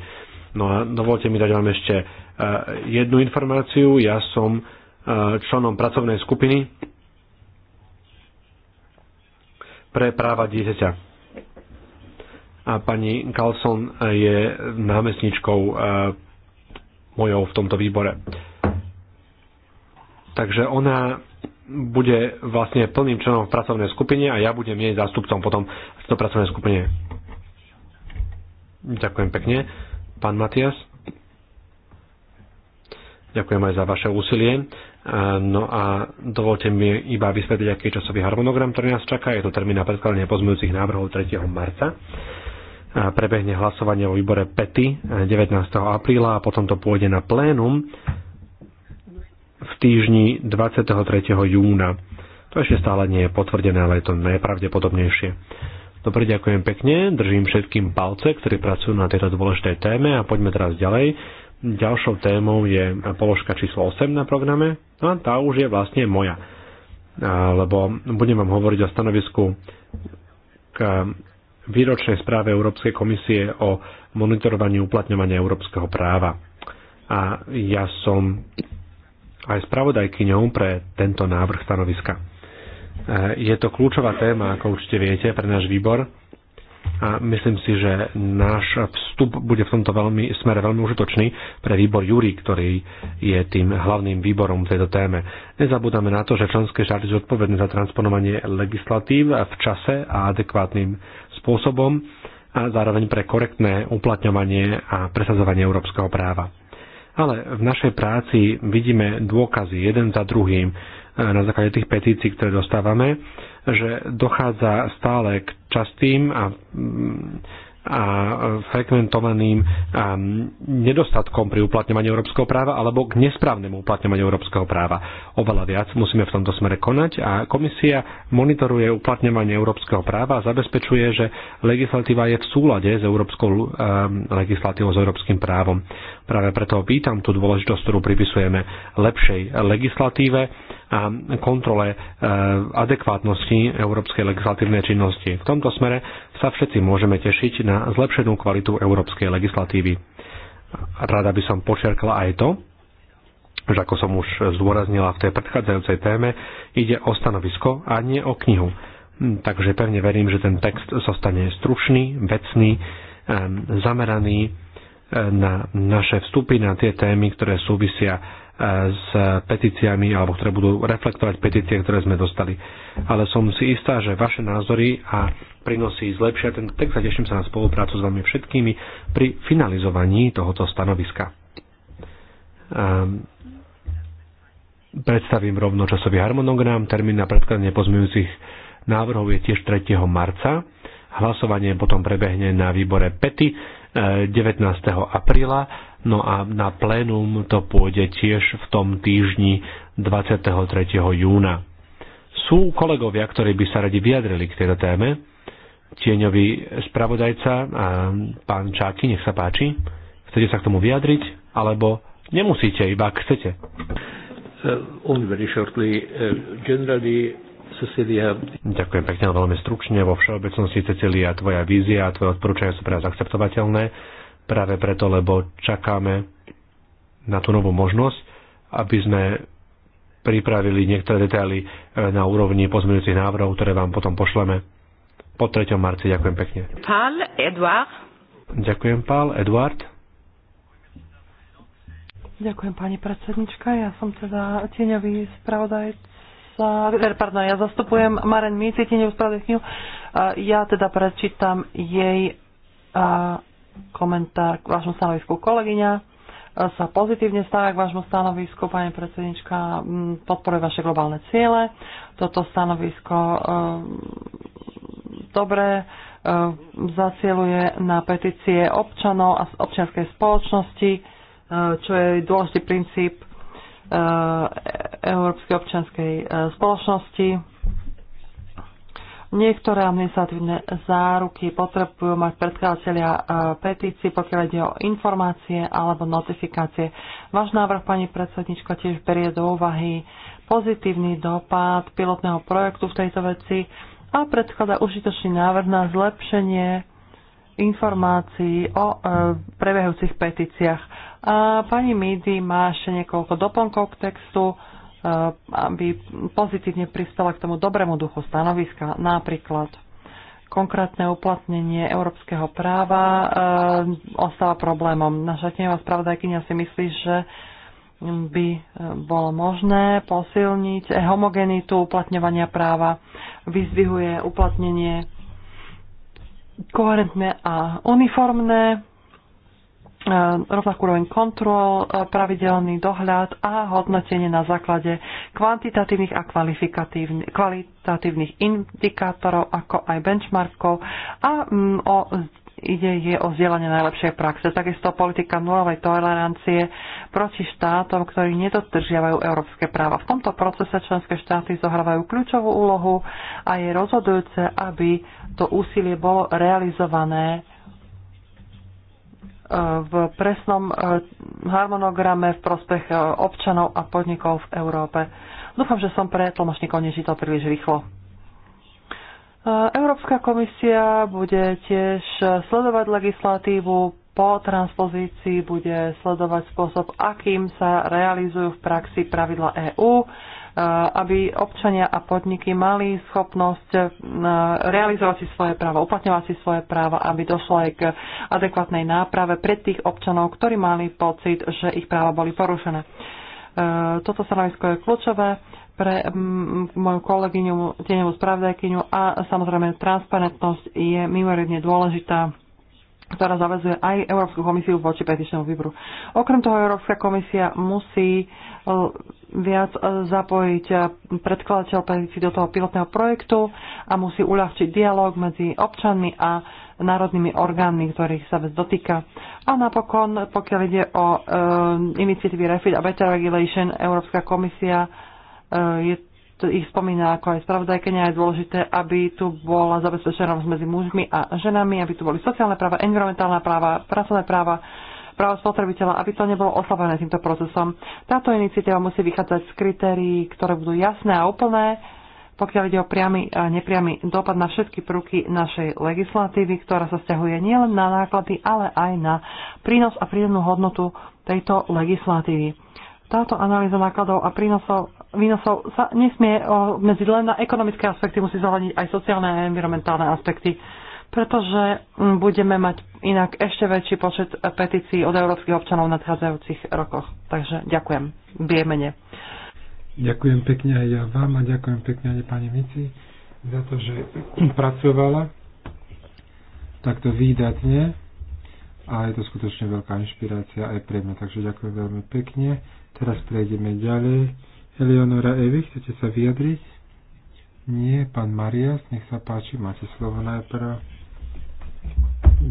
No a dovolte mi dať vám ešte uh, jednu informáciu. Ja som uh, členom pracovnej skupiny pre práva dieťaťa a pani Carlson je námestničkou e, mojou v tomto výbore. Takže ona bude vlastne plným členom v pracovnej skupine a ja budem jej zástupcom potom v tejto pracovnej skupine. Ďakujem pekne. Pán Matias. Ďakujem aj za vaše úsilie. E, no a dovolte mi iba vysvetliť, aký časový harmonogram, ktorý nás čaká. Je to termín na predkladanie pozmujúcich návrhov 3. marca prebehne hlasovanie o výbore PETY 19. apríla a potom to pôjde na plénum v týždni 23. júna. To ešte stále nie je potvrdené, ale je to najpravdepodobnejšie. Dobre, ďakujem pekne, držím všetkým palce, ktorí pracujú na tejto dôležitej téme a poďme teraz ďalej. Ďalšou témou je položka číslo 8 na programe no a tá už je vlastne moja, lebo budem vám hovoriť o stanovisku k výročnej správe Európskej komisie o monitorovaní uplatňovania európskeho práva. A ja som aj spravodajkyňou pre tento návrh stanoviska. E, je to kľúčová téma, ako určite viete, pre náš výbor a myslím si, že náš vstup bude v tomto veľmi, smere veľmi užitočný pre výbor Júri, ktorý je tým hlavným výborom v tejto téme. Nezabúdame na to, že členské štáty sú zodpovedné za transponovanie legislatív v čase a adekvátnym spôsobom a zároveň pre korektné uplatňovanie a presadzovanie európskeho práva. Ale v našej práci vidíme dôkazy jeden za druhým e, na základe tých petícií, ktoré dostávame, že dochádza stále k častým a mm, a frekventovaným nedostatkom pri uplatňovaní európskeho práva alebo k nesprávnemu uplatňovaniu európskeho práva. Oveľa viac musíme v tomto smere konať a komisia monitoruje uplatňovanie európskeho práva a zabezpečuje, že legislatíva je v súlade s európskou e, legislatívou, s európskym právom. Práve preto vítam tú dôležitosť, ktorú pripisujeme lepšej legislatíve a kontrole e, adekvátnosti európskej legislatívnej činnosti. V tomto smere sa všetci môžeme tešiť na zlepšenú kvalitu európskej legislatívy. Rada by som počerkla aj to, že ako som už zdôraznila v tej predchádzajúcej téme, ide o stanovisko a nie o knihu. Takže pevne verím, že ten text zostane stručný, vecný, e, zameraný e, na naše vstupy, na tie témy, ktoré súvisia s petíciami alebo ktoré budú reflektovať petície, ktoré sme dostali. Ale som si istá, že vaše názory a prinosy zlepšia ten text a teším sa na spoluprácu s vami všetkými pri finalizovaní tohoto stanoviska. Um, predstavím rovno časový harmonogram. Termín na predkladanie pozmejúcich návrhov je tiež 3. marca. Hlasovanie potom prebehne na výbore PETI 19. Eh, apríla No a na plénum to pôjde tiež v tom týždni 23. júna. Sú kolegovia, ktorí by sa radi vyjadrili k tejto téme. Tieňový spravodajca, a pán Čáky, nech sa páči. Chcete sa k tomu vyjadriť? Alebo nemusíte, iba ak chcete. Uh, very shortly. Uh, generally, Cecilia. Ďakujem pekne, veľmi stručne. Vo všeobecnosti, Cecilia, tvoja vízia a tvoje odporúčania sú pre nás akceptovateľné práve preto, lebo čakáme na tú novú možnosť, aby sme pripravili niektoré detaily e, na úrovni pozmeňujúcich návrhov, ktoré vám potom pošleme. Po 3. marci ďakujem pekne. Pál, Eduard. Ďakujem, Pál. Eduard. Ďakujem, pani predsednička. Ja som teda tieňový spravodajca, eh, pardon, ja zastupujem Maren Míci, tieňovú spravodajkyňu. Ja teda prečítam jej komentár k vášmu stanovisku. Kolegyňa e, sa pozitívne stáva k vášmu stanovisku, pani predsednička, podporuje vaše globálne ciele. Toto stanovisko e, dobre e, zacieluje na petície občanov a občianskej spoločnosti, e, čo je dôležitý princíp e, Európskej občianskej e, spoločnosti Niektoré administratívne záruky potrebujú mať predkladateľia e, petícii, pokiaľ ide o informácie alebo notifikácie. Váš návrh, pani predsednička, tiež berie do úvahy pozitívny dopad pilotného projektu v tejto veci a predklada užitočný návrh na zlepšenie informácií o e, prebiehajúcich petíciách. A pani Midy má ešte niekoľko doplnkov k textu Eh, aby pozitívne prispela k tomu dobrému duchu stanoviska, napríklad konkrétne uplatnenie európskeho práva eh, ostáva problémom. Naša tenová spravodajkynia si myslí, že by eh, bolo možné posilniť homogenitu uplatňovania práva, vyzvihuje uplatnenie koherentné a uniformné Eh, rovnakú úroveň kontrol, eh, pravidelný dohľad a hodnotenie na základe kvantitatívnych a kvalitatívnych indikátorov, ako aj benchmarkov a mm, o ide je o vzdielanie najlepšej praxe. Takisto politika nulovej tolerancie proti štátom, ktorí nedodržiavajú európske práva. V tomto procese členské štáty zohrávajú kľúčovú úlohu a je rozhodujúce, aby to úsilie bolo realizované v presnom e, harmonograme v prospech e, občanov a podnikov v Európe. Dúfam, že som pre tlmočníkov nečítal príliš rýchlo. E, Európska komisia bude tiež sledovať legislatívu po transpozícii, bude sledovať spôsob, akým sa realizujú v praxi pravidla EÚ Eh, aby občania a podniky mali schopnosť eh, realizovať si svoje práva, uplatňovať si svoje práva, aby došlo aj k adekvátnej náprave pre tých občanov, ktorí mali pocit, že ich práva boli porušené. Eh, toto stanovisko je kľúčové pre mm, moju kolegyňu, tieňovú spravodajkyňu a samozrejme transparentnosť je mimoriadne dôležitá ktorá zavezuje aj Európsku komisiu voči petičnému výboru. Okrem toho Európska komisia musí e, viac e, zapojiť e, predkladateľ petícií do toho pilotného projektu a musí uľahčiť dialog medzi občanmi a národnými orgánmi, ktorých sa vec dotýka. A napokon, pokiaľ ide o e, iniciatívy Refit a Better Regulation, Európska komisia e, je ich spomína ako aj spravodajkenia, je dôležité, aby tu bola zabezpečená medzi mužmi a ženami, aby tu boli sociálne práva, environmentálne práva, pracovné práva, práva spotrebiteľa, aby to nebolo oslabené týmto procesom. Táto iniciatíva musí vychádzať z kritérií, ktoré budú jasné a úplné, pokiaľ ide o priamy a nepriamy dopad na všetky prúky našej legislatívy, ktorá sa stiahuje nielen na náklady, ale aj na prínos a prídenú hodnotu tejto legislatívy. Táto analýza nákladov a prínosov výnosov sa nesmie eh, obmedziť len na ekonomické aspekty, musí zohľadniť aj sociálne a environmentálne aspekty, pretože mm, budeme mať inak ešte väčší počet eh, petícií od európskych občanov v nadchádzajúcich rokoch. Takže ďakujem. Biemene. Ďakujem pekne aj ja vám a ďakujem pekne aj pani Mici za to, že pracovala takto výdatne a je to skutočne veľká inšpirácia aj pre mňa. Takže ďakujem veľmi pekne. Teraz prejdeme ďalej Eleonora Evi, chcete sa vyjadriť? Nie, pán Marias, nech sa páči, máte slovo najprv.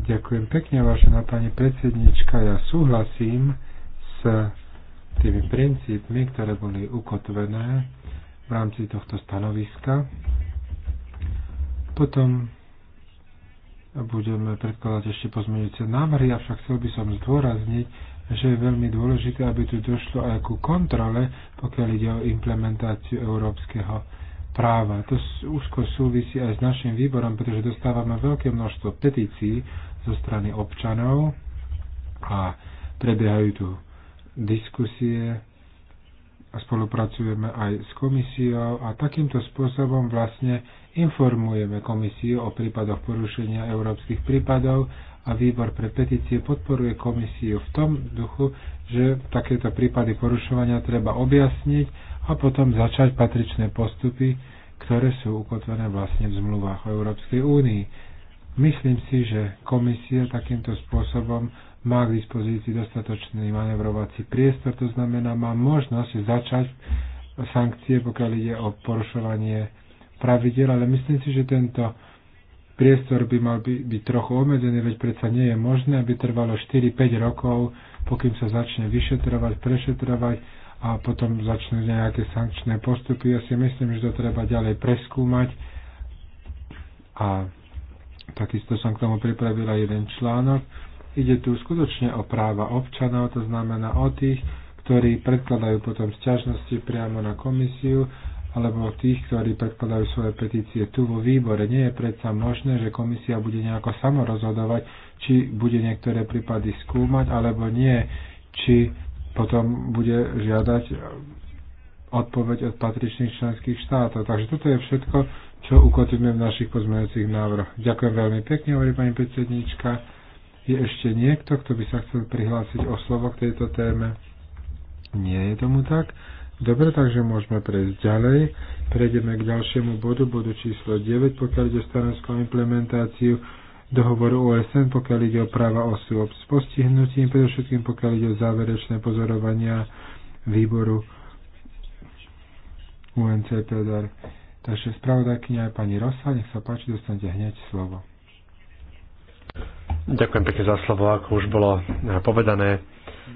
Ďakujem pekne, vážená pani predsednička. Ja súhlasím s tými princípmi, ktoré boli ukotvené v rámci tohto stanoviska. Potom budeme predkladať ešte pozmeňujúce návrhy, avšak chcel by som zdôrazniť, že je veľmi dôležité, aby tu došlo aj ku kontrole, pokiaľ ide o implementáciu európskeho práva. To úzko súvisí aj s našim výborom, pretože dostávame veľké množstvo petícií zo strany občanov a prebiehajú tu diskusie a spolupracujeme aj s komisiou a takýmto spôsobom vlastne informujeme komisiu o prípadoch porušenia európskych prípadov a výbor pre petície podporuje komisiu v tom duchu, že takéto prípady porušovania treba objasniť a potom začať patričné postupy, ktoré sú ukotvené vlastne v zmluvách o Európskej únii. Myslím si, že komisia takýmto spôsobom má k dispozícii dostatočný manevrovací priestor, to znamená, má možnosť začať sankcie, pokiaľ ide o porušovanie pravidel, ale myslím si, že tento priestor by mal by, byť trochu obmedzený, veď predsa nie je možné, aby trvalo 4-5 rokov, pokým sa začne vyšetrovať, prešetrovať a potom začnú nejaké sankčné postupy. Ja si myslím, že to treba ďalej preskúmať a takisto som k tomu pripravila jeden článok. Ide tu skutočne o práva občanov, to znamená o tých, ktorí predkladajú potom sťažnosti priamo na komisiu alebo tých, ktorí predkladajú svoje petície tu vo výbore. Nie je predsa možné, že komisia bude nejako samorozhodovať, či bude niektoré prípady skúmať alebo nie, či potom bude žiadať odpoveď od patričných členských štátov. Takže toto je všetko, čo ukotvíme v našich pozmeňujúcich návrhoch. Ďakujem veľmi pekne, hovorí pani predsednička. Je ešte niekto, kto by sa chcel prihlásiť o slovo k tejto téme? Nie je tomu tak. Dobre, takže môžeme prejsť ďalej. Prejdeme k ďalšiemu bodu, bodu číslo 9, pokiaľ ide stanovisko o implementáciu dohovoru OSN, pokiaľ ide o práva osôb s postihnutím, predovšetkým pokiaľ ide o záverečné pozorovania výboru UNCPDR. Takže spravodajkynia je pani Rosa, nech sa páči, dostanete hneď slovo. Ďakujem pekne za slovo, ako už bolo povedané.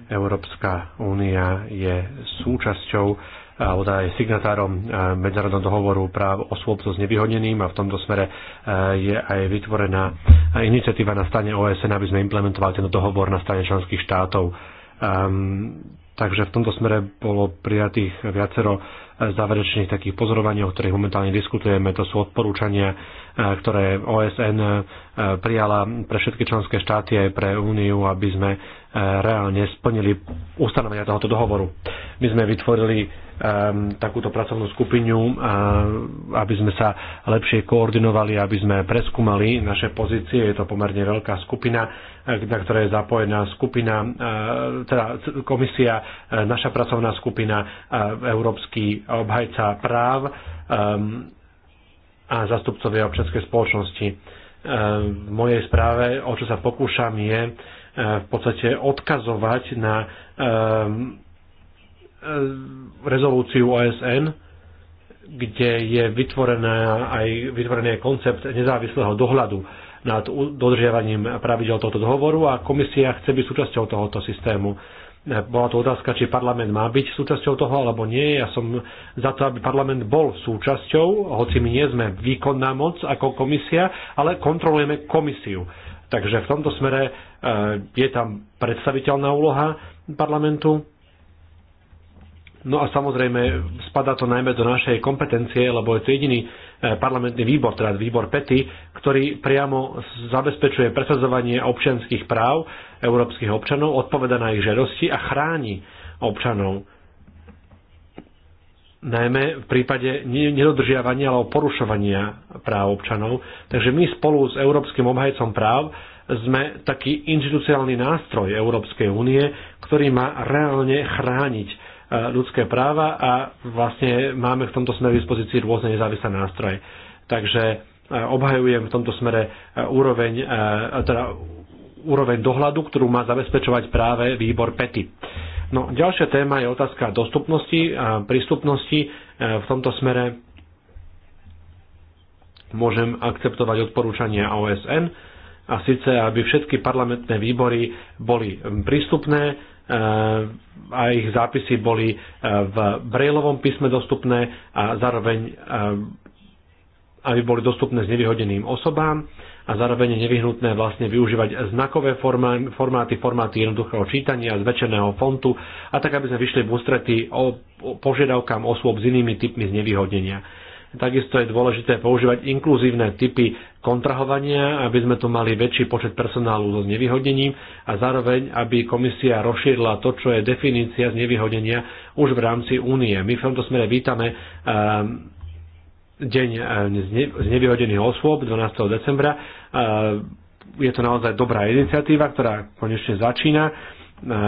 Európska únia je súčasťou alebo teda je signatárom Medzinárodného dohovoru práv osôb so znevýhodneným a v tomto smere je aj vytvorená iniciatíva na stane OSN, aby sme implementovali ten dohovor na stane členských štátov. Um, takže v tomto smere bolo prijatých viacero záverečných takých pozorovaní, o ktorých momentálne diskutujeme. To sú odporúčania, e, ktoré OSN e, prijala pre všetky členské štáty aj pre Úniu, aby sme e, reálne splnili ustanovenia tohoto dohovoru. My sme vytvorili takúto pracovnú skupinu, aby sme sa lepšie koordinovali, aby sme preskúmali naše pozície. Je to pomerne veľká skupina, na ktorej je zapojená skupina, teda komisia, naša pracovná skupina, Európsky obhajca práv ehm, a zastupcovia občianskej spoločnosti. Ehm, v mojej správe, o čo sa pokúšam, je eh, v podstate odkazovať na ehm, eh, rezolúciu OSN, kde je vytvorená aj, vytvorený aj koncept nezávislého dohľadu nad dodržiavaním pravidel tohto dohovoru a komisia chce byť súčasťou tohoto systému. Bola to otázka, či parlament má byť súčasťou toho alebo nie. Ja som za to, aby parlament bol súčasťou, hoci my nie sme výkonná moc ako komisia, ale kontrolujeme komisiu. Takže v tomto smere e, je tam predstaviteľná úloha parlamentu. No a samozrejme spadá to najmä do našej kompetencie, lebo je to jediný e, parlamentný výbor, teda výbor PETI, ktorý priamo zabezpečuje presadzovanie občianských práv európskych občanov, odpoveda na ich žiadosti a chráni občanov. Najmä v prípade nedodržiavania alebo porušovania práv občanov. Takže my spolu s Európskym obhajcom práv sme taký inštitucionálny nástroj Európskej únie, ktorý má reálne chrániť e, ľudské práva a vlastne máme v tomto smere v dispozícii rôzne nezávislé nástroje. Takže e, obhajujem v tomto smere e, úroveň, teda úroveň dohľadu, ktorú má zabezpečovať práve výbor PETI. No, ďalšia téma je otázka dostupnosti a prístupnosti. E, v tomto smere môžem akceptovať odporúčania OSN a síce, aby všetky parlamentné výbory boli prístupné e, a ich zápisy boli e, v brailovom písme dostupné a zároveň aby boli dostupné s nevyhodeným osobám a zároveň je nevyhnutné vlastne využívať znakové formáty, formáty jednoduchého čítania, zväčšeného fontu a tak, aby sme vyšli v ústretí o požiadavkám osôb s inými typmi znevýhodnenia. Takisto je dôležité používať inkluzívne typy kontrahovania, aby sme tu mali väčší počet personálu so znevýhodnením a zároveň, aby komisia rozšírila to, čo je definícia znevýhodnenia už v rámci únie. My v tomto smere vítame um, deň e, nevyhodených osôb 12. decembra. E, je to naozaj dobrá iniciatíva, ktorá konečne začína. E,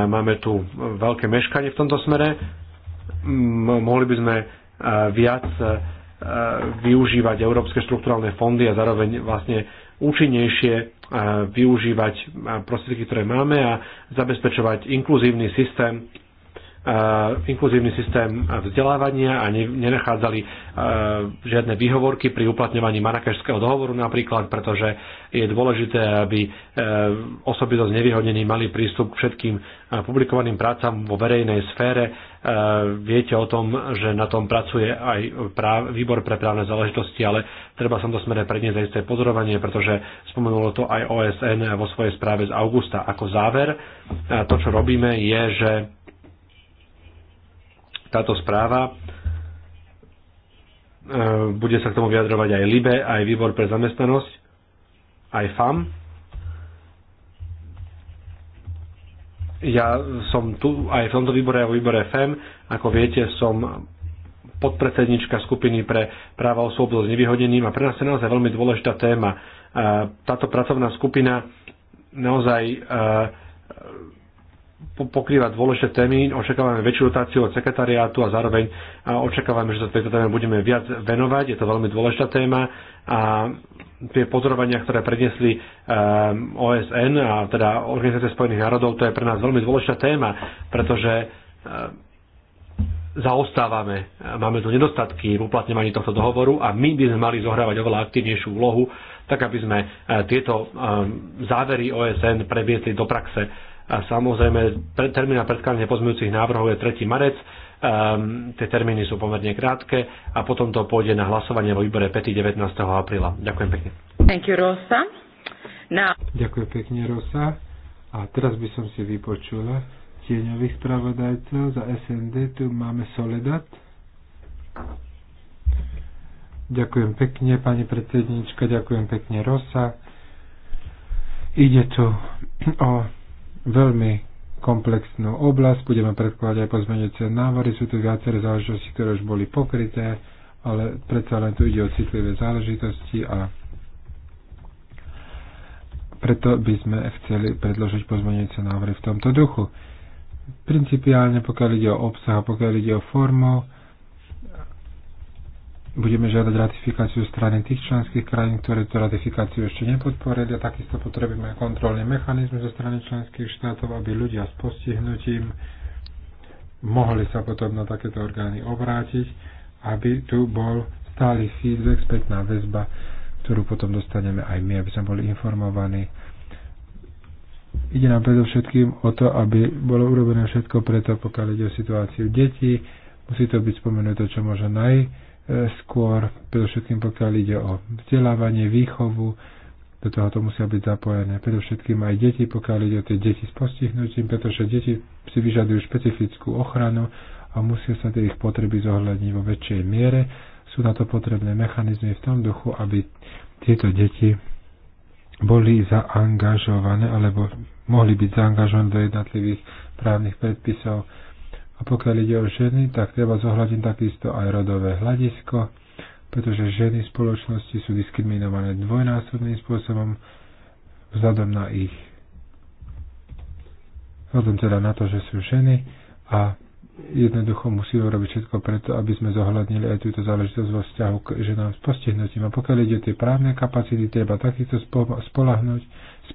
máme tu veľké meškanie v tomto smere. Mohli by sme viac využívať európske štruktúralne fondy a zároveň vlastne účinnejšie využívať prostriedky, ktoré máme a zabezpečovať inkluzívny systém inkluzívny systém vzdelávania a nenachádzali žiadne výhovorky pri uplatňovaní Marrakešského dohovoru napríklad, pretože je dôležité, aby e, osoby so nevyhodnení mali prístup k všetkým e, publikovaným prácam vo verejnej sfére. E, viete o tom, že na tom pracuje aj práv, výbor pre právne záležitosti, ale treba som to smere predniesť aj isté pozorovanie, pretože spomenulo to aj OSN vo svojej správe z augusta. Ako záver, to, čo robíme, je, že táto správa e, bude sa k tomu vyjadrovať aj LIBE, aj Výbor pre zamestnanosť, aj FAM. Ja som tu aj v tomto výbore, aj v výbore FEM. Ako viete, som podpredsednička skupiny pre práva osôb s nevyhodeným a pre nás je naozaj veľmi dôležitá téma. E, táto pracovná skupina naozaj e, pokrýva dôležité témy, očakávame väčšiu rotáciu od sekretariátu a zároveň očakávame, že sa tejto téme budeme viac venovať. Je to veľmi dôležitá téma a tie pozorovania, ktoré prednesli ehm, OSN a teda Organizácia spojených národov, to je pre nás veľmi dôležitá téma, pretože ehm, zaostávame, máme tu nedostatky v uplatňovaní tohto dohovoru a my by sme mali zohrávať oveľa aktívnejšiu úlohu, tak aby sme ehm, tieto závery OSN previedli do praxe a samozrejme, termín na predkladanie pozmeňujúcich návrhov je 3. marec. Um, tie termíny sú pomerne krátke a potom to pôjde na hlasovanie vo výbore 5. 19. apríla. Ďakujem pekne. Thank you, Rosa. Now... Ďakujem pekne, Rosa. A teraz by som si vypočula tieňových spravodajcov za SND. Tu máme Soledad. Ďakujem pekne, pani predsednička, ďakujem pekne, Rosa. Ide tu o veľmi komplexnú oblasť, budeme predkladať aj pozmeňujúce návory, sú tu viaceré záležitosti, ktoré už boli pokryté, ale predsa len tu ide o citlivé záležitosti a preto by sme chceli predložiť pozmeňujúce návrhy v tomto duchu. Principiálne, pokiaľ ide o obsah a pokiaľ ide o formu, budeme žiadať ratifikáciu strany tých členských krajín, ktoré tú ratifikáciu ešte nepodporili a takisto potrebujeme kontrolný mechanizmy zo strany členských štátov, aby ľudia s postihnutím mohli sa potom na takéto orgány obrátiť, aby tu bol stály feedback, spätná väzba, ktorú potom dostaneme aj my, aby sme boli informovaní. Ide nám predovšetkým o to, aby bolo urobené všetko preto, pokiaľ ide o situáciu detí. Musí to byť spomenuté, čo možno naj skôr, predovšetkým pokiaľ ide o vzdelávanie, výchovu, do toho to musia byť zapojené. Predovšetkým aj deti, pokiaľ ide o tie deti s postihnutím, pretože deti si vyžadujú špecifickú ochranu a musia sa tie ich potreby zohľadniť vo väčšej miere. Sú na to potrebné mechanizmy v tom duchu, aby tieto deti boli zaangažované alebo mohli byť zaangažované do jednotlivých právnych predpisov a pokiaľ ide o ženy, tak treba zohľadiť takisto aj rodové hľadisko, pretože ženy v spoločnosti sú diskriminované dvojnásobným spôsobom vzhľadom na ich vzhľadom teda na to, že sú ženy a jednoducho musíme robiť všetko preto, aby sme zohľadnili aj túto záležitosť vo vzťahu k ženám s postihnutím. A pokiaľ ide o tie právne kapacity, treba takisto spolahnuť,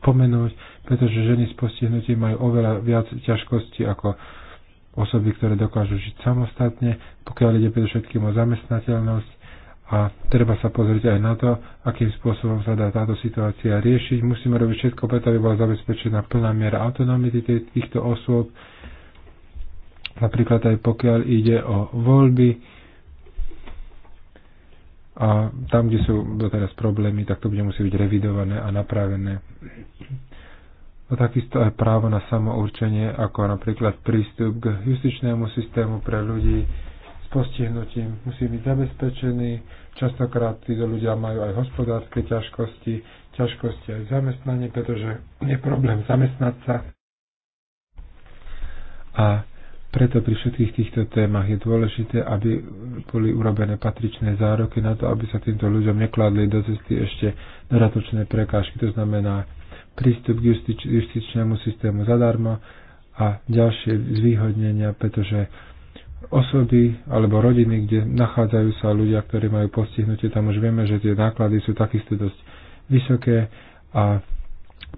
spomenúť, pretože ženy s postihnutím majú oveľa viac ťažkostí ako osoby, ktoré dokážu žiť samostatne, pokiaľ ide predovšetkým o zamestnateľnosť a treba sa pozrieť aj na to, akým spôsobom sa dá táto situácia riešiť. Musíme robiť všetko preto, aby bola zabezpečená plná miera autonómity týchto osôb, napríklad aj pokiaľ ide o voľby a tam, kde sú doteraz problémy, tak to bude musieť byť revidované a napravené a takisto aj právo na samourčenie, ako napríklad prístup k justičnému systému pre ľudí s postihnutím musí byť zabezpečený. Častokrát títo ľudia majú aj hospodárske ťažkosti, ťažkosti aj zamestnanie, pretože je problém zamestnať sa. A preto pri všetkých týchto témach je dôležité, aby boli urobené patričné zároky na to, aby sa týmto ľuďom nekladli do cesty ešte dodatočné prekážky, to znamená prístup k justič, justičnému systému zadarmo a ďalšie zvýhodnenia, pretože osoby alebo rodiny, kde nachádzajú sa ľudia, ktorí majú postihnutie, tam už vieme, že tie náklady sú takisto dosť vysoké a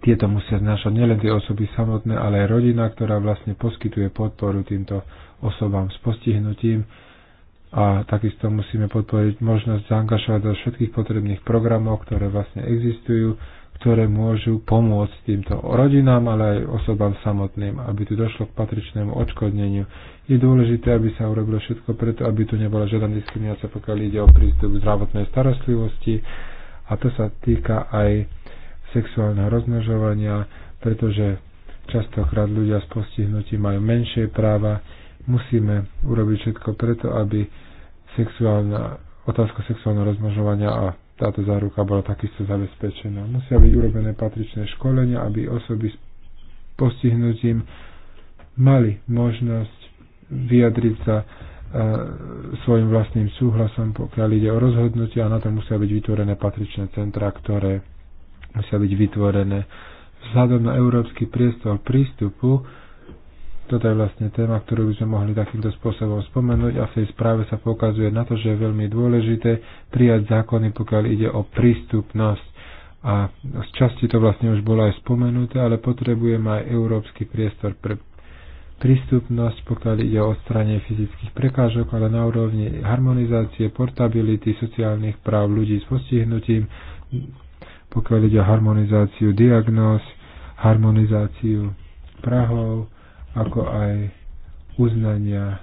tieto musia znášať nielen tie osoby samotné, ale aj rodina, ktorá vlastne poskytuje podporu týmto osobám s postihnutím a takisto musíme podporiť možnosť zaangažovať do všetkých potrebných programov, ktoré vlastne existujú ktoré môžu pomôcť týmto rodinám, ale aj osobám samotným, aby tu došlo k patričnému odškodneniu. Je dôležité, aby sa urobilo všetko preto, aby tu nebola žiadna diskriminácia, pokiaľ ide o prístup k zdravotnej starostlivosti a to sa týka aj sexuálneho rozmnožovania, pretože častokrát ľudia s postihnutím majú menšie práva. Musíme urobiť všetko preto, aby sexuálna, otázka sexuálneho rozmnožovania a táto záruka bola takisto zabezpečená. Musia byť urobené patričné školenia, aby osoby s postihnutím mali možnosť vyjadriť sa e, svojim vlastným súhlasom, pokiaľ ide o rozhodnutie a na to musia byť vytvorené patričné centra, ktoré musia byť vytvorené vzhľadom na európsky priestor prístupu, toto je vlastne téma, ktorú by sme mohli takýmto spôsobom spomenúť a v tej správe sa pokazuje na to, že je veľmi dôležité prijať zákony, pokiaľ ide o prístupnosť. A z časti to vlastne už bolo aj spomenuté, ale potrebujeme aj európsky priestor pre prístupnosť, pokiaľ ide o odstranie fyzických prekážok, ale na úrovni harmonizácie, portability, sociálnych práv ľudí s postihnutím, pokiaľ ide o harmonizáciu diagnóz, harmonizáciu prahov, ako aj uznania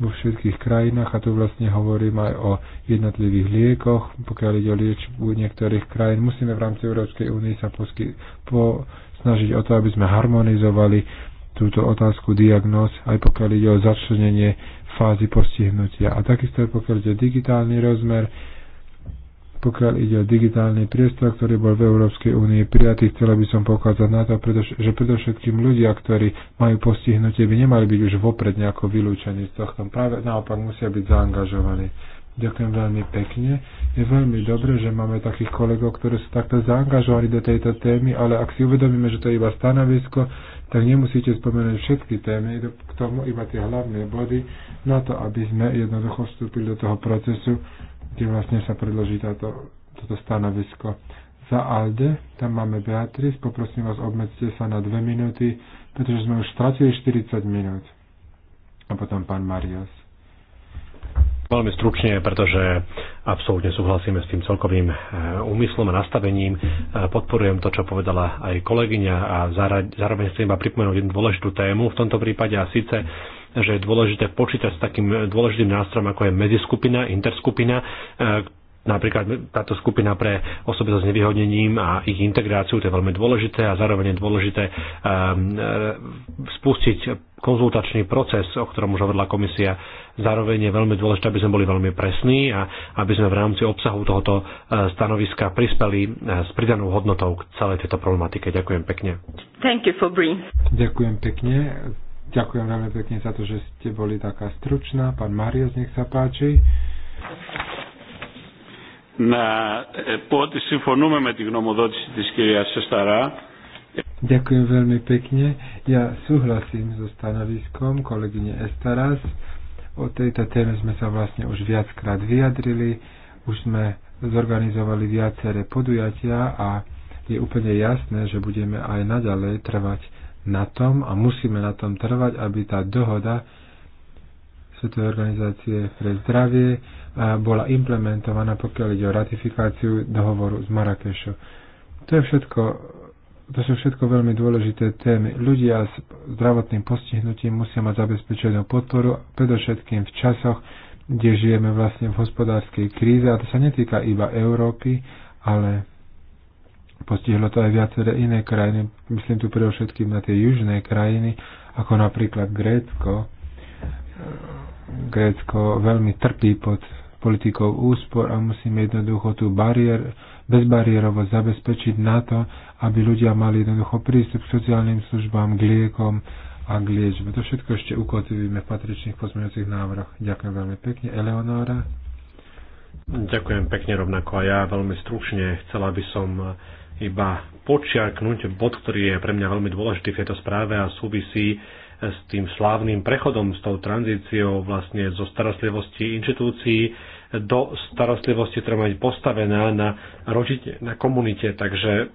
vo všetkých krajinách, a tu vlastne hovorím aj o jednotlivých liekoch, pokiaľ ide o liečbu niektorých krajín, musíme v rámci Európskej únie sa posky, po, snažiť o to, aby sme harmonizovali túto otázku diagnóz, aj pokiaľ ide o začlenenie fázy postihnutia. A takisto aj pokiaľ ide digitálny rozmer, pokiaľ ide o digitálny priestor, ktorý bol v Európskej únii prijatý, chcela by som pokázať na to, že predovšetkým ľudia, ktorí majú postihnutie, by nemali byť už vopred nejako vylúčení z tohto. Práve naopak musia byť zaangažovaní. Ďakujem veľmi pekne. Je veľmi dobré, že máme takých kolegov, ktorí sú takto zaangažovaní do tejto témy, ale ak si uvedomíme, že to je iba stanovisko, tak nemusíte spomenúť všetky témy, k tomu iba tie hlavné body, na to, aby sme jednoducho vstúpili do toho procesu kde vlastne sa predloží táto, toto stanovisko. Za ALDE, tam máme Beatriz, poprosím vás, obmedzte sa na dve minúty, pretože sme už stratili 40 minút. A potom pán Marias. Veľmi stručne, pretože absolútne súhlasíme s tým celkovým eh, úmyslom a nastavením. Eh, podporujem to, čo povedala aj kolegyňa a zároveň chcem iba pripomenúť jednu dôležitú tému v tomto prípade a síce že je dôležité počítať s takým dôležitým nástrojom, ako je medziskupina, interskupina, e, napríklad táto skupina pre osoby so znevýhodnením a ich integráciu, to je veľmi dôležité a zároveň je dôležité um, spustiť konzultačný proces, o ktorom už hovorila komisia. Zároveň je veľmi dôležité, aby sme boli veľmi presní a aby sme v rámci obsahu tohoto stanoviska prispeli s pridanou hodnotou k celej tejto problematike. Ďakujem pekne. Thank you for Ďakujem pekne Ďakujem veľmi pekne za to, že ste boli taká stručná. Pán Marias, nech sa páči. Na, po, συμφωνούμε με τη γνωμοδότηση της κυρίας Σεσταρά. Ďakujem veľmi pekne. Ja súhlasím so stanoviskom kolegyne Estaras. O tejto téme sme sa vlastne už viackrát vyjadrili. Už sme zorganizovali viaceré podujatia a je úplne jasné, že budeme aj naďalej trvať na tom a musíme na tom trvať, aby tá dohoda Svetovej organizácie pre zdravie eh, bola implementovaná, pokiaľ ide o ratifikáciu dohovoru z Marrakešu. To, je všetko, to sú všetko veľmi dôležité témy. Ľudia s zdravotným postihnutím musia mať zabezpečenú podporu, predovšetkým v časoch, kde žijeme vlastne v hospodárskej kríze, a to sa netýka iba Európy, ale Postihlo to aj viaceré iné krajiny, myslím tu všetkým na tie južné krajiny, ako napríklad Grécko. Grécko veľmi trpí pod politikou úspor a musíme jednoducho tú bariér, bezbariérovo zabezpečiť na to, aby ľudia mali jednoducho prístup k sociálnym službám, k liekom a k liečbe. To všetko ešte ukotvíme v patričných pozmeňujúcich návrhoch. Ďakujem veľmi pekne. Eleonora? Ďakujem pekne rovnako a ja veľmi stručne chcela by som iba počiarknúť bod, ktorý je pre mňa veľmi dôležitý v tejto správe a súvisí s tým slávnym prechodom, s tou tranzíciou vlastne zo starostlivosti inštitúcií do starostlivosti, ktorá má byť postavená na, rodite, na komunite. Takže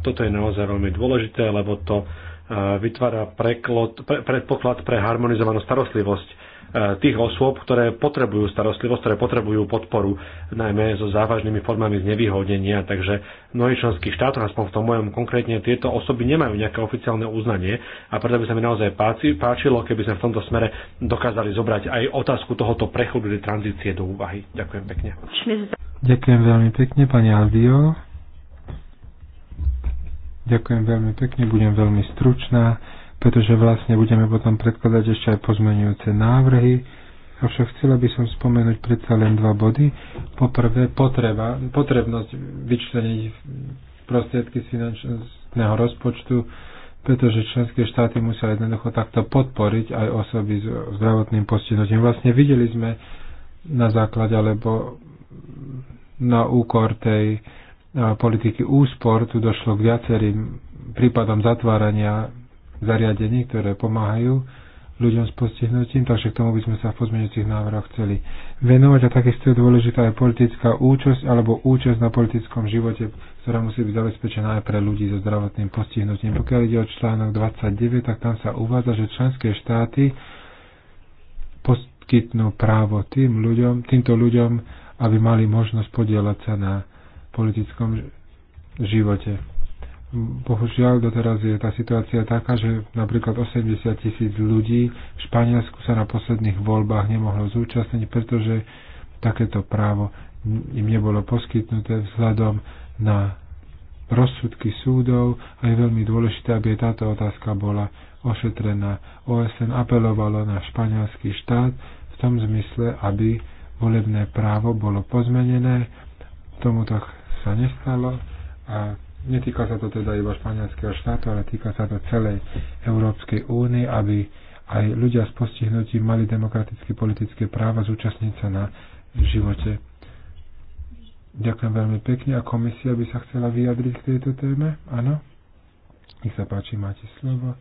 toto je naozaj veľmi dôležité, lebo to eh, vytvára preklod, pre, predpoklad pre harmonizovanú starostlivosť E, tých osôb, ktoré potrebujú starostlivosť, ktoré potrebujú podporu, najmä so závažnými formami znevýhodnenia. Takže v mnohých členských štátoch, aspoň v tom mojom konkrétne, tieto osoby nemajú nejaké oficiálne uznanie a preto by sa mi naozaj páčilo, keby sme v tomto smere dokázali zobrať aj otázku tohoto prechodu do tranzície do úvahy. Ďakujem pekne. Ďakujem veľmi pekne, pani Aldio. Ďakujem veľmi pekne, budem veľmi stručná pretože vlastne budeme potom predkladať ešte aj pozmenujúce návrhy. Avšak chcela by som spomenúť predsa len dva body. Po prvé, potreba, potrebnosť vyčleniť prostriedky z finančného rozpočtu, pretože členské štáty musia jednoducho takto podporiť aj osoby s zdravotným postihnutím. Vlastne videli sme na základe alebo na úkor tej politiky úspor, tu došlo k viacerým prípadom zatvárania zariadení, ktoré pomáhajú ľuďom s postihnutím, takže k tomu by sme sa v pozmeňujúcich návrhoch chceli venovať a takisto je dôležitá aj politická účasť alebo účasť na politickom živote, ktorá musí byť zabezpečená aj pre ľudí so zdravotným postihnutím. Pokiaľ ide o článok 29, tak tam sa uvádza, že členské štáty poskytnú právo tým ľuďom, týmto ľuďom, aby mali možnosť podielať sa na politickom živote. Bohužiaľ, doteraz je tá situácia taká, že napríklad 80 tisíc ľudí v Španielsku sa na posledných voľbách nemohlo zúčastniť, pretože takéto právo im nebolo poskytnuté vzhľadom na rozsudky súdov a je veľmi dôležité, aby táto otázka bola ošetrená. OSN apelovalo na španielský štát v tom zmysle, aby volebné právo bolo pozmenené. Tomu tak sa nestalo a netýka sa to teda iba španielského štátu, ale týka sa to celej Európskej únie, aby aj ľudia s postihnutím mali demokratické politické práva zúčastniť sa na živote. Ďakujem veľmi pekne a komisia by sa chcela vyjadriť k tejto téme. Áno? Nech sa páči, máte slovo.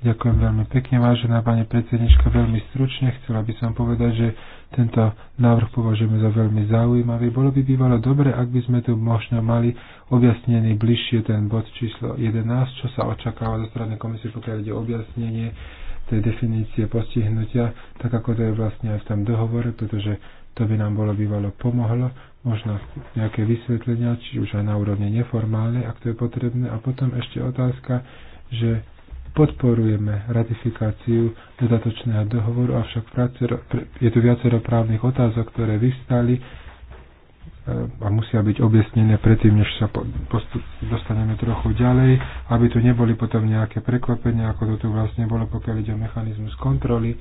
Ďakujem veľmi pekne, vážená pani predsednička, veľmi stručne. Chcela by som povedať, že tento návrh považujeme za veľmi zaujímavý. Bolo by bývalo dobre, ak by sme tu možno mali objasnený bližšie ten bod číslo 11, čo sa očakáva zo strany komisie, pokiaľ ide o objasnenie tej definície postihnutia, tak ako to je vlastne aj v tom dohovore, pretože to by nám bolo bývalo pomohlo, možno nejaké vysvetlenia, či už aj na úrovni neformálnej, ak to je potrebné. A potom ešte otázka, že podporujeme ratifikáciu dodatočného dohovoru, avšak viacero, je tu viacero právnych otázok, ktoré vystali e, a musia byť objasnené predtým, než sa dostaneme trochu ďalej, aby tu neboli potom nejaké prekvapenia, ako to tu vlastne bolo, pokiaľ ide o mechanizmus kontroly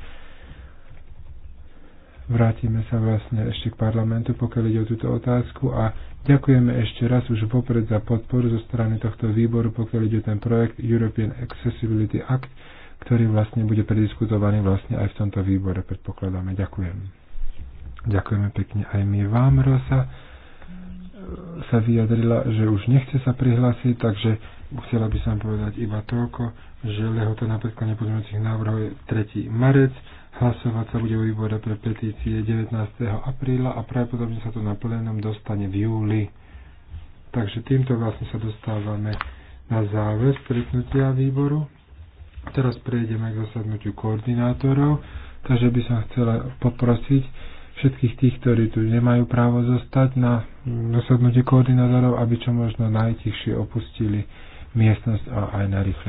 vrátime sa vlastne ešte k parlamentu, pokiaľ ide o túto otázku a ďakujeme ešte raz už vopred za podporu zo strany tohto výboru, pokiaľ ide o ten projekt European Accessibility Act, ktorý vlastne bude prediskutovaný vlastne aj v tomto výbore, predpokladáme. Ďakujem. Ďakujeme pekne aj my vám, Rosa sa vyjadrila, že už nechce sa prihlásiť, takže chcela by som povedať iba toľko, že lehota na predklane pozmeňujúcich návrhov je 3. marec Hlasovať sa bude o výbore pre petície 19. apríla a pravdepodobne sa to na plénom dostane v júli. Takže týmto vlastne sa dostávame na záver stretnutia výboru. Teraz prejdeme k zasadnutiu koordinátorov, takže by som chcela poprosiť všetkých tých, ktorí tu nemajú právo zostať na zasadnutie koordinátorov, aby čo možno najtichšie opustili miestnosť a aj na rýchlej